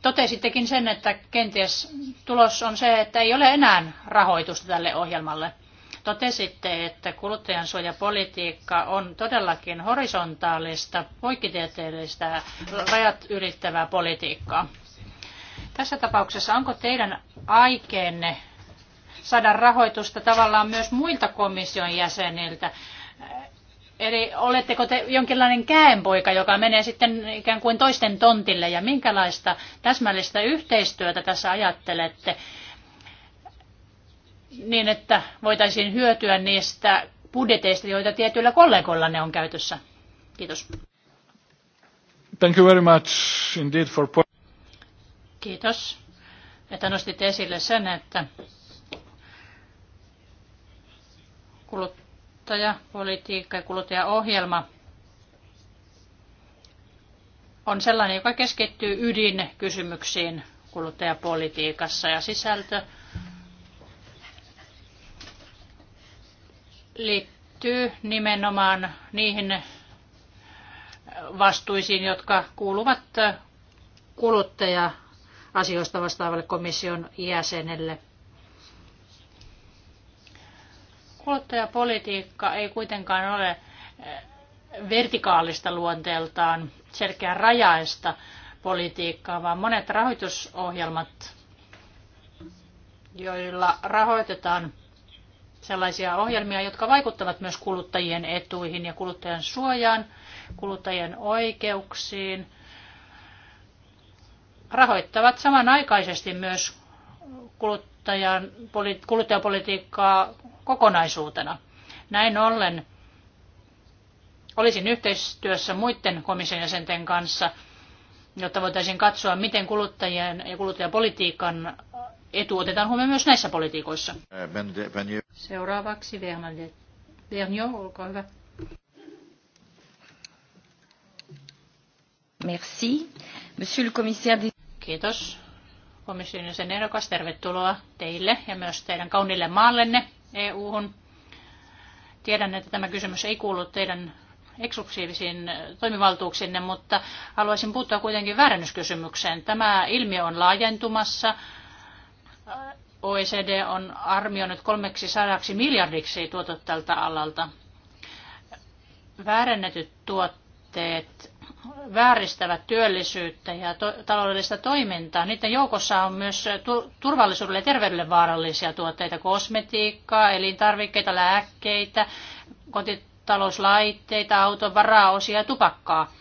totesittekin sen, että kenties tulos on se, että ei ole enää rahoitusta tälle ohjelmalle. Totesitte, että kuluttajansuojapolitiikka on todellakin horisontaalista, poikkitieteellistä, rajat ylittävää politiikkaa. Tässä tapauksessa onko teidän aikeenne saada rahoitusta tavallaan myös muilta komission jäseniltä Eli oletteko te jonkinlainen käenpoika, joka menee sitten ikään kuin toisten tontille ja minkälaista täsmällistä yhteistyötä tässä ajattelette niin, että voitaisiin hyötyä niistä budjeteista, joita tietyillä kollegoilla ne on käytössä? Kiitos. Thank you very much indeed for... Kiitos, että nostit esille sen, että kulut politiikka ja kuluttajaohjelma on sellainen, joka keskittyy ydinkysymyksiin kuluttajapolitiikassa ja sisältö liittyy nimenomaan niihin vastuisiin, jotka kuuluvat kuluttaja-asioista vastaavalle komission jäsenelle – Kuluttajapolitiikka ei kuitenkaan ole eh, vertikaalista luonteeltaan selkeän rajaista politiikkaa, vaan monet rahoitusohjelmat, joilla rahoitetaan sellaisia ohjelmia, jotka vaikuttavat myös kuluttajien etuihin ja kuluttajan suojaan, kuluttajien oikeuksiin, rahoittavat samanaikaisesti myös kuluttajan, kuluttajapolitiikkaa kokonaisuutena. Näin ollen olisin yhteistyössä muiden komission jäsenten kanssa, jotta voitaisiin katsoa, miten kuluttajien ja kuluttajapolitiikan etu otetaan huomioon myös näissä politiikoissa. Seuraavaksi Vernio, olkaa hyvä. Merci. Monsieur le commissaire... Kiitos. Komission jäsen ehdokas, tervetuloa teille ja myös teidän kauniille maallenne. EU-hun. Tiedän, että tämä kysymys ei kuulu teidän eksklusiivisiin toimivaltuuksinne, mutta haluaisin puuttua kuitenkin väärennyskysymykseen. Tämä ilmiö on laajentumassa. OECD on arvioinut 300 miljardiksi tuotot tältä alalta. Väärennetyt tuotteet vääristävät työllisyyttä ja to- taloudellista toimintaa. Niiden joukossa on myös tu- turvallisuudelle ja terveydelle vaarallisia tuotteita, kosmetiikkaa, elintarvikkeita, lääkkeitä, kotitalouslaitteita, auton varaosia ja tupakkaa.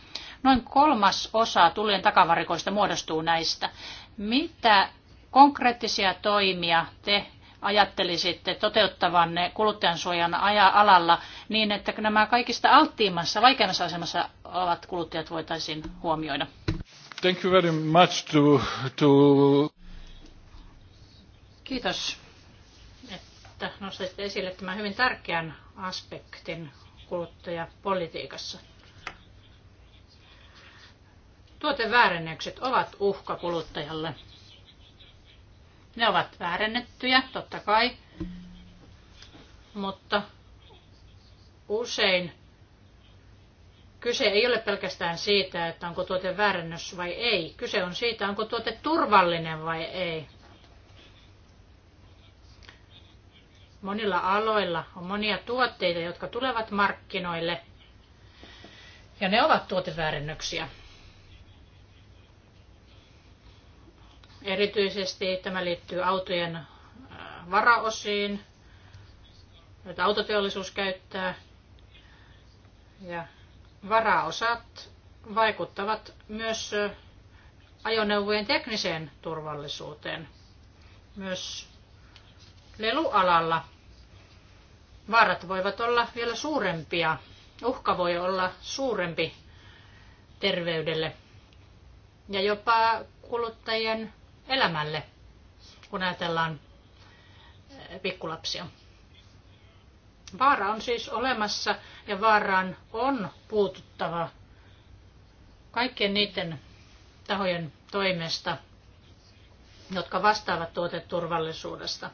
Noin kolmas osa tulien takavarikoista muodostuu näistä. Mitä konkreettisia toimia te ajattelisitte toteuttavanne kuluttajansuojan alalla niin, että nämä kaikista alttiimmassa, vaikeimmassa asemassa olevat kuluttajat voitaisiin huomioida? Thank you very much to, to... Kiitos, että nostitte esille tämän hyvin tärkeän aspektin kuluttajapolitiikassa. Tuoteväärennökset ovat uhka kuluttajalle. Ne ovat väärennettyjä, totta kai, mutta usein kyse ei ole pelkästään siitä, että onko tuote väärennös vai ei. Kyse on siitä, onko tuote turvallinen vai ei. Monilla aloilla on monia tuotteita, jotka tulevat markkinoille, ja ne ovat tuoteväärennöksiä. Erityisesti tämä liittyy autojen äh, varaosiin, joita autoteollisuus käyttää. Ja varaosat vaikuttavat myös äh, ajoneuvojen tekniseen turvallisuuteen. Myös lelualalla vaarat voivat olla vielä suurempia. Uhka voi olla suurempi terveydelle ja jopa kuluttajien elämälle, kun ajatellaan eh, pikkulapsia. Vaara on siis olemassa ja vaaraan on puututtava kaikkien niiden tahojen toimesta, jotka vastaavat tuoteturvallisuudesta.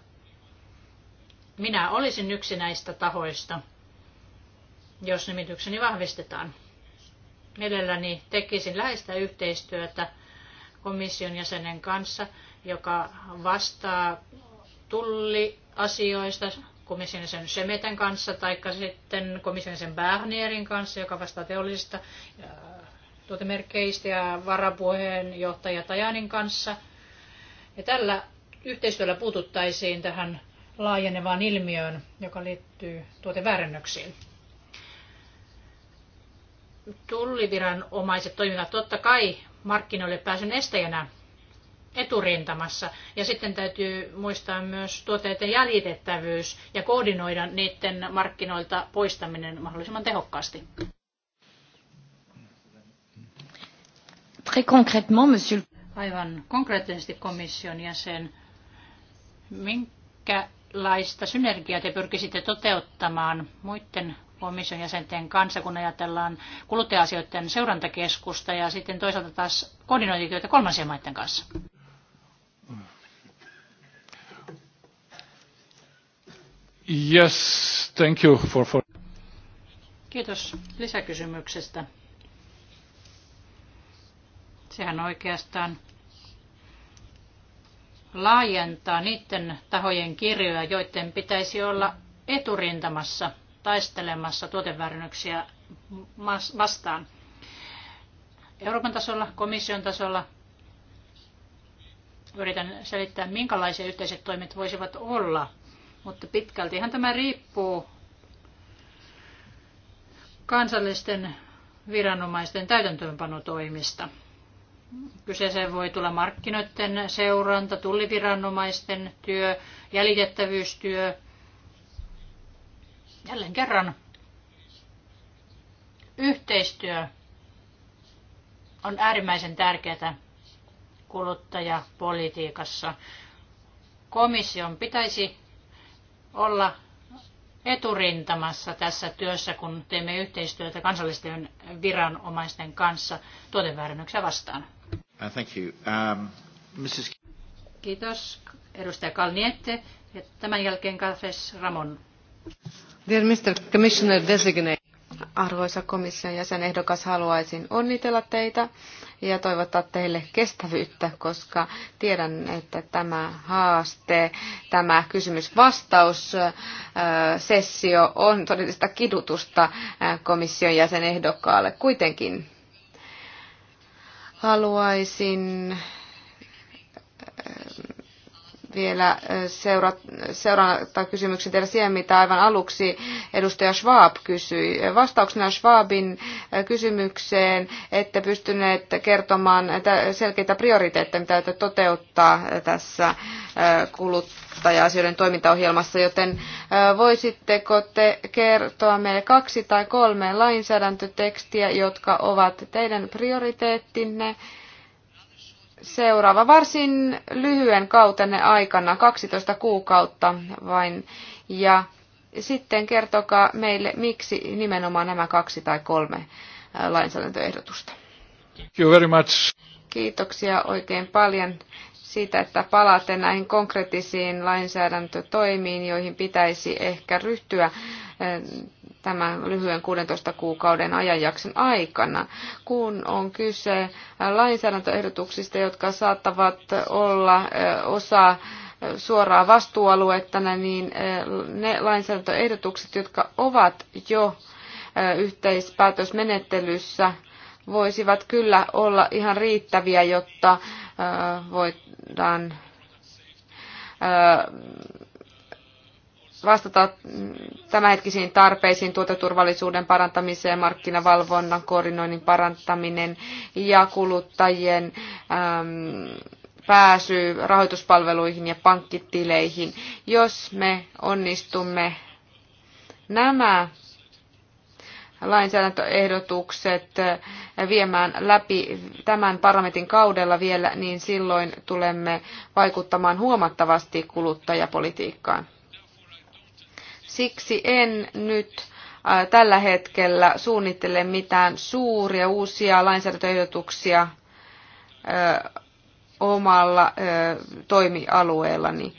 Minä olisin yksi näistä tahoista, jos nimitykseni vahvistetaan. Mielelläni tekisin läheistä yhteistyötä komission jäsenen kanssa, joka vastaa tulliasioista komission jäsen Shemetän kanssa tai sitten komission jäsen Barnierin kanssa, joka vastaa teollisista äh, tuotemerkkeistä ja varapuheenjohtaja Tajanin kanssa. Ja tällä yhteistyöllä puututtaisiin tähän laajenevaan ilmiöön, joka liittyy tuoteväärennöksiin. Tulliviranomaiset toimivat totta kai markkinoille pääsyn estäjänä eturintamassa. Ja sitten täytyy muistaa myös tuotteiden jäljitettävyys ja koordinoida niiden markkinoilta poistaminen mahdollisimman tehokkaasti. Aivan konkreettisesti komission jäsen, minkälaista synergiaa te pyrkisitte toteuttamaan muiden komission jäsenten kanssa, kun ajatellaan kuluttaja-asioiden seurantakeskusta ja sitten toisaalta taas koordinointityötä kolmansien maiden kanssa? Yes, thank you for, for... Kiitos lisäkysymyksestä. Sehän oikeastaan laajentaa niiden tahojen kirjoja, joiden pitäisi olla eturintamassa – taistelemassa tuoteväärennöksiä vastaan. Euroopan tasolla, komission tasolla yritän selittää, minkälaisia yhteiset toimet voisivat olla, mutta pitkältihan tämä riippuu kansallisten viranomaisten täytäntöönpanotoimista. Kyseeseen voi tulla markkinoiden seuranta, tulliviranomaisten työ, jäljitettävyystyö, Jälleen kerran yhteistyö on äärimmäisen tärkeää kuluttajapolitiikassa. Komission pitäisi olla eturintamassa tässä työssä, kun teemme yhteistyötä kansallisten viranomaisten kanssa tuoteväärännöksiä vastaan. Uh, thank you. Um, Mrs. Kiitos, edustaja Kalniette. Ja tämän jälkeen Kafes Ramon. Dear Mr. Commissioner Designate. Arvoisa komission jäsenehdokas, haluaisin onnitella teitä ja toivottaa teille kestävyyttä, koska tiedän, että tämä haaste, tämä kysymys-vastaus-sessio on todellista kidutusta komission jäsenehdokkaalle. Kuitenkin haluaisin vielä seurata kysymyksen teille siihen, mitä aivan aluksi edustaja Schwab kysyi. Vastauksena Schwabin kysymykseen, että pystyneet kertomaan selkeitä prioriteetteja, mitä toteuttaa tässä kuluttaja-asioiden toimintaohjelmassa, joten voisitteko te kertoa meille kaksi tai kolme lainsäädäntötekstiä, jotka ovat teidän prioriteettinne? seuraava varsin lyhyen kautenne aikana, 12 kuukautta vain, ja sitten kertokaa meille, miksi nimenomaan nämä kaksi tai kolme lainsäädäntöehdotusta. Thank you very much. Kiitoksia oikein paljon siitä, että palaatte näihin konkreettisiin lainsäädäntötoimiin, joihin pitäisi ehkä ryhtyä tämän lyhyen 16 kuukauden ajanjakson aikana, kun on kyse lainsäädäntöehdotuksista, jotka saattavat olla osa suoraa vastuualuetta, niin ne lainsäädäntöehdotukset, jotka ovat jo yhteispäätösmenettelyssä, voisivat kyllä olla ihan riittäviä, jotta voidaan vastata tämänhetkisiin tarpeisiin, tuoteturvallisuuden parantamiseen, markkinavalvonnan koordinoinnin parantaminen ja kuluttajien äm, pääsy rahoituspalveluihin ja pankkitileihin. Jos me onnistumme nämä lainsäädäntöehdotukset viemään läpi tämän parlamentin kaudella vielä, niin silloin tulemme vaikuttamaan huomattavasti kuluttajapolitiikkaan. Siksi en nyt tällä hetkellä suunnittele mitään suuria uusia lainsäädäntöehdotuksia omalla toimialueellani.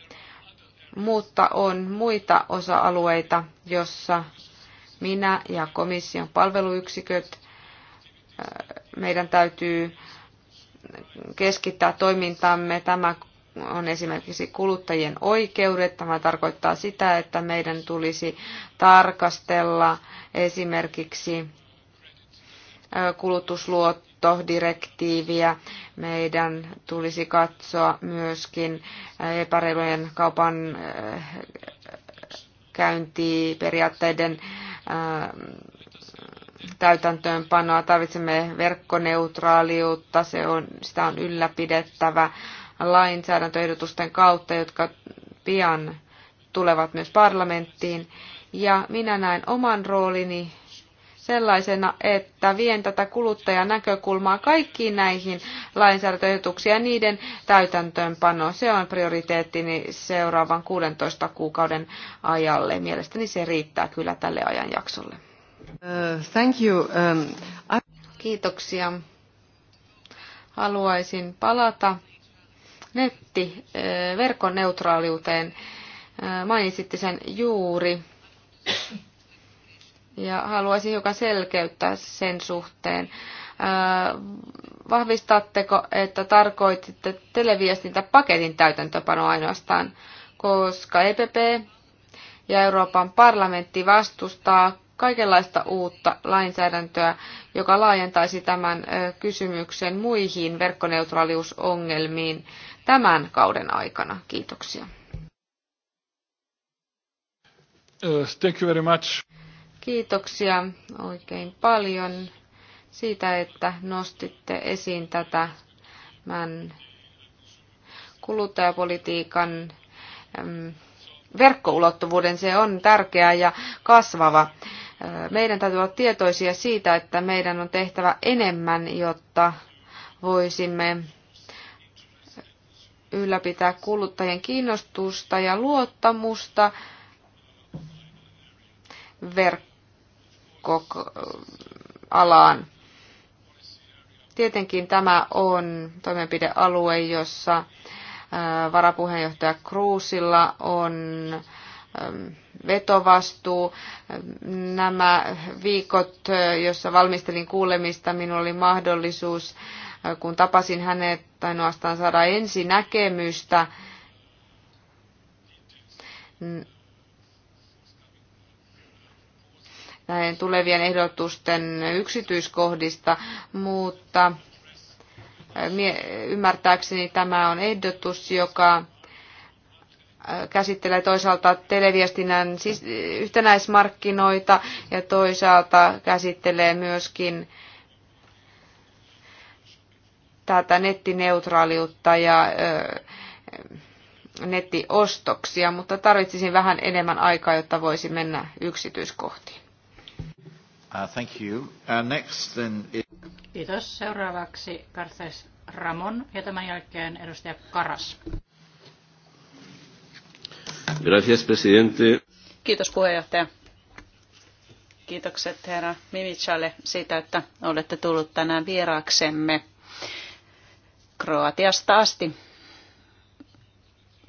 Mutta on muita osa-alueita, jossa minä ja komission palveluyksiköt, meidän täytyy keskittää toimintamme. Tämä on esimerkiksi kuluttajien oikeudet. Tämä tarkoittaa sitä, että meidän tulisi tarkastella esimerkiksi kulutusluottodirektiiviä. Meidän tulisi katsoa myöskin epäreilujen kaupan käyntiperiaatteiden täytäntöönpanoa. Tarvitsemme verkkoneutraaliutta, se on, sitä on ylläpidettävä lainsäädäntöehdotusten kautta, jotka pian tulevat myös parlamenttiin. Ja minä näen oman roolini sellaisena, että vien tätä kuluttajan näkökulmaa kaikkiin näihin lainsäädäntöehdotuksiin ja niiden täytäntöönpanoon. Se on prioriteettini seuraavan 16 kuukauden ajalle. Mielestäni se riittää kyllä tälle ajanjaksolle. Uh, thank you. Um, I... Kiitoksia. Haluaisin palata netti, verkon neutraaliuteen. Mainitsitte sen juuri. Ja haluaisin hiukan selkeyttää sen suhteen. Vahvistatteko, että tarkoititte televiestintäpaketin täytäntöpano ainoastaan, koska EPP ja Euroopan parlamentti vastustaa kaikenlaista uutta lainsäädäntöä, joka laajentaisi tämän kysymyksen muihin verkkoneutraaliusongelmiin tämän kauden aikana. Kiitoksia. Thank you very much. Kiitoksia oikein paljon siitä, että nostitte esiin tätä kuluttajapolitiikan verkkoulottuvuuden. Se on tärkeä ja kasvava. Äh, meidän täytyy olla tietoisia siitä, että meidän on tehtävä enemmän, jotta voisimme ylläpitää kuluttajien kiinnostusta ja luottamusta verkkoalaan. Tietenkin tämä on toimenpidealue, jossa äh, varapuheenjohtaja Kruusilla on ähm, vetovastuu. Nämä viikot, joissa valmistelin kuulemista, minulla oli mahdollisuus kun tapasin hänet ainoastaan saada ensi näkemystä näiden tulevien ehdotusten yksityiskohdista, mutta äh, ymmärtääkseni tämä on ehdotus, joka äh, käsittelee toisaalta televiestinnän yhtenäismarkkinoita ja toisaalta käsittelee myöskin tätä nettineutraaliutta ja nettiostoksia, mutta tarvitsisin vähän enemmän aikaa, jotta voisi mennä yksityiskohtiin. Uh, thank you. Uh, next then Kiitos. Seuraavaksi Kartes Ramon ja tämän jälkeen edustaja Karas. Gracias, presidente. Kiitos puheenjohtaja. Kiitokset herra Mimicalle siitä, että olette tullut tänään vieraaksemme. Kroatiasta asti.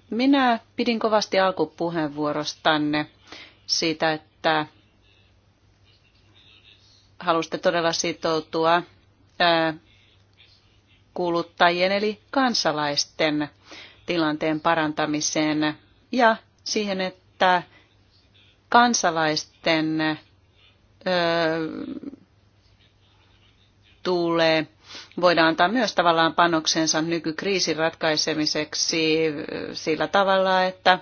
Minä pidin kovasti alkupuheenvuorostanne siitä, että halusitte todella sitoutua kuluttajien eli kansalaisten tilanteen parantamiseen ja siihen, että kansalaisten tulee, voidaan antaa myös tavallaan panoksensa nykykriisin ratkaisemiseksi eh, sillä tavalla, että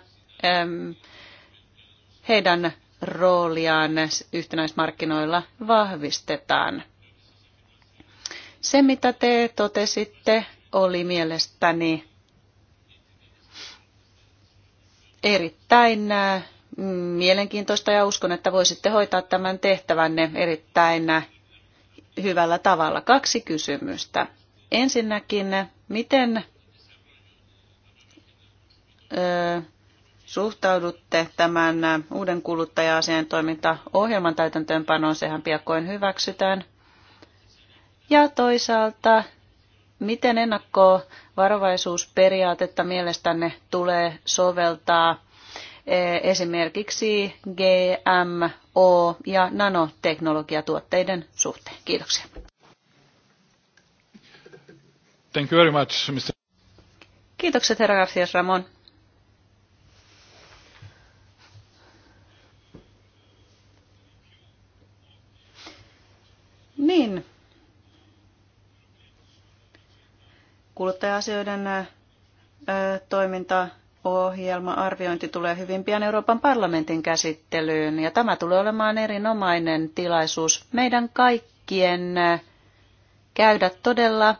heidän rooliaan yhtenäismarkkinoilla vahvistetaan. Se, mitä te totesitte, oli mielestäni erittäin eh, mielenkiintoista ja uskon, että voisitte hoitaa tämän tehtävänne erittäin eh, hyvällä tavalla. Kaksi kysymystä. Ensinnäkin, miten ö, suhtaudutte tämän uuden kuluttaja-asian toimintaohjelman täytäntöönpanoon? Sehän piakkoin hyväksytään. Ja toisaalta, miten ennakkovarovaisuusperiaatetta mielestänne tulee soveltaa Eh, esimerkiksi GMO- ja nanoteknologiatuotteiden suhteen. Kiitoksia. Thank you very much, Mr. Kiitokset, herra Garcias Ramon. Niin. Kuluttaja-asioiden toiminta ohjelma-arviointi tulee hyvin pian Euroopan parlamentin käsittelyyn ja tämä tulee olemaan erinomainen tilaisuus meidän kaikkien käydä todella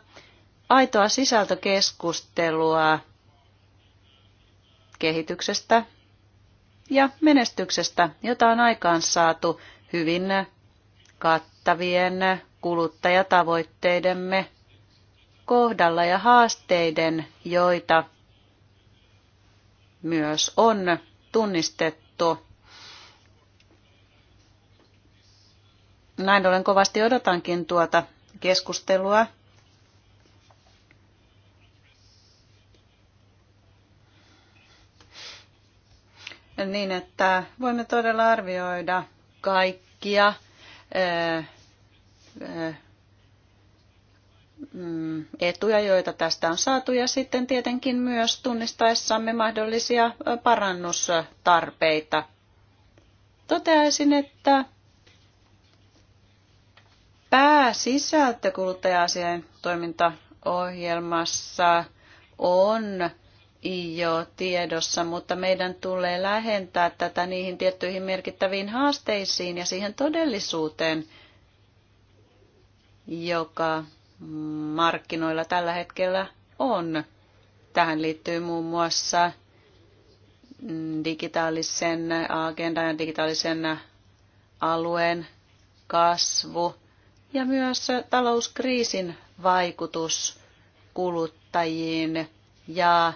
aitoa sisältökeskustelua kehityksestä ja menestyksestä, jota on aikaan saatu hyvin kattavien kuluttajatavoitteidemme kohdalla ja haasteiden, joita myös on tunnistettu. Näin ollen kovasti odotankin tuota keskustelua. Niin, että voimme todella arvioida kaikkia eh, eh, Mm, etuja, joita tästä on saatu, ja sitten tietenkin myös tunnistaessamme mahdollisia parannustarpeita. Toteaisin, että pääsisältö kuluttaja asiain toimintaohjelmassa on jo tiedossa, mutta meidän tulee lähentää tätä niihin tiettyihin merkittäviin haasteisiin ja siihen todellisuuteen, joka markkinoilla tällä hetkellä on. Tähän liittyy muun muassa digitaalisen agendan ja digitaalisen alueen kasvu ja myös talouskriisin vaikutus kuluttajiin ja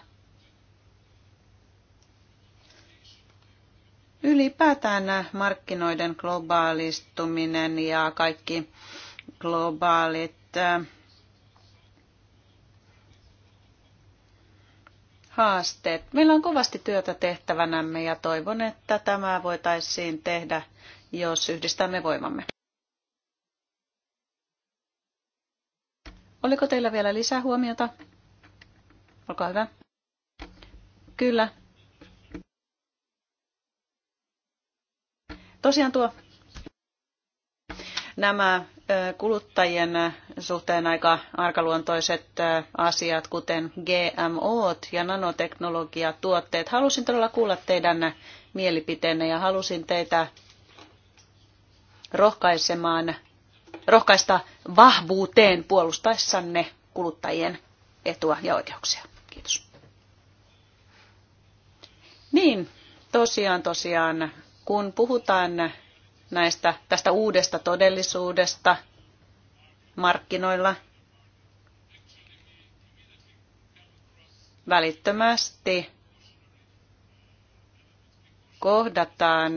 ylipäätään markkinoiden globaalistuminen ja kaikki globaalit haasteet. Meillä on kovasti työtä tehtävänämme ja toivon, että tämä voitaisiin tehdä, jos yhdistämme voimamme. Oliko teillä vielä lisää huomiota? Olkaa hyvä. Kyllä. Tosiaan tuo nämä kuluttajien suhteen aika arkaluontoiset asiat, kuten GMO ja nanoteknologiatuotteet. Halusin todella kuulla teidän mielipiteenne ja halusin teitä rohkaisemaan, rohkaista vahvuuteen puolustaessanne kuluttajien etua ja oikeuksia. Kiitos. Niin, tosiaan, tosiaan, kun puhutaan näistä, tästä uudesta todellisuudesta markkinoilla välittömästi kohdataan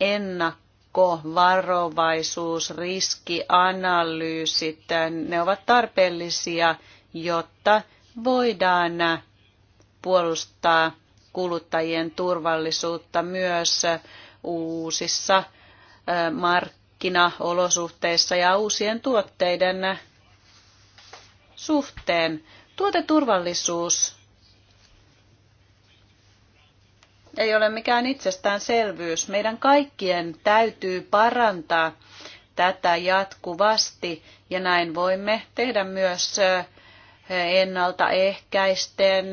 ennakkovarovaisuus, riskianalyysit. Ne ovat tarpeellisia, jotta voidaan puolustaa kuluttajien turvallisuutta myös uusissa markkinaolosuhteissa ja uusien tuotteiden suhteen. Tuoteturvallisuus ei ole mikään itsestäänselvyys. Meidän kaikkien täytyy parantaa tätä jatkuvasti ja näin voimme tehdä myös ennaltaehkäisten.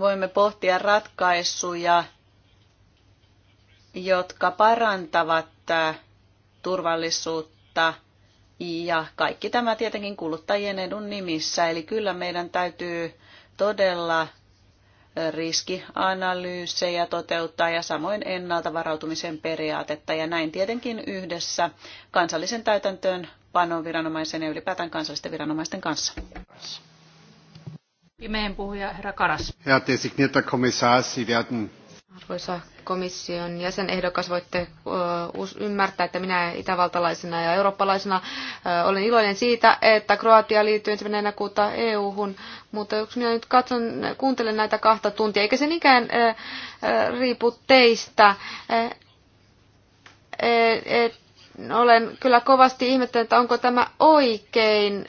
Voimme pohtia ratkaisuja jotka parantavat äh, turvallisuutta ja kaikki tämä tietenkin kuluttajien edun nimissä. Eli kyllä meidän täytyy todella äh, riskianalyysejä toteuttaa ja samoin ennalta varautumisen periaatetta ja näin tietenkin yhdessä kansallisen täytäntöön viranomaisen ja ylipäätään kansallisten viranomaisten kanssa. Pimeen puhuja herra Karas. Herr designierter Kommissar, Sie werden Arvoisa komission jäsenehdokas, voitte ymmärtää, että minä itävaltalaisena ja eurooppalaisena olen iloinen siitä, että Kroatia liittyy ensimmäinen kuuta EU-hun, mutta jos minä nyt katson, kuuntelen näitä kahta tuntia, eikä se ikään riipu teistä, olen kyllä kovasti ihmettänyt, että onko tämä oikein,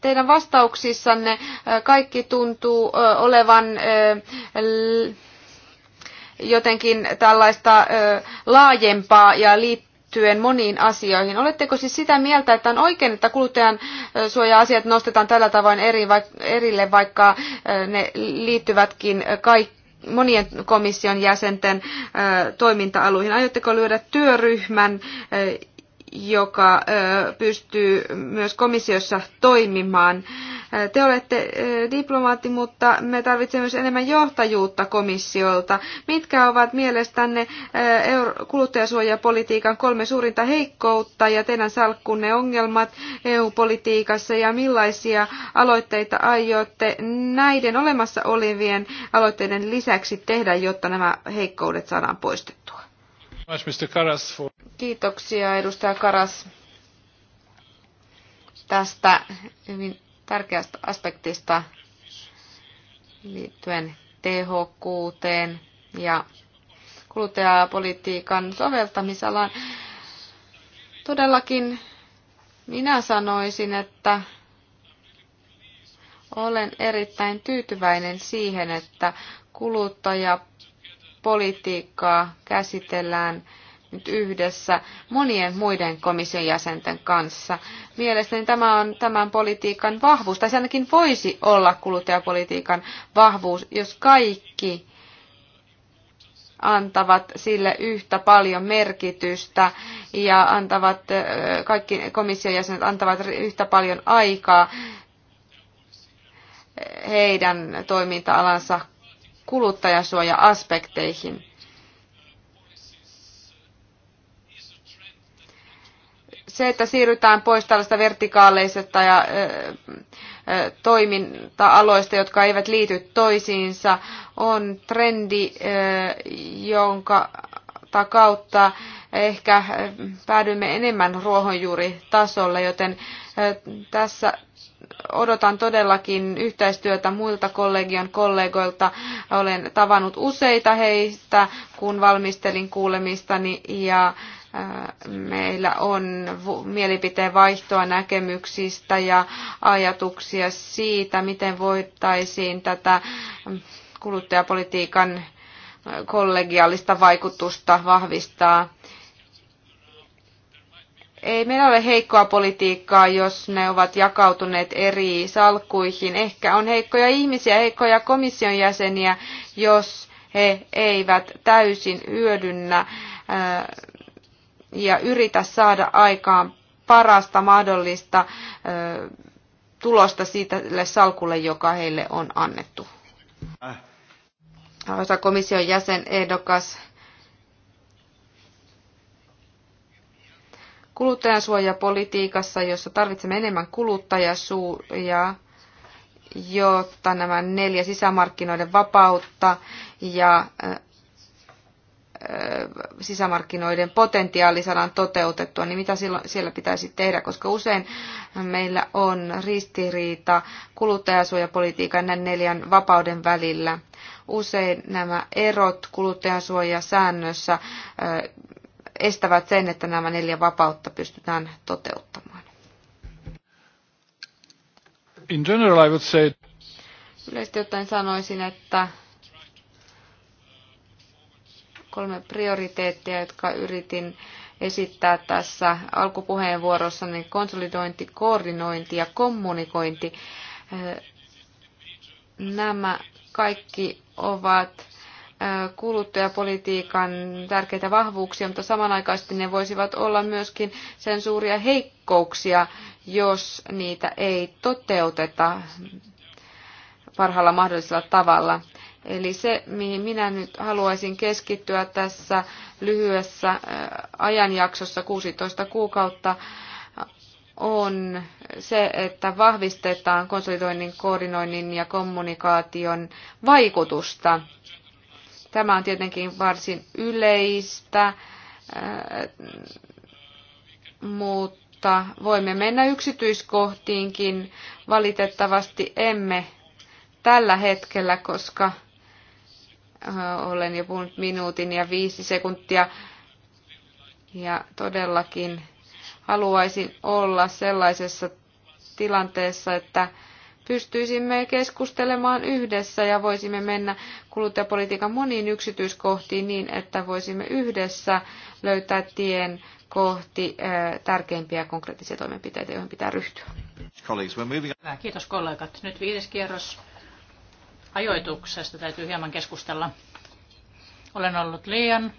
teidän vastauksissanne kaikki tuntuu olevan jotenkin tällaista laajempaa ja liittyen moniin asioihin. Oletteko siis sitä mieltä, että on oikein, että kuluttajan suoja-asiat nostetaan tällä tavoin eri, erille, vaikka ne liittyvätkin kaikki monien komission jäsenten toiminta-aluihin. Aiotteko lyödä työryhmän, joka pystyy myös komissiossa toimimaan. Te olette diplomaatti, mutta me tarvitsemme myös enemmän johtajuutta komissiolta. Mitkä ovat mielestänne kuluttajasuojapolitiikan kolme suurinta heikkoutta ja teidän salkkunne ongelmat EU-politiikassa ja millaisia aloitteita aiotte näiden olemassa olevien aloitteiden lisäksi tehdä, jotta nämä heikkoudet saadaan poistettua? Kiitoksia edustaja Karas tästä hyvin tärkeästä aspektista liittyen tehokkuuteen ja kuluttajapolitiikan soveltamisalaan. Todellakin minä sanoisin, että olen erittäin tyytyväinen siihen, että kuluttajapolitiikka politiikkaa käsitellään nyt yhdessä monien muiden komission jäsenten kanssa. Mielestäni tämä on tämän politiikan vahvuus, tai se ainakin voisi olla kuluttajapolitiikan vahvuus, jos kaikki antavat sille yhtä paljon merkitystä ja antavat, kaikki komission jäsenet antavat yhtä paljon aikaa heidän toiminta-alansa kuluttajasuoja-aspekteihin. Se, että siirrytään pois tällaista vertikaaleisesta ja toiminta-aloista, jotka eivät liity toisiinsa, on trendi, jonka kautta ehkä eh, päädymme enemmän ruohonjuuritasolle, joten eh, tässä odotan todellakin yhteistyötä muilta kollegion kollegoilta. Olen tavannut useita heistä, kun valmistelin kuulemistani ja eh, meillä on mielipiteen vaihtoa näkemyksistä ja ajatuksia siitä, miten voitaisiin tätä mm, kuluttajapolitiikan kollegiaalista vaikutusta vahvistaa. Ei meillä ole heikkoa politiikkaa, jos ne ovat jakautuneet eri salkkuihin. Ehkä on heikkoja ihmisiä, heikkoja komission jäseniä, jos he eivät täysin hyödynnä äh, ja yritä saada aikaan parasta mahdollista äh, tulosta siitä salkulle, joka heille on annettu. Äh arvoisa komission jäsenehdokas, kuluttajansuojapolitiikassa, jossa tarvitsemme enemmän kuluttajasuojaa, jotta nämä neljä sisämarkkinoiden vapautta ja sisämarkkinoiden potentiaali saadaan toteutettua, niin mitä silloin, siellä pitäisi tehdä, koska usein meillä on ristiriita kuluttajasuojapolitiikan näiden neljän vapauden välillä. Usein nämä erot kuluttajansuojasäännössä estävät sen, että nämä neljä vapautta pystytään toteuttamaan. In general, I would say... Yleisesti ottaen sanoisin, että kolme prioriteettia, jotka yritin esittää tässä alkupuheenvuorossa, niin konsolidointi, koordinointi ja kommunikointi. Nämä kaikki ovat kuluttajapolitiikan tärkeitä vahvuuksia, mutta samanaikaisesti ne voisivat olla myöskin sen suuria heikkouksia, jos niitä ei toteuteta parhaalla mahdollisella tavalla. Eli se, mihin minä nyt haluaisin keskittyä tässä lyhyessä ajanjaksossa 16 kuukautta, on se, että vahvistetaan konsolidoinnin, koordinoinnin ja kommunikaation vaikutusta. Tämä on tietenkin varsin yleistä, mutta voimme mennä yksityiskohtiinkin. Valitettavasti emme tällä hetkellä, koska Äh, olen jo puhunut minuutin ja viisi sekuntia. Ja todellakin haluaisin olla sellaisessa tilanteessa, että pystyisimme keskustelemaan yhdessä ja voisimme mennä kuluttajapolitiikan moniin yksityiskohtiin niin, että voisimme yhdessä löytää tien kohti äh, tärkeimpiä konkreettisia toimenpiteitä, joihin pitää ryhtyä. Kiitos kollegat. Nyt viides kierros ajoituksesta täytyy hieman keskustella. Olen ollut liian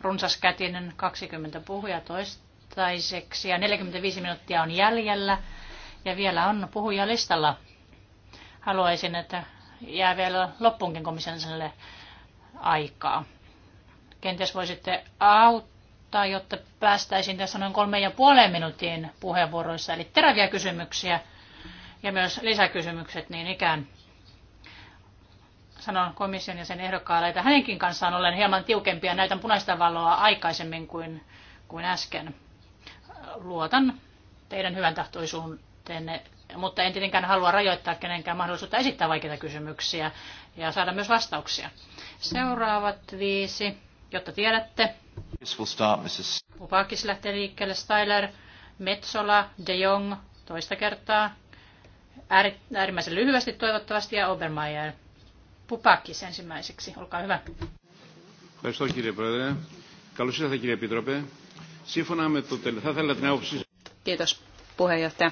runsaskätinen 20 puhuja toistaiseksi ja 45 minuuttia on jäljellä ja vielä on puhuja listalla. Haluaisin, että jää vielä loppuunkin komission aikaa. Kenties voisitte auttaa, jotta päästäisiin tässä noin kolme ja puoleen minuutin puheenvuoroissa, eli teräviä kysymyksiä ja myös lisäkysymykset niin ikään sanon komission ja sen ehdokkaalle, että hänenkin kanssaan olen hieman tiukempia ja näytän punaista valoa aikaisemmin kuin, kuin äsken. Luotan teidän hyvän tahtoisuuteenne, mutta en tietenkään halua rajoittaa kenenkään mahdollisuutta esittää vaikeita kysymyksiä ja saada myös vastauksia. Seuraavat viisi, jotta tiedätte. Pupakis lähtee liikkeelle, Styler, Metsola, De Jong, toista kertaa, äärimmäisen lyhyesti toivottavasti ja Obermeier. Pupakis ensimmäiseksi, olkaa hyvä. Ευχαριστώ κύριε Πρόεδρε. Καλώς ήρθατε κύριε Επίτροπε. Σύμφωνα με το τελευταίο, θα ήθελα την άποψη... Kiitos puheenjohtaja.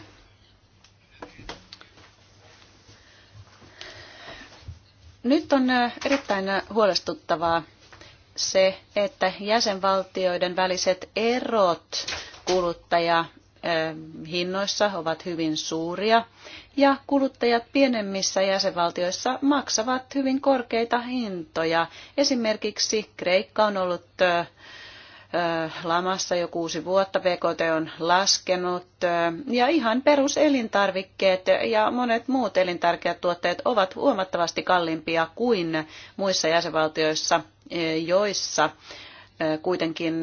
Nyt on erittäin huolestuttavaa se, että jäsenvaltioiden väliset erot kuluttaja hinnoissa ovat hyvin suuria ja kuluttajat pienemmissä jäsenvaltioissa maksavat hyvin korkeita hintoja. Esimerkiksi Kreikka on ollut lamassa jo kuusi vuotta, BKT on laskenut ja ihan peruselintarvikkeet ja monet muut elintärkeät tuotteet ovat huomattavasti kalliimpia kuin muissa jäsenvaltioissa, joissa kuitenkin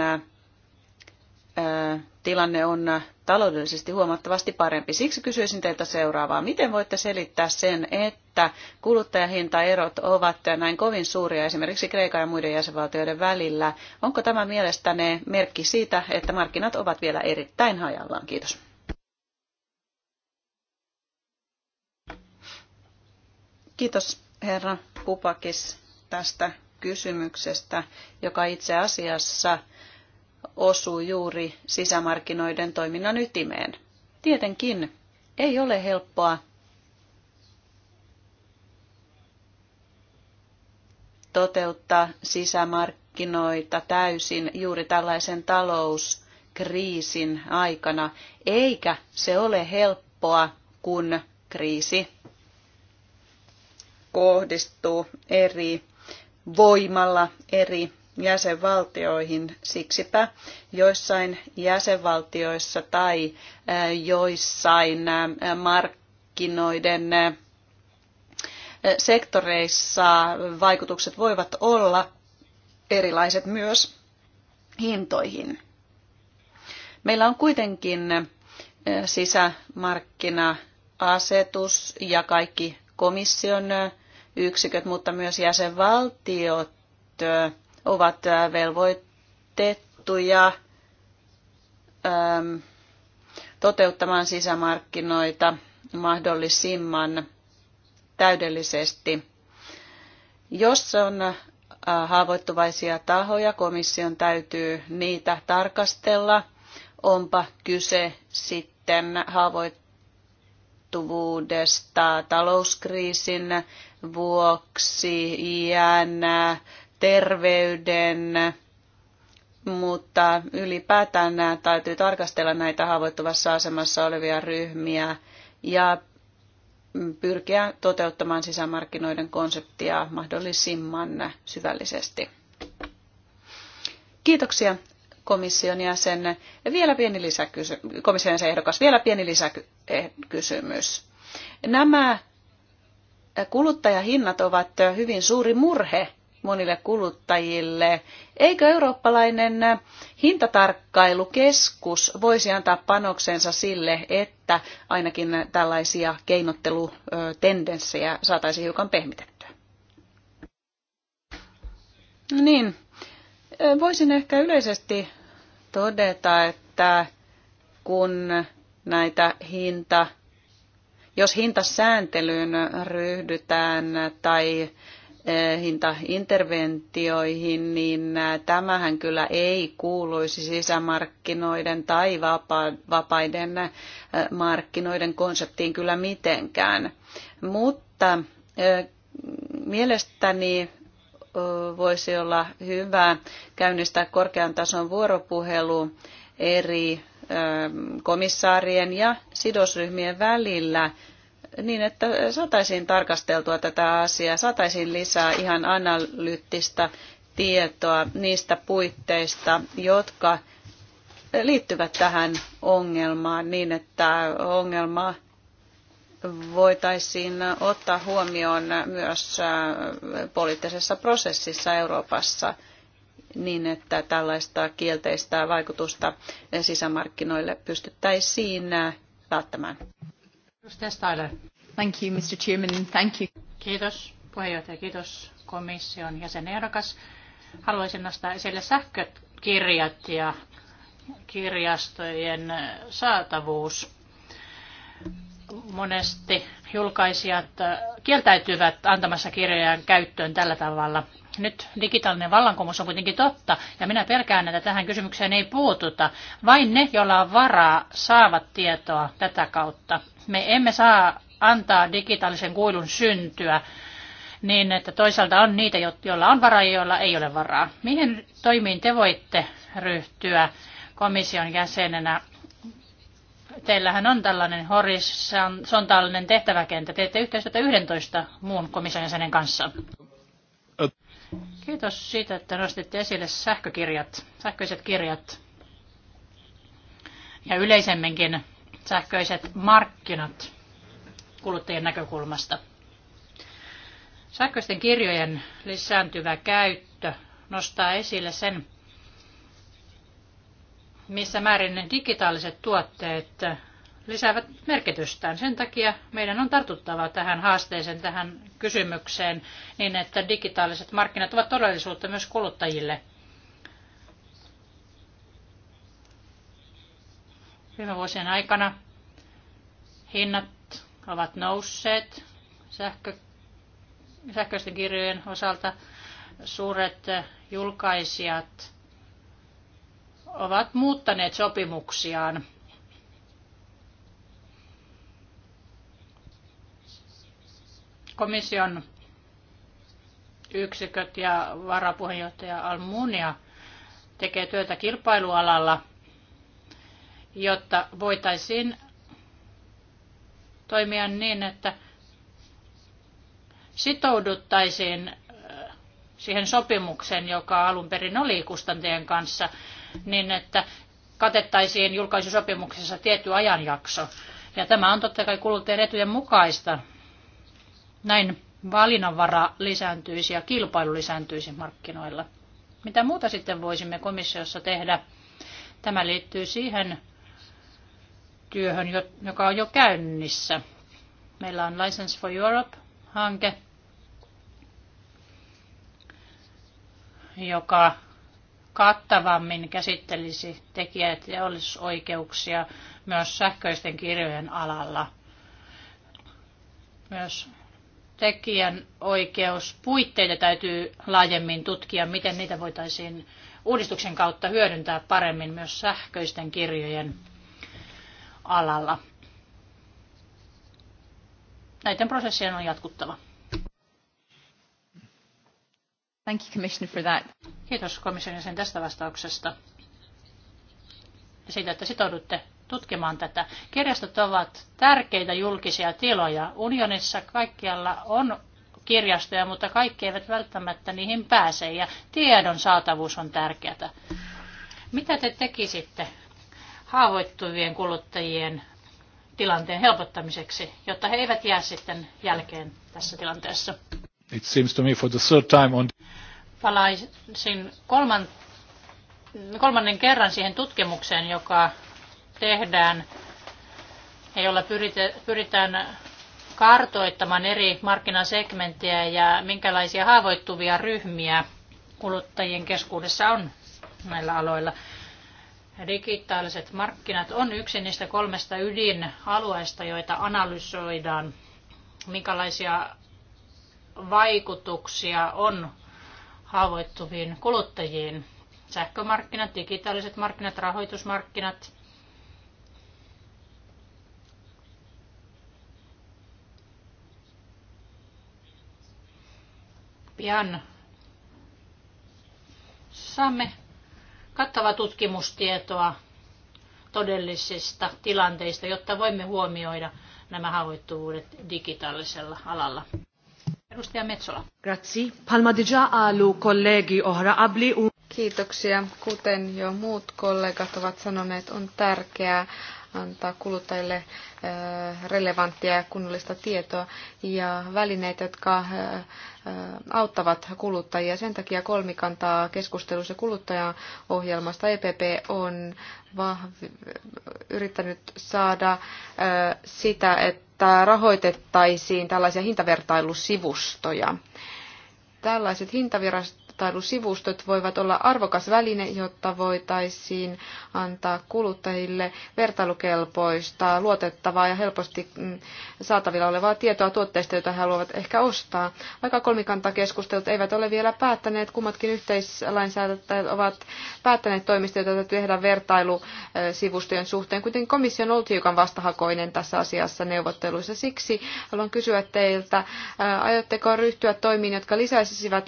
tilanne on taloudellisesti huomattavasti parempi. Siksi kysyisin teiltä seuraavaa. Miten voitte selittää sen, että kuluttajahintaerot ovat näin kovin suuria esimerkiksi Kreikan ja muiden jäsenvaltioiden välillä? Onko tämä mielestäne merkki siitä, että markkinat ovat vielä erittäin hajallaan? Kiitos. Kiitos herra Pupakis tästä kysymyksestä, joka itse asiassa osuu juuri sisämarkkinoiden toiminnan ytimeen. Tietenkin ei ole helppoa toteuttaa sisämarkkinoita täysin juuri tällaisen talouskriisin aikana, eikä se ole helppoa, kun kriisi kohdistuu eri voimalla eri jäsenvaltioihin. Siksipä joissain jäsenvaltioissa tai joissain markkinoiden sektoreissa vaikutukset voivat olla erilaiset myös hintoihin. Meillä on kuitenkin sisämarkkina-asetus ja kaikki komission yksiköt, mutta myös jäsenvaltiot ovat äh, velvoitettuja ähm, toteuttamaan sisämarkkinoita mahdollisimman täydellisesti. Jos on äh, haavoittuvaisia tahoja, komission täytyy niitä tarkastella, onpa kyse sitten haavoittuvuudesta talouskriisin vuoksi, iän, terveyden, mutta ylipäätään nämä täytyy tarkastella näitä haavoittuvassa asemassa olevia ryhmiä ja pyrkiä toteuttamaan sisämarkkinoiden konseptia mahdollisimman syvällisesti. Kiitoksia komission jäsen. Ja vielä pieni lisäkysy- komission jäsen ehdokas, vielä pieni lisäkysymys. Eh, nämä kuluttajahinnat ovat hyvin suuri murhe monille kuluttajille. Eikö eurooppalainen hintatarkkailukeskus voisi antaa panoksensa sille, että ainakin tällaisia keinottelutendenssejä saataisiin hiukan pehmitettyä? No niin, voisin ehkä yleisesti todeta, että kun näitä hinta, jos hintasääntelyyn ryhdytään tai Eh, hintainterventioihin, niin eh, tämähän kyllä ei kuuluisi sisämarkkinoiden tai vapaiden eh, markkinoiden konseptiin kyllä mitenkään. Mutta mielestäni voisi olla hyvä käynnistää korkean tason vuoropuhelu eri komissaarien ja sidosryhmien välillä niin, että saataisiin tarkasteltua tätä asiaa, saataisiin lisää ihan analyyttistä tietoa niistä puitteista, jotka liittyvät tähän ongelmaan niin, että ongelma voitaisiin ottaa huomioon myös äh, poliittisessa prosessissa Euroopassa niin, että tällaista kielteistä vaikutusta sisämarkkinoille pystyttäisiin äh, välttämään. Thank you, Mr. Chairman. Thank you. Kiitos puheenjohtaja, kiitos komission jäsenehdokas. Haluaisin nostaa esille sähkökirjat ja kirjastojen saatavuus. Monesti julkaisijat kieltäytyvät antamassa kirjojen käyttöön tällä tavalla. Nyt digitaalinen vallankumous on kuitenkin totta, ja minä pelkään, että tähän kysymykseen ei puututa. Vain ne, joilla on varaa, saavat tietoa tätä kautta. Me emme saa antaa digitaalisen kuilun syntyä niin, että toisaalta on niitä, joilla on varaa ja joilla ei ole varaa. Mihin toimiin te voitte ryhtyä komission jäsenenä? Teillähän on tällainen horisontaalinen tehtäväkenttä. Teette yhteistyötä 11 muun komission jäsenen kanssa. Kiitos siitä, että nostitte esille sähkökirjat, sähköiset kirjat ja yleisemminkin sähköiset markkinat kuluttajien näkökulmasta. Sähköisten kirjojen lisääntyvä käyttö nostaa esille sen, missä määrin digitaaliset tuotteet lisäävät merkitystään. Sen takia meidän on tartuttava tähän haasteeseen, tähän kysymykseen, niin että digitaaliset markkinat ovat todellisuutta myös kuluttajille – Viime vuosien aikana hinnat ovat nousseet sähkö, sähköisten kirjojen osalta. Suuret julkaisijat ovat muuttaneet sopimuksiaan. Komission yksiköt ja varapuheenjohtaja Almunia tekee työtä kilpailualalla – jotta voitaisiin toimia niin, että sitouduttaisiin äh, siihen sopimukseen, joka alun perin oli kustantajien kanssa, niin että katettaisiin julkaisusopimuksessa tietty ajanjakso. Ja tämä on totta kai kuluttajien etujen mukaista. Näin valinnanvara lisääntyisi ja kilpailu lisääntyisi markkinoilla. Mitä muuta sitten voisimme komissiossa tehdä? Tämä liittyy siihen, työhön, joka on jo käynnissä. Meillä on License for Europe-hanke, joka kattavammin käsittelisi tekijät ja oikeuksia myös sähköisten kirjojen alalla. Myös tekijän oikeuspuitteita täytyy laajemmin tutkia, miten niitä voitaisiin uudistuksen kautta hyödyntää paremmin myös sähköisten kirjojen alalla. Näiden prosessien on jatkuttava. Thank you, Commissioner, for that. Kiitos komission sen tästä vastauksesta ja siitä, että sitoudutte tutkimaan tätä. Kirjastot ovat tärkeitä julkisia tiloja. Unionissa kaikkialla on kirjastoja, mutta kaikki eivät välttämättä niihin pääse ja tiedon saatavuus on tärkeää. Mitä te tekisitte haavoittuvien kuluttajien tilanteen helpottamiseksi, jotta he eivät jää sitten jälkeen tässä tilanteessa. It seems to me for the third time on... Palaisin kolman, kolmannen kerran siihen tutkimukseen, joka tehdään ja jolla pyritään kartoittamaan eri markkinasegmenttejä ja minkälaisia haavoittuvia ryhmiä kuluttajien keskuudessa on näillä aloilla digitaaliset markkinat on yksi niistä kolmesta ydinalueesta, joita analysoidaan, minkälaisia vaikutuksia on haavoittuviin kuluttajiin. Sähkömarkkinat, digitaaliset markkinat, rahoitusmarkkinat. Pian saamme kattavaa tutkimustietoa todellisista tilanteista, jotta voimme huomioida nämä haavoittuvuudet digitaalisella alalla. Edustaja Metsola. Grazie. Palma già alu kollegi ohra abli Kiitoksia. Kuten jo muut kollegat ovat sanoneet, on tärkeää antaa kuluttajille äh, relevanttia ja kunnollista tietoa ja välineitä, jotka äh, äh, auttavat kuluttajia. Sen takia kolmikantaa keskustelussa kuluttajan ohjelmasta EPP on vahvi, yrittänyt saada sitä, että rahoitettaisiin tällaisia hintavertailusivustoja. Tällaiset hintavirasto vertailusivustot voivat olla arvokas väline, jotta voitaisiin antaa kuluttajille vertailukelpoista, luotettavaa ja helposti mm, saatavilla olevaa tietoa tuotteista, joita he haluavat ehkä ostaa. Vaikka kolmikantakeskustelut eivät ole vielä päättäneet. Kummatkin yhteislainsäätäjät ovat päättäneet toimista, joita täytyy tehdä vertailusivustojen suhteen. Kuitenkin komissio on ollut hiukan vastahakoinen tässä asiassa neuvotteluissa. Siksi haluan kysyä teiltä, aiotteko ryhtyä toimiin, jotka lisäisivät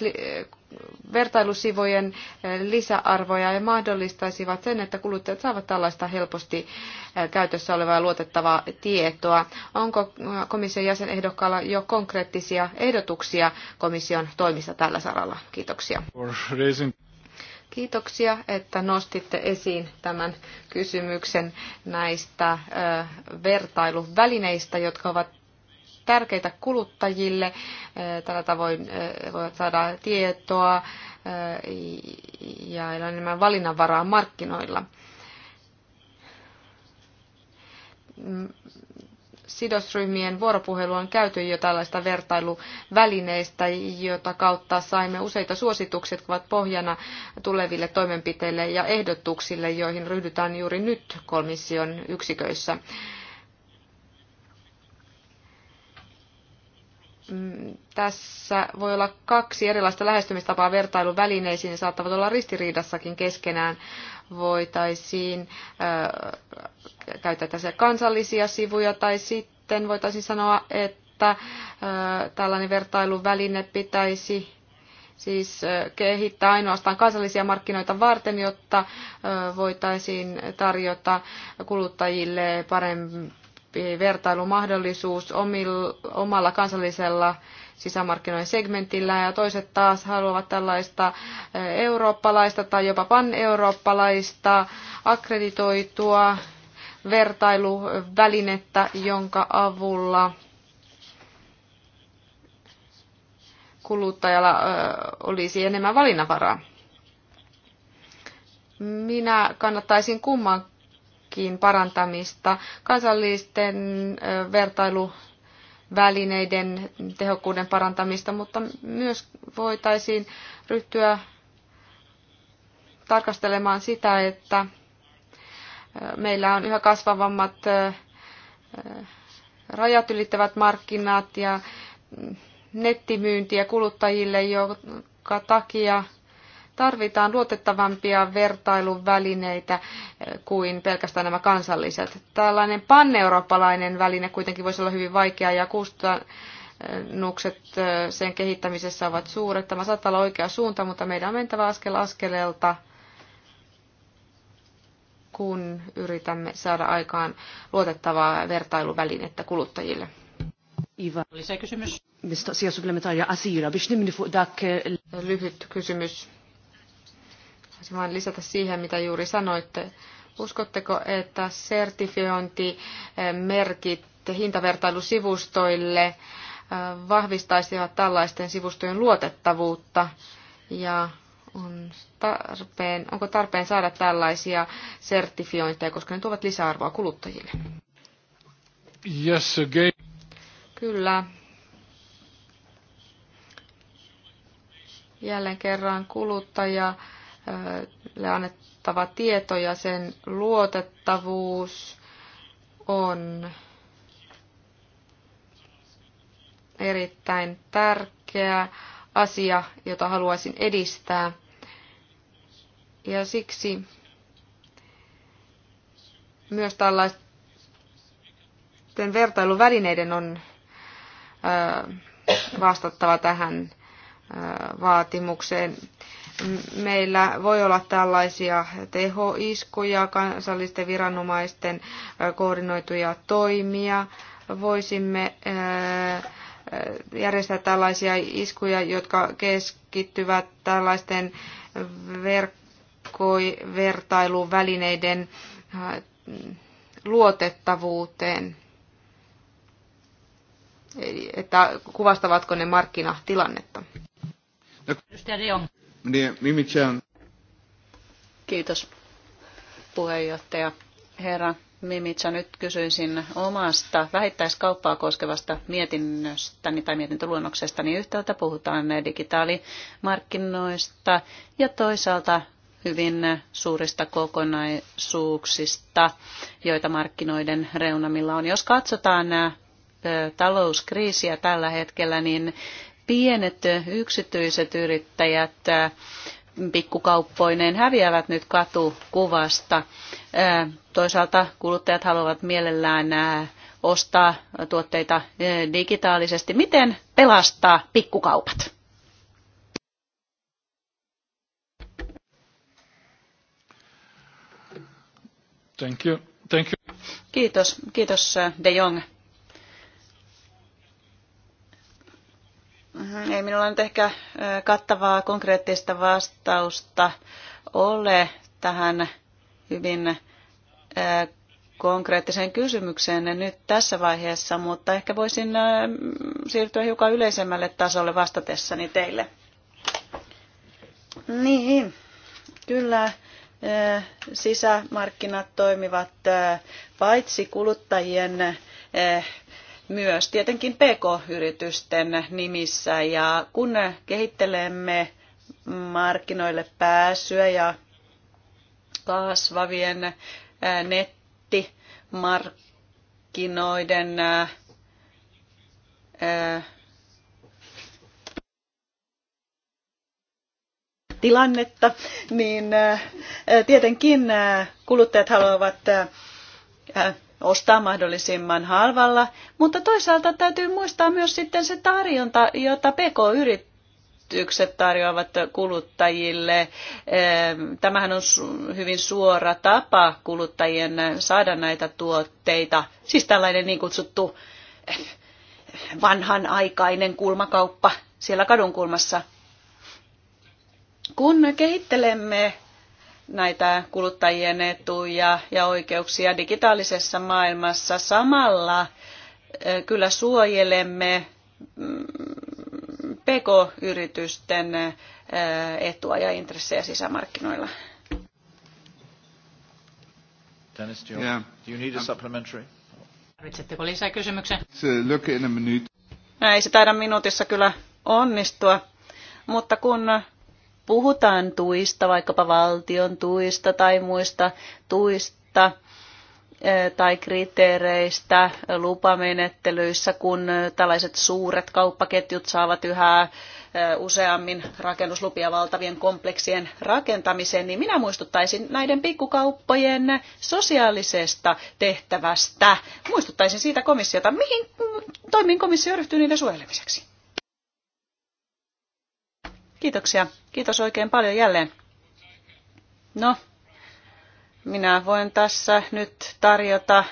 vertailusivojen eh, lisäarvoja ja mahdollistaisivat sen, että kuluttajat saavat tällaista helposti eh, käytössä olevaa luotettavaa tietoa. Onko eh, komission jäsenehdokkaalla jo konkreettisia ehdotuksia komission toimista tällä saralla? Kiitoksia. Kiitoksia, että nostitte esiin tämän kysymyksen näistä vertailuvälineistä, jotka ovat tärkeitä kuluttajille. Tällä tavoin voivat saada tietoa ja enemmän valinnanvaraa markkinoilla. Mm, sidosryhmien vuoropuhelu on käyty jo tällaista vertailuvälineistä, jota kautta saimme useita suosituksia, jotka ovat pohjana tuleville toimenpiteille ja ehdotuksille, joihin ryhdytään juuri nyt komission yksiköissä. Mm, tässä voi olla kaksi erilaista lähestymistapaa vertailun välineisiin, ne saattavat olla ristiriidassakin keskenään. Voitaisiin käyttää tässä kansallisia sivuja tai sitten voitaisiin sanoa, että tällainen vertailun väline pitäisi siis kehittää ainoastaan kansallisia markkinoita varten, jotta voitaisiin tarjota kuluttajille parempi vertailumahdollisuus omalla kansallisella sisämarkkinoiden segmentillä ja toiset taas haluavat tällaista eh, eurooppalaista tai jopa pan-eurooppalaista akkreditoitua vertailuvälinettä, jonka avulla kuluttajalla eh, olisi enemmän valinnanvaraa. Minä kannattaisin kumman Eurodakin parantamista, kansallisten vertailuvälineiden tehokkuuden parantamista, mutta myös voitaisiin ryhtyä tarkastelemaan sitä, että meillä on yhä kasvavammat rajat ylittävät markkinat ja mm, nettimyyntiä kuluttajille, jonka takia Tarvitaan luotettavampia vertailuvälineitä eh, kuin pelkästään nämä kansalliset. Tällainen panneurooppalainen väline kuitenkin voisi olla hyvin vaikea ja kustannukset eh, sen kehittämisessä ovat suuret. Tämä saattaa olla oikea suunta, mutta meidän on mentävä askel askeleelta kun yritämme saada aikaan luotettavaa vertailuvälinettä kuluttajille. Iva, lisäkysymys. Lyhyt kysymys. Haluaisin vain lisätä siihen, mitä juuri sanoitte. Uskotteko, että sertifiointimerkit eh, hintavertailusivustoille eh, vahvistaisivat tällaisten sivustojen luotettavuutta ja on tarpeen, onko tarpeen saada tällaisia sertifiointeja, koska ne tuovat lisäarvoa kuluttajille? Yes, again. Kyllä. Jälleen kerran kuluttaja annettava tieto ja sen luotettavuus on erittäin tärkeä asia, jota haluaisin edistää. Ja siksi myös tällaisten vertailuvälineiden on vastattava tähän vaatimukseen. Meillä voi olla tällaisia tehoiskuja, kansallisten viranomaisten koordinoituja toimia. Voisimme järjestää tällaisia iskuja, jotka keskittyvät tällaisten verkkovertailuvälineiden luotettavuuteen, että kuvastavatko ne markkinatilannetta. No. Edustaja niin, Kiitos puheenjohtaja. Herra Mimitsa, nyt kysyisin omasta vähittäiskauppaa koskevasta mietinnöstäni tai mietintöluonnoksestani. Yhtäältä puhutaan digitaalimarkkinoista ja toisaalta hyvin suurista kokonaisuuksista, joita markkinoiden reunamilla on. Jos katsotaan talouskriisiä tällä hetkellä, niin pienet yksityiset yrittäjät pikkukauppoineen häviävät nyt katukuvasta. Toisaalta kuluttajat haluavat mielellään ostaa tuotteita digitaalisesti. Miten pelastaa pikkukaupat? Thank you. Thank you. Kiitos, kiitos De Jong Mhm. Ei minulla nyt ehkä kattavaa konkreettista vastausta ole tähän hyvin konkreettiseen kysymykseen nyt tässä vaiheessa, mutta ehkä voisin siirtyä hiukan yleisemmälle tasolle vastatessani teille. Niin, kyllä sisämarkkinat toimivat paitsi kuluttajien myös tietenkin PK-yritysten nimissä. Ja kun kehittelemme markkinoille pääsyä ja kasvavien nettimarkkinoiden tilannetta, niin tietenkin kuluttajat haluavat ostaa mahdollisimman halvalla, mutta toisaalta täytyy muistaa myös sitten se tarjonta, jota PK-yrittäjät yritykset tarjoavat kuluttajille. Ehm, tämähän on hyvin suora tapa kuluttajien saada näitä tuotteita. Siis tällainen niin kutsuttu vanhanaikainen kulmakauppa siellä kadunkulmassa. Kun kehittelemme näitä kuluttajien etuja ja oikeuksia digitaalisessa maailmassa. Samalla kyllä suojelemme mm, pk-yritysten etua ja intressejä sisämarkkinoilla. Dennis, do you, yeah. do you need a um, supplementary? Tarvitsetteko lisää kysymyksen? Ei se taida minuutissa kyllä onnistua, mutta kun puhutaan tuista, vaikkapa valtion tuista tai muista tuista eh, tai kriteereistä lupamenettelyissä, kun eh, tällaiset suuret kauppaketjut saavat yhä eh, useammin rakennuslupia valtavien kompleksien rakentamiseen, niin minä muistuttaisin näiden pikkukauppojen sosiaalisesta tehtävästä. Muistuttaisin siitä komissiota, mihin mm, toimiin komissio ryhtyy niiden suojelemiseksi. Kiitoksia. Kiitos oikein paljon jälleen. No, minä voin tässä nyt tarjota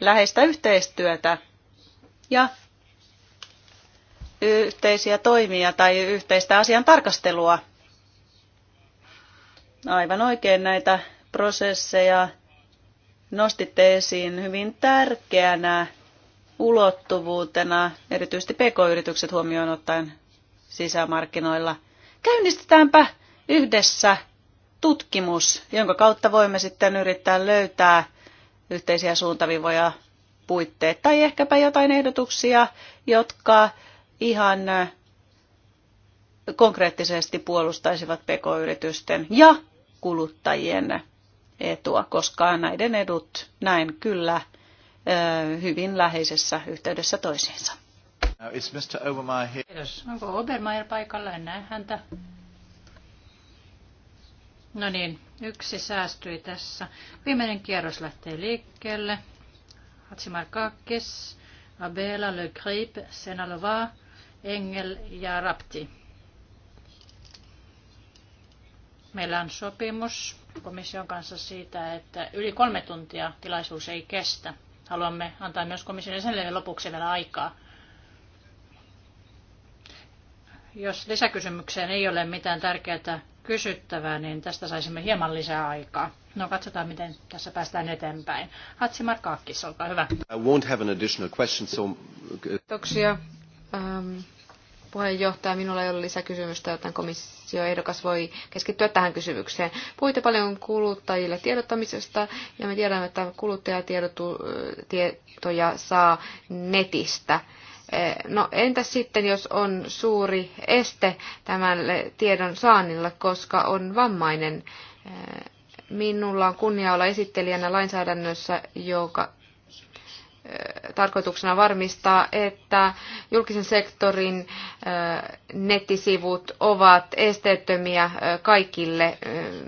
läheistä yhteistyötä ja yhteisiä toimia tai yhteistä asian tarkastelua. Aivan oikein näitä prosesseja nostitte esiin hyvin tärkeänä ulottuvuutena, erityisesti pk-yritykset huomioon ottaen sisämarkkinoilla. Käynnistetäänpä yhdessä tutkimus, jonka kautta voimme sitten yrittää löytää yhteisiä suuntavivoja puitteet tai ehkäpä jotain ehdotuksia, jotka ihan konkreettisesti puolustaisivat pk-yritysten ja kuluttajien etua, koska näiden edut näin kyllä hyvin läheisessä yhteydessä toisiinsa. Is Mr. here? Kiitos. Onko Obermaier paikalla? En näe häntä. No niin, yksi säästyi tässä. Viimeinen kierros lähtee liikkeelle. Kakkes, Abela, Le Grip, Senalova, Engel ja Rapti. Meillä on sopimus komission kanssa siitä, että yli kolme tuntia tilaisuus ei kestä. Haluamme antaa myös komission lopuksi vielä aikaa. Jos lisäkysymykseen ei ole mitään tärkeää kysyttävää, niin tästä saisimme hieman lisää aikaa. No katsotaan, miten tässä päästään eteenpäin. Hatsi Markaakis, olkaa hyvä. I won't have an additional question, so... Kiitoksia. Ähm, puheenjohtaja, minulla ei ole lisäkysymystä, joten komissioehdokas voi keskittyä tähän kysymykseen. Puhuitte paljon kuluttajille tiedottamisesta, ja me tiedämme, että kuluttajatietoja saa netistä. Eh, no entä sitten, jos on suuri este tämän tiedon saannilla, koska on vammainen? Eh, minulla on kunnia olla esittelijänä lainsäädännössä, joka eh, tarkoituksena varmistaa, että julkisen sektorin nettisivut ovat esteettömiä kaikille,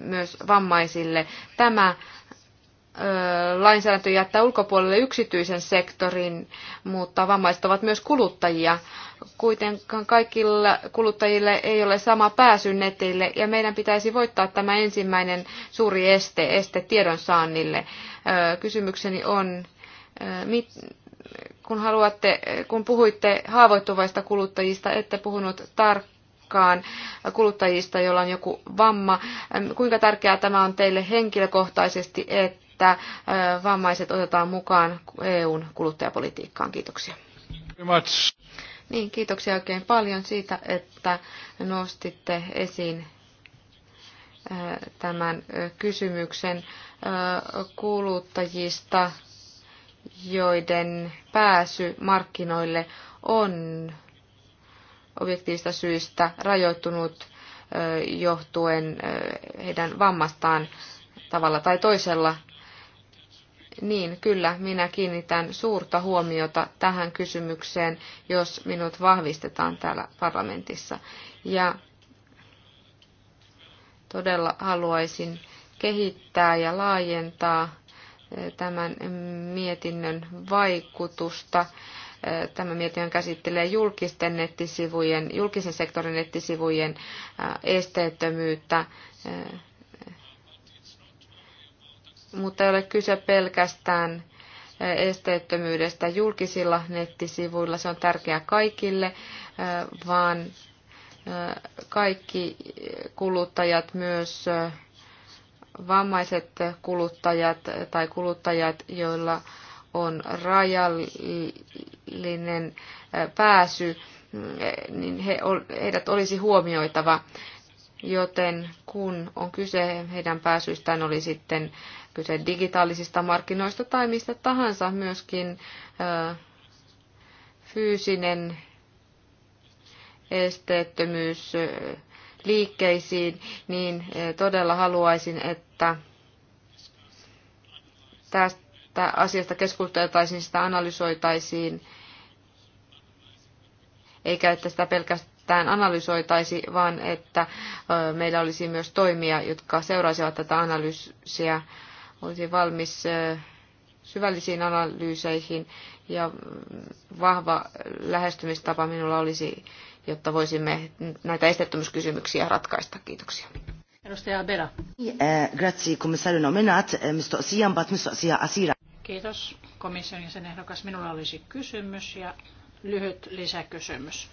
myös vammaisille. Tämä lainsäädäntö jättää ulkopuolelle yksityisen sektorin, mutta vammaiset ovat myös kuluttajia. Kuitenkaan kaikilla kuluttajille ei ole sama pääsy netille ja meidän pitäisi voittaa tämä ensimmäinen suuri este, este tiedonsaannille. Kysymykseni on, mit, kun, haluatte, kun puhuitte haavoittuvaista kuluttajista, ette puhunut tarkkaan kuluttajista, joilla on joku vamma. Kuinka tärkeää tämä on teille henkilökohtaisesti, että että vammaiset otetaan mukaan EUn kuluttajapolitiikkaan. Kiitoksia. Niin, kiitoksia oikein paljon siitä, että nostitte esiin tämän kysymyksen kuluttajista, joiden pääsy markkinoille on objektiivista syistä rajoittunut johtuen heidän vammastaan tavalla tai toisella. Niin, kyllä, minä kiinnitän suurta huomiota tähän kysymykseen, jos minut vahvistetaan täällä parlamentissa. Ja todella haluaisin kehittää ja laajentaa eh, tämän mietinnön vaikutusta. Eh, tämä mietinnön käsittelee julkisten nettisivujen, julkisen sektorin nettisivujen eh, esteettömyyttä mutta ei ole kyse pelkästään eh, esteettömyydestä julkisilla nettisivuilla. Se on tärkeää kaikille, eh, vaan eh, kaikki kuluttajat, myös vammaiset kuluttajat tai kuluttajat, joilla on rajallinen pääsy, niin he, heidät olisi huomioitava joten kun on kyse heidän pääsyistään, oli sitten kyse digitaalisista markkinoista tai mistä tahansa, myöskin fyysinen esteettömyys liikkeisiin, niin todella haluaisin, että tästä asiasta keskusteltaisiin, sitä analysoitaisiin, eikä että sitä pelkästään analysoitaisi, vaan että meillä olisi myös toimia, jotka seuraisivat tätä analyysiä olisi valmis syvällisiin analyyseihin ja vahva lähestymistapa minulla olisi, jotta voisimme näitä esteettömyyskysymyksiä ratkaista. Kiitoksia. Edustaja Bera. Eh, grazie, komissario nominat, eh, bat Kiitos. Komission sen ehdokas, minulla olisi kysymys ja lyhyt lisäkysymys.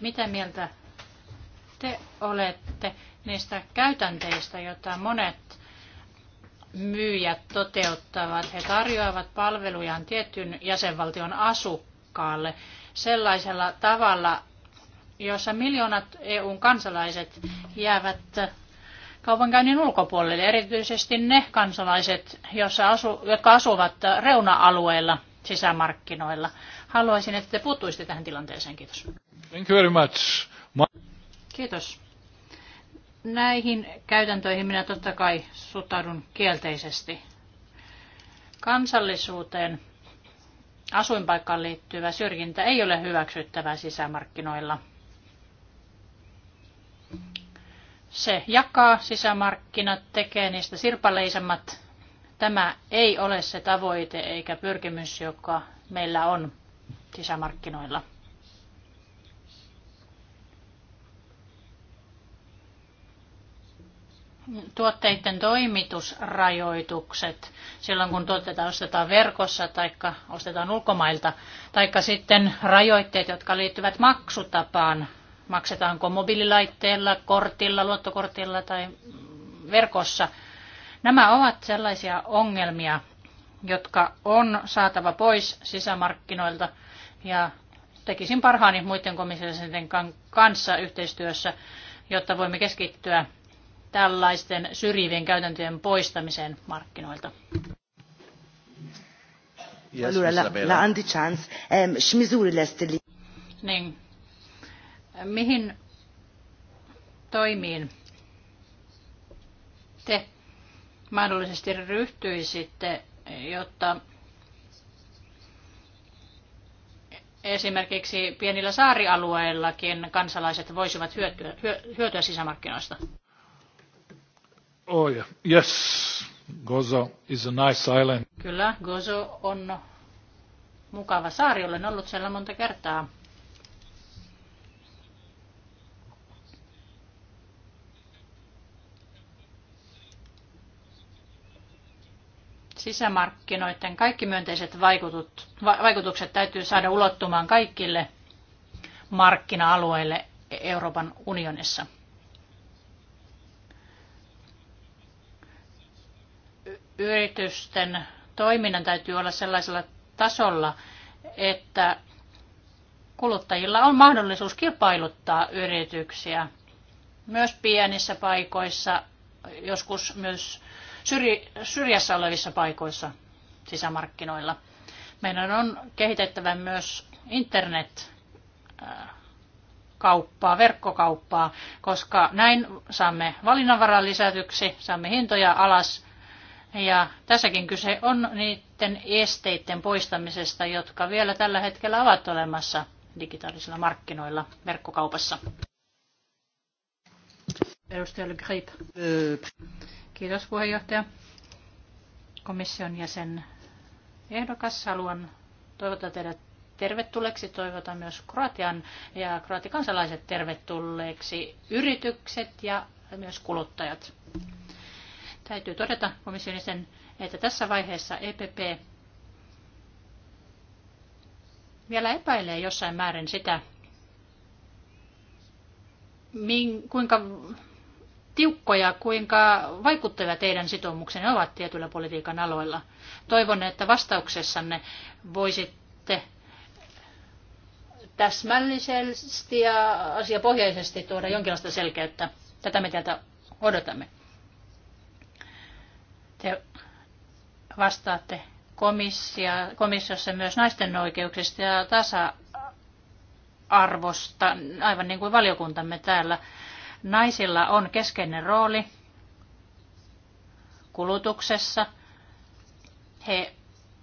Mitä mieltä te olette niistä käytänteistä, joita monet myyjät toteuttavat. He tarjoavat palvelujaan tietyn jäsenvaltion asukkaalle sellaisella tavalla, jossa miljoonat EUn kansalaiset jäävät kaupankäynnin ulkopuolelle, erityisesti ne kansalaiset, asu, jotka asuvat reuna-alueilla sisämarkkinoilla. Haluaisin, että te puuttuisitte tähän tilanteeseen. Kiitos. Thank you very much. Kiitos. Näihin käytäntöihin minä totta kai suhtaudun kielteisesti. Kansallisuuteen asuinpaikkaan liittyvä syrjintä ei ole hyväksyttävää sisämarkkinoilla. Se jakaa sisämarkkinat, tekee niistä sirpaleisemmat. Tämä ei ole se tavoite eikä pyrkimys, joka meillä on sisämarkkinoilla. tuotteiden toimitusrajoitukset silloin, kun tuotteita ostetaan verkossa tai ostetaan ulkomailta, tai sitten rajoitteet, jotka liittyvät maksutapaan, maksetaanko mobiililaitteella, kortilla, luottokortilla tai verkossa. Nämä ovat sellaisia ongelmia, jotka on saatava pois sisämarkkinoilta ja tekisin parhaani muiden komissiosenten kanssa yhteistyössä, jotta voimme keskittyä tällaisten syrjivien käytäntöjen poistamiseen markkinoilta? allora, la, la Andy Chance, ehm, x'miżuri Niin. Mihin toimiin te mahdollisesti ryhtyisitte, jotta esimerkiksi pienillä saarialueillakin kansalaiset voisivat hyötyä, hyötyä sisämarkkinoista? Oh yeah. yes, Gozo is a nice island. Kyllä, Gozo on mukava saari, olen ollut siellä monta kertaa. sisämarkkinoiden kaikki myönteiset vaikutut, va, vaikutukset täytyy saada ulottumaan kaikille markkina-alueille Euroopan unionissa. yritysten toiminnan täytyy olla sellaisella tasolla, että kuluttajilla on mahdollisuus kilpailuttaa yrityksiä myös pienissä paikoissa, joskus myös syrjässä olevissa paikoissa sisämarkkinoilla. Meidän on kehitettävä myös internetkauppaa, äh, verkkokauppaa, koska näin saamme valinnanvaraa lisätyksi, saamme hintoja alas ja tässäkin kyse on niiden esteiden poistamisesta, jotka vielä tällä hetkellä ovat olemassa digitaalisilla markkinoilla verkkokaupassa. Edustaja Le Grip. Kiitos puheenjohtaja. Komission jäsen ehdokas. Haluan toivottaa teidät tervetulleeksi. Toivotan myös Kroatian ja kroatikansalaiset tervetulleeksi yritykset ja myös kuluttajat. Täytyy todeta komission sen, että tässä vaiheessa EPP vielä epäilee jossain määrin sitä, kuinka tiukkoja, kuinka vaikuttavia teidän sitoumuksenne ovat tietyillä politiikan aloilla. Toivon, että vastauksessanne voisitte täsmällisesti ja asiapohjaisesti tuoda jonkinlaista selkeyttä. Tätä me teiltä odotamme. Te vastaatte komissia, komissiossa myös naisten oikeuksista ja tasa-arvosta, aivan niin kuin valiokuntamme täällä. Naisilla on keskeinen rooli kulutuksessa. He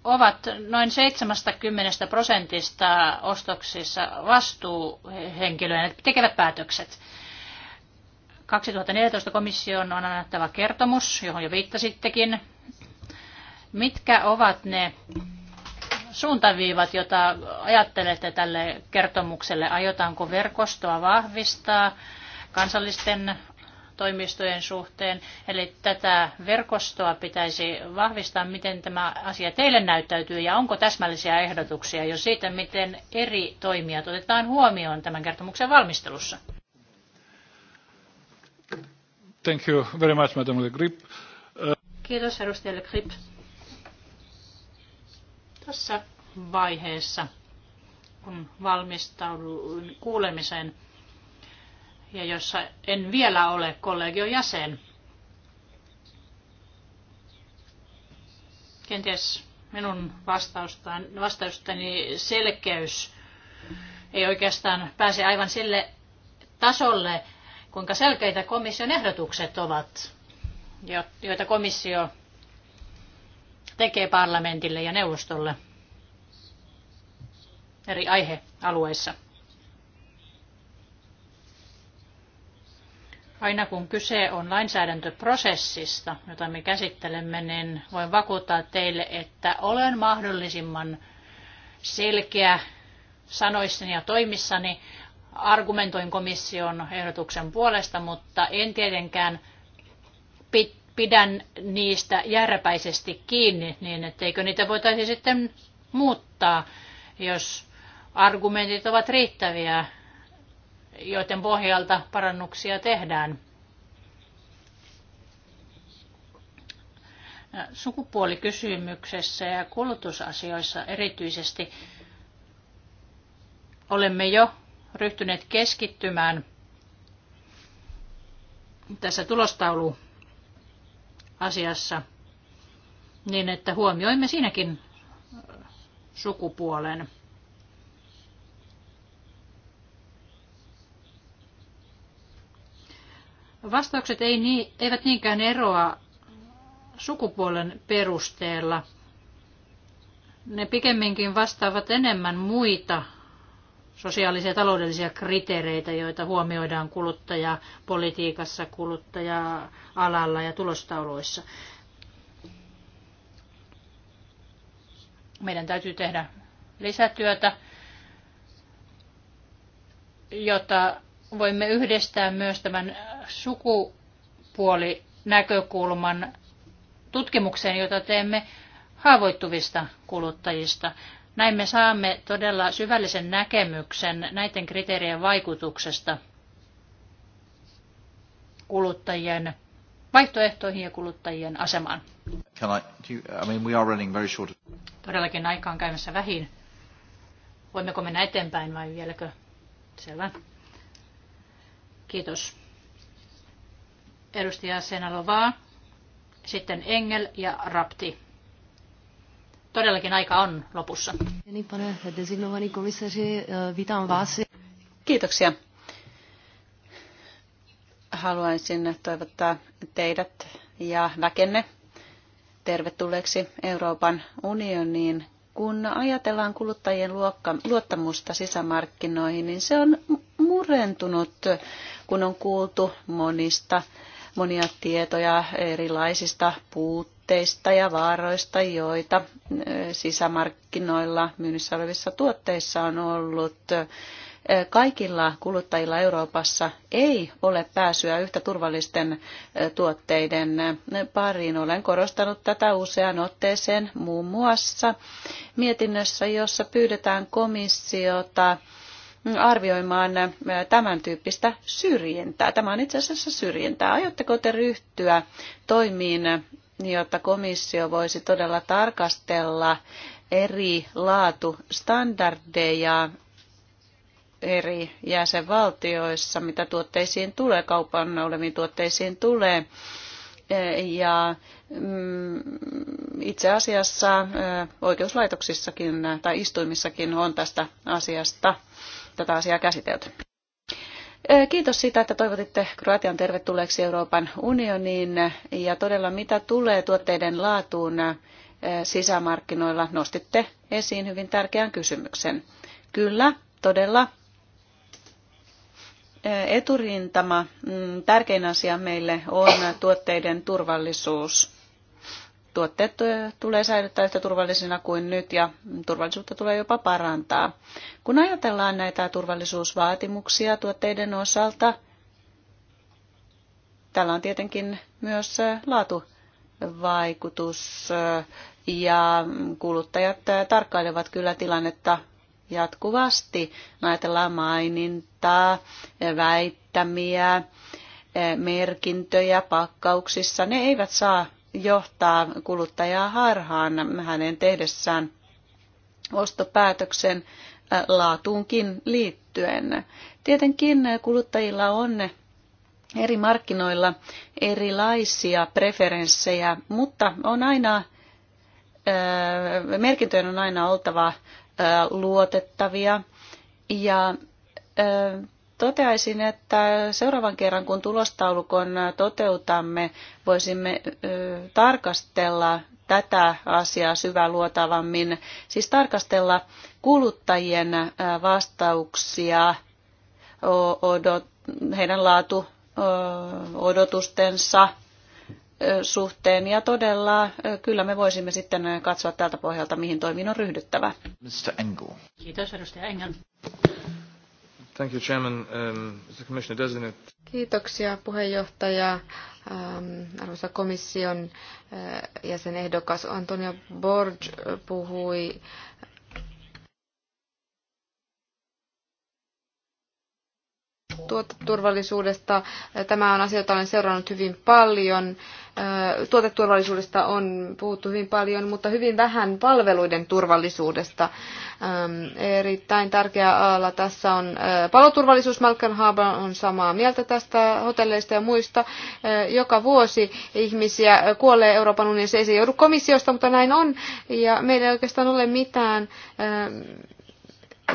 ovat noin 70 prosentista ostoksissa vastuuhenkilöinä, tekevät päätökset. 2014 komission on annettava kertomus, johon jo viittasittekin. Mitkä ovat ne suuntaviivat, joita ajattelette tälle kertomukselle? Aiotaanko verkostoa vahvistaa kansallisten toimistojen suhteen? Eli tätä verkostoa pitäisi vahvistaa, miten tämä asia teille näyttäytyy ja onko täsmällisiä ehdotuksia jo siitä, miten eri toimijat otetaan huomioon tämän kertomuksen valmistelussa? Thank you very much, Le Grip. Kiitos edustajalle Grip. Tässä vaiheessa, kun valmistaudun kuulemiseen, ja jossa en vielä ole kollegion jäsen, kenties minun vastaustani selkeys ei oikeastaan pääse aivan sille tasolle, kuinka selkeitä komission ehdotukset ovat, joita komissio tekee parlamentille ja neuvostolle eri aihealueissa. Aina kun kyse on lainsäädäntöprosessista, jota me käsittelemme, niin voin vakuuttaa teille, että olen mahdollisimman selkeä sanoissani ja toimissani, argumentoin komission ehdotuksen puolesta, mutta en tietenkään pidän niistä järpäisesti kiinni, niin etteikö niitä voitaisi sitten muuttaa, jos argumentit ovat riittäviä, joiden pohjalta parannuksia tehdään. Sukupuolikysymyksessä ja kulutusasioissa erityisesti olemme jo ryhtyneet keskittymään tässä tulostaulu asiassa niin, että huomioimme siinäkin sukupuolen. Vastaukset ei eivät niinkään eroa sukupuolen perusteella. Ne pikemminkin vastaavat enemmän muita sosiaalisia ja taloudellisia kriteereitä, joita huomioidaan kuluttajapolitiikassa, kuluttaja-alalla ja tulostauluissa. Meidän täytyy tehdä lisätyötä, jotta voimme yhdistää myös tämän sukupuolinäkökulman tutkimukseen, jota teemme haavoittuvista kuluttajista. Näin me saamme todella syvällisen näkemyksen näiden kriteerien vaikutuksesta kuluttajien vaihtoehtoihin ja kuluttajien asemaan. Can I, do you, I mean, we are running very short. Todellakin aika on käymässä vähin. Voimmeko mennä eteenpäin vai vieläkö? Selvä. Kiitos. Edustaja Senalovaa, sitten Engel ja Rapti. Todellakin aika on lopussa. Eh, Kiitoksia. Haluaisin toivottaa teidät ja väkenne tervetulleeksi Euroopan unioniin. Kun ajatellaan kuluttajien luottamusta sisämarkkinoihin, niin se on murentunut, kun on kuultu monista monia tietoja erilaisista puutteista puutteista ja vaaroista, joita sisämarkkinoilla myynnissä olevissa tuotteissa on ollut. Kaikilla kuluttajilla Euroopassa ei ole pääsyä yhtä turvallisten tuotteiden pariin. Olen korostanut tätä usean otteeseen muun muassa mietinnössä, jossa pyydetään komissiota mm, arvioimaan tämän tyyppistä syrjintää. Tämä on itse asiassa syrjintää. Aiotteko te ryhtyä toimiin jotta komissio voisi todella tarkastella eri laatustandardeja eri jäsenvaltioissa, mitä tuotteisiin tulee, kaupan oleviin tuotteisiin tulee. Ja mm, itse asiassa oikeuslaitoksissakin tai istuimissakin on tästä asiasta tätä asiaa käsitelty. Kiitos siitä, että toivotitte Kroatian tervetulleeksi Euroopan unioniin ja todella mitä tulee tuotteiden laatuun sisämarkkinoilla, nostitte esiin hyvin tärkeän kysymyksen. Kyllä, todella eturintama, mm, tärkein asia meille on tuotteiden turvallisuus tuotteet tulee säilyttää yhtä turvallisina kuin nyt ja turvallisuutta tulee jopa parantaa. Kun ajatellaan näitä turvallisuusvaatimuksia tuotteiden osalta, tällä on tietenkin myös laatuvaikutus ja kuluttajat tarkkailevat kyllä tilannetta jatkuvasti. Ajatellaan mainintaa, väittämiä, merkintöjä pakkauksissa. Ne eivät saa johtaa kuluttajaa harhaan hänen tehdessään ostopäätöksen äh, laatuunkin liittyen. Tietenkin äh, kuluttajilla on eri markkinoilla erilaisia preferenssejä, mutta on aina, äh, merkintöjen on aina oltava luotettavia ja Toteaisin, että seuraavan kerran kun tulostaulukon toteutamme, voisimme tarkastella tätä asiaa syväluotavammin, siis tarkastella kuluttajien vastauksia, odot, heidän laatu odotustensa suhteen ja todella kyllä me voisimme sitten katsoa tältä pohjalta, mihin toimiin on ryhdyttävä. Mr. Engel. Kiitos, edustaja Engel. Thank you, Chairman. Um, Commissioner Designate. Kiitoksia puheenjohtaja. Ähm, arvoisa komission äh, jäsenehdokas Antonio Borg puhui tuoteturvallisuudesta. Tämä on asia, jota olen seurannut hyvin paljon. Tuoteturvallisuudesta on puhuttu hyvin paljon, mutta hyvin vähän palveluiden turvallisuudesta. Erittäin tärkeä ala tässä on paloturvallisuus. Malcolm haaba on samaa mieltä tästä hotelleista ja muista. Joka vuosi ihmisiä kuolee Euroopan unionissa. Ei se joudu komissiosta, mutta näin on. Ja meillä ei oikeastaan ole mitään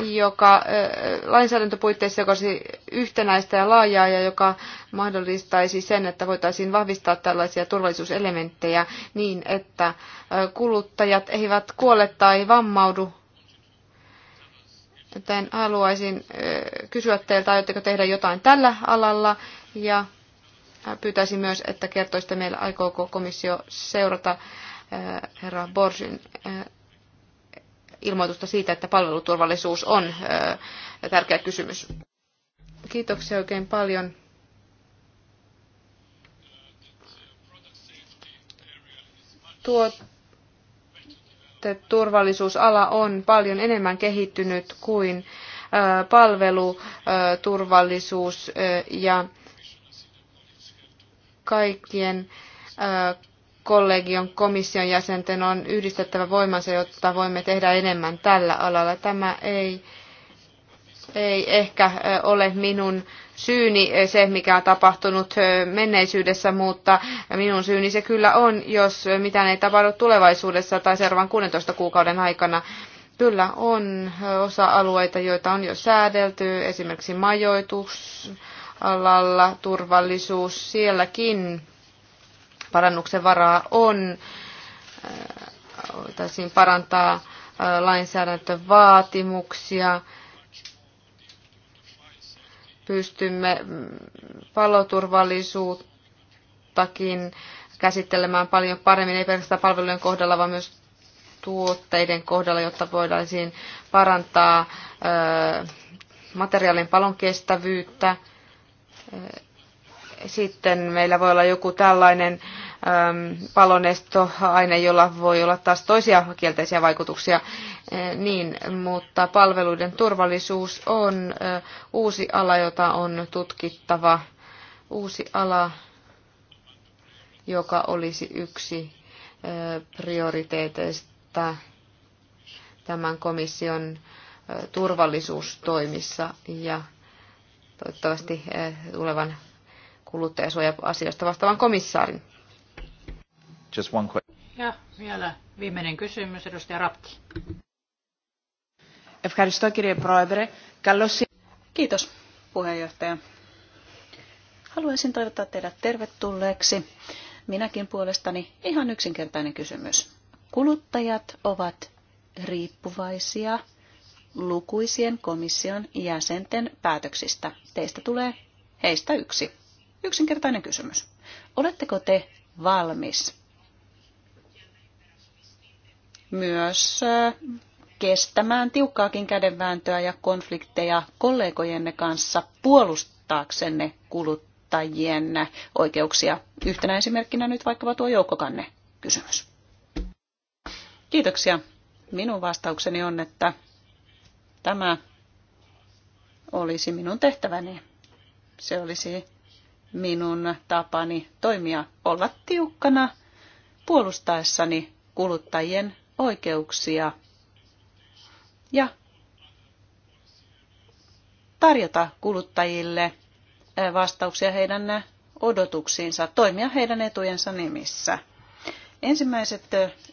joka lainsäädäntöpuitteissa, joka olisi yhtenäistä ja laajaa ja joka mahdollistaisi sen, että voitaisiin vahvistaa tällaisia turvallisuuselementtejä niin, että kuluttajat eivät kuole tai vammaudu. Joten haluaisin kysyä teiltä, aiotteko tehdä jotain tällä alalla ja pyytäisin myös, että kertoisitte meille, aikooko komissio seurata herra Borsin ilmoitusta siitä, että palveluturvallisuus on tärkeä kysymys. Kiitoksia oikein paljon. Tuo turvallisuusala on paljon enemmän kehittynyt kuin palveluturvallisuus ja kaikkien kollegion komission jäsenten on yhdistettävä voimansa, jotta voimme tehdä enemmän tällä alalla. Tämä ei, ei ehkä ole minun syyni se, mikä on tapahtunut menneisyydessä, mutta minun syyni se kyllä on, jos mitään ei tapahdu tulevaisuudessa tai seuraavan 16 kuukauden aikana. Kyllä on osa-alueita, joita on jo säädelty, esimerkiksi majoitus, alalla turvallisuus sielläkin parannuksen varaa on. Äh, voitaisiin parantaa äh, lainsäädäntövaatimuksia. Pystymme mm, paloturvallisuuttakin käsittelemään paljon paremmin, ei pelkästään palvelujen kohdalla, vaan myös tuotteiden kohdalla, jotta voidaan parantaa äh, materiaalin palon kestävyyttä sitten meillä voi olla joku tällainen palonestoaine, jolla voi olla taas toisia kielteisiä vaikutuksia. Niin, mutta palveluiden turvallisuus on uusi ala, jota on tutkittava. Uusi ala, joka olisi yksi prioriteeteista tämän komission turvallisuustoimissa ja toivottavasti tulevan kuluttajasuoja-asioista vastaavan komissaarin. Just one question. Ja vielä viimeinen kysymys, edustaja Rapti. Kiitos, puheenjohtaja. Haluaisin toivottaa teidät tervetulleeksi. Minäkin puolestani ihan yksinkertainen kysymys. Kuluttajat ovat riippuvaisia lukuisien komission jäsenten päätöksistä. Teistä tulee heistä yksi. Yksinkertainen kysymys. Oletteko te valmis myös äh, kestämään tiukkaakin kädenvääntöä ja konflikteja kollegojenne kanssa puolustaaksenne kuluttajien oikeuksia? Yhtenä esimerkkinä nyt vaikkapa tuo joukkokanne kysymys. Kiitoksia. Minun vastaukseni on, että tämä olisi minun tehtäväni. Se olisi minun tapani toimia olla tiukkana puolustaessani kuluttajien oikeuksia ja tarjota kuluttajille vastauksia heidän odotuksiinsa, toimia heidän etujensa nimissä. Ensimmäiset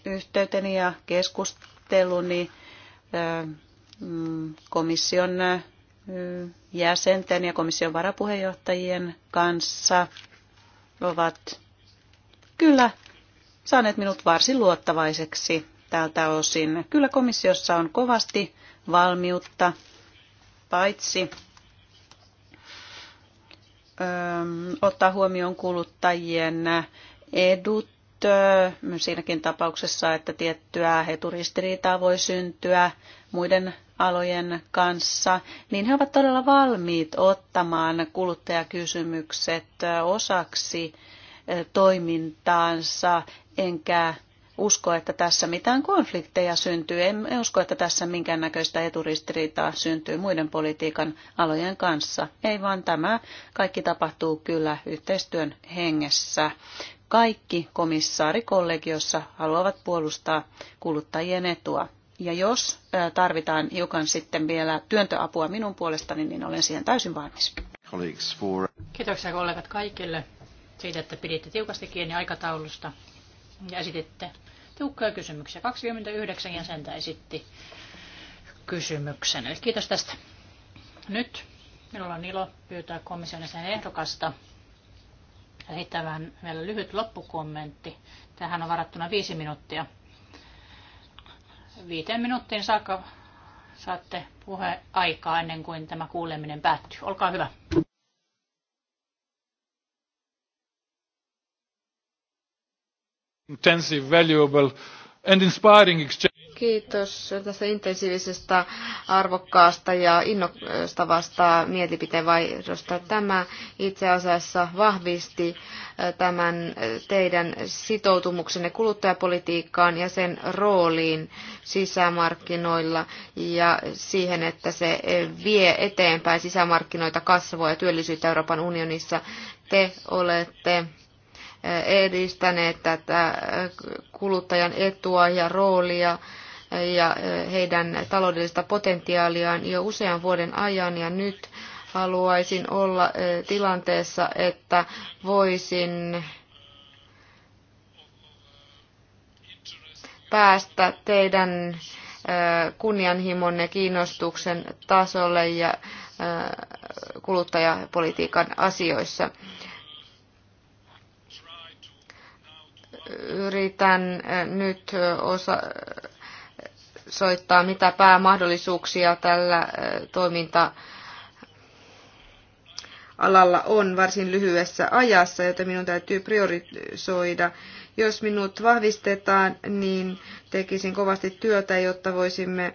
yhteyteni ja keskusteluni mm, komission jäsenten ja komission varapuheenjohtajien kanssa ovat kyllä saaneet minut varsin luottavaiseksi tältä osin. Kyllä komissiossa on kovasti valmiutta, paitsi ottaa huomioon kuluttajien edut siinäkin tapauksessa, että tiettyä heturistiriitaa voi syntyä muiden alojen kanssa, niin he ovat todella valmiit ottamaan kuluttajakysymykset osaksi toimintaansa, enkä usko, että tässä mitään konflikteja syntyy. En usko, että tässä minkäännäköistä eturistiriitaa syntyy muiden politiikan alojen kanssa. Ei vaan tämä kaikki tapahtuu kyllä yhteistyön hengessä kaikki komissaarikollegiossa haluavat puolustaa kuluttajien etua. Ja jos tarvitaan hiukan sitten vielä työntöapua minun puolestani, niin olen siihen täysin valmis. Kiitoksia kollegat kaikille siitä, että piditte tiukasti kiinni aikataulusta ja esititte tiukkoja kysymyksiä. 29 jäsentä esitti kysymyksen. Eli kiitos tästä. Nyt minulla on ilo pyytää komission ehdokasta vähän vielä lyhyt loppukommentti. Tähän on varattuna viisi minuuttia. Viiteen minuuttiin saakka saatte puheaikaa ennen kuin tämä kuuleminen päättyy. Olkaa hyvä. Intensive, valuable and inspiring exchange. Kiitos tästä intensiivisestä, arvokkaasta ja innostavasta mielipiteenvaihdosta. Tämä itse asiassa vahvisti tämän teidän sitoutumuksenne kuluttajapolitiikkaan ja sen rooliin sisämarkkinoilla ja siihen, että se vie eteenpäin sisämarkkinoita, kasvua ja työllisyyttä Euroopan unionissa. Te olette edistäneet tätä kuluttajan etua ja roolia ja eh, heidän taloudellista potentiaaliaan jo usean vuoden ajan ja nyt haluaisin olla eh, tilanteessa, että voisin päästä teidän eh, kunnianhimonne kiinnostuksen tasolle ja kuluttajapolitiikan asioissa. Yritän nyt osa, soittaa, mitä päämahdollisuuksia tällä äh, toiminta alalla on varsin lyhyessä ajassa, joten minun täytyy priorisoida. Jos minut vahvistetaan, niin tekisin kovasti työtä, jotta voisimme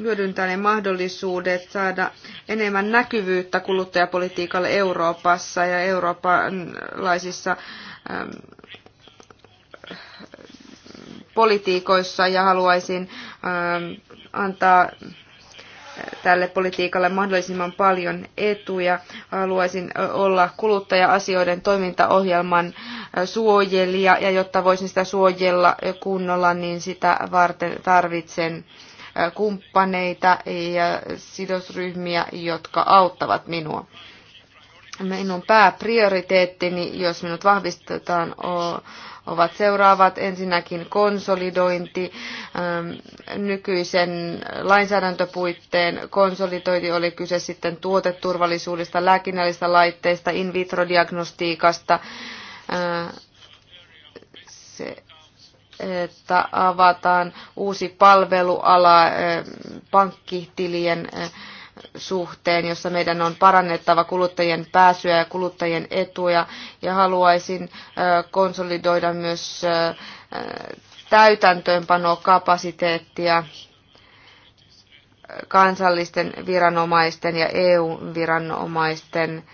hyödyntää ne mahdollisuudet saada enemmän näkyvyyttä kuluttajapolitiikalle Euroopassa ja eurooppalaisissa politiikoissa ja haluaisin ähm, antaa tälle politiikalle mahdollisimman paljon etuja. Haluaisin olla kuluttaja-asioiden toimintaohjelman suojelija ja jotta voisin sitä suojella kunnolla, niin sitä varten tarvitsen kumppaneita ja sidosryhmiä, jotka auttavat minua. Minun pääprioriteettini, jos minut vahvistetaan, on ovat seuraavat. Ensinnäkin konsolidointi, ähm, nykyisen lainsäädäntöpuitteen konsolidointi oli kyse sitten tuoteturvallisuudesta, lääkinnällisistä laitteista, in vitro diagnostiikasta, äh, se, että avataan uusi palveluala äh, pankkitilien äh, suhteen, jossa meidän on parannettava kuluttajien pääsyä ja kuluttajien etuja. Ja haluaisin konsolidoida myös täytäntöönpanokapasiteettia kansallisten viranomaisten ja EU-viranomaisten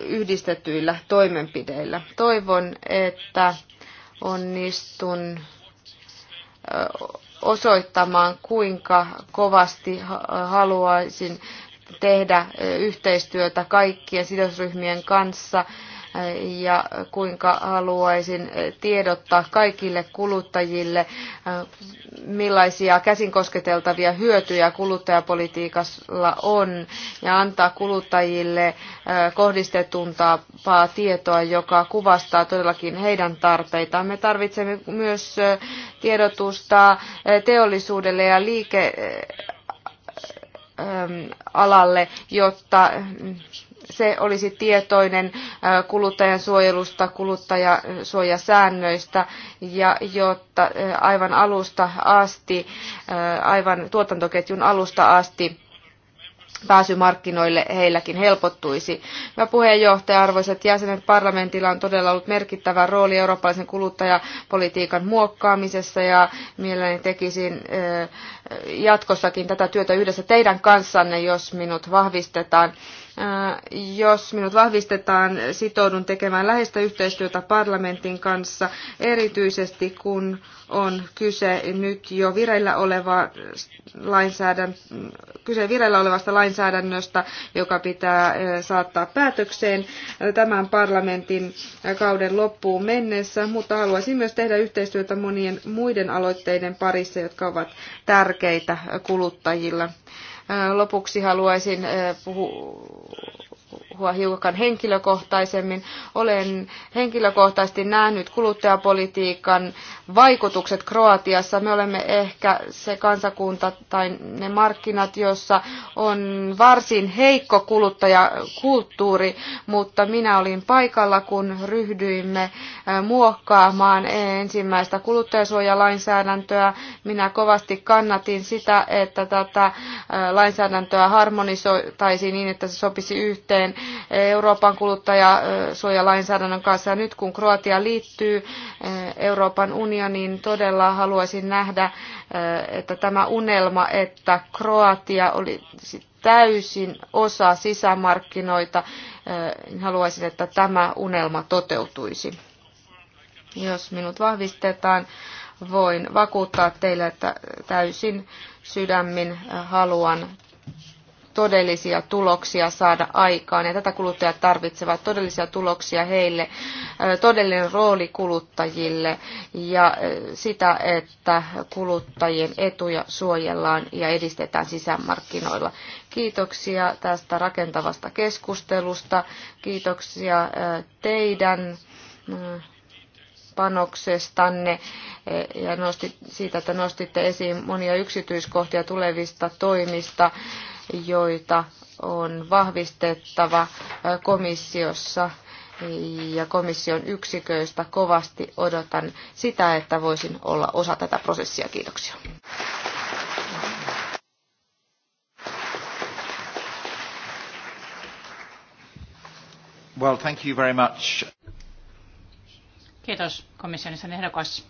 yhdistetyillä toimenpideillä. Toivon, että onnistun osoittamaan, kuinka kovasti haluaisin tehdä yhteistyötä kaikkien sidosryhmien kanssa ja kuinka haluaisin tiedottaa kaikille kuluttajille, millaisia käsin kosketeltavia hyötyjä kuluttajapolitiikalla on ja antaa kuluttajille kohdistetuntaa tietoa, joka kuvastaa todellakin heidän tarpeitaan. Me tarvitsemme myös tiedotusta teollisuudelle ja liike alalle, jotta se olisi tietoinen kuluttajan suojelusta, kuluttajasuojasäännöistä ja jotta aivan alusta asti, aivan tuotantoketjun alusta asti pääsy markkinoille heilläkin helpottuisi. Hyvä puheenjohtaja, arvoisat jäsenet, parlamentilla on todella ollut merkittävä rooli eurooppalaisen kuluttajapolitiikan muokkaamisessa ja mielelläni tekisin jatkossakin tätä työtä yhdessä teidän kanssanne, jos minut vahvistetaan. Äh, jos minut vahvistetaan, sitoudun tekemään läheistä yhteistyötä parlamentin kanssa, erityisesti kun on kyse nyt jo vireillä, oleva lainsäädän, kyse vireillä olevasta lainsäädännöstä, joka pitää äh, saattaa päätökseen tämän parlamentin kauden loppuun mennessä, mutta haluaisin myös tehdä yhteistyötä monien muiden aloitteiden parissa, jotka ovat tärkeitä kuluttajilla. Lopuksi haluaisin eh, puhua puhua hiukan henkilökohtaisemmin. Olen henkilökohtaisesti nähnyt kuluttajapolitiikan vaikutukset Kroatiassa. Me olemme ehkä se kansakunta tai ne markkinat, jossa on varsin heikko kuluttajakulttuuri, mutta minä olin paikalla, kun ryhdyimme muokkaamaan ensimmäistä kuluttajasuojalainsäädäntöä. Minä kovasti kannatin sitä, että tätä lainsäädäntöä harmonisoitaisiin niin, että se sopisi yhteen Euroopan kuluttajasuojalainsäädännön kanssa. Ja nyt kun Kroatia liittyy eh, Euroopan unioniin, todella haluaisin nähdä, eh, että tämä unelma, että Kroatia oli täysin osa sisämarkkinoita, eh, niin haluaisin, että tämä unelma toteutuisi. Jos minut vahvistetaan, voin vakuuttaa teille, että täysin sydämin haluan todellisia tuloksia saada aikaan. Ja tätä kuluttajat tarvitsevat todellisia tuloksia heille, todellinen rooli kuluttajille ja sitä, että kuluttajien etuja suojellaan ja edistetään sisämarkkinoilla. Kiitoksia tästä rakentavasta keskustelusta. Kiitoksia teidän panoksestanne e, ja nosti, siitä, että nostitte esiin monia yksityiskohtia tulevista toimista joita on vahvistettava komissiossa ja komission yksiköistä. Kovasti odotan sitä, että voisin olla osa tätä prosessia. Kiitoksia. Well, thank you very much. Kiitos komissionissa ehdokas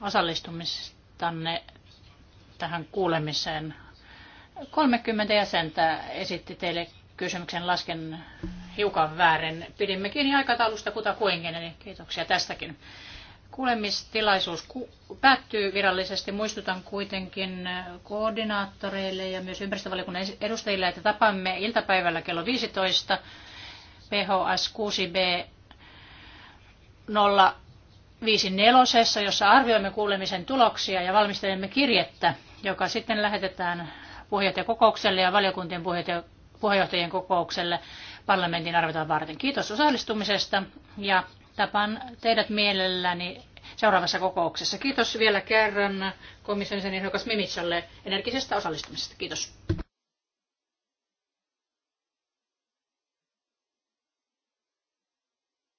osallistumistanne tähän kuulemiseen. 30 jäsentä esitti teille kysymyksen lasken hiukan väärin. Pidimme kiinni aikataulusta kutakuinkin, eli kiitoksia tästäkin. Kuulemistilaisuus päättyy virallisesti. Muistutan kuitenkin koordinaattoreille ja myös ympäristövaliokunnan edustajille, että tapaamme iltapäivällä kello 15 PHS 6B 054, jossa arvioimme kuulemisen tuloksia ja valmistelemme kirjettä, joka sitten lähetetään puheenjohtajakokoukselle ja valiokuntien puheenjohtajien kokoukselle parlamentin arvotaan varten. Kiitos osallistumisesta ja tapaan teidät mielelläni seuraavassa kokouksessa. Kiitos vielä kerran komission ehdokas Mimitsalle energisestä osallistumisesta. Kiitos.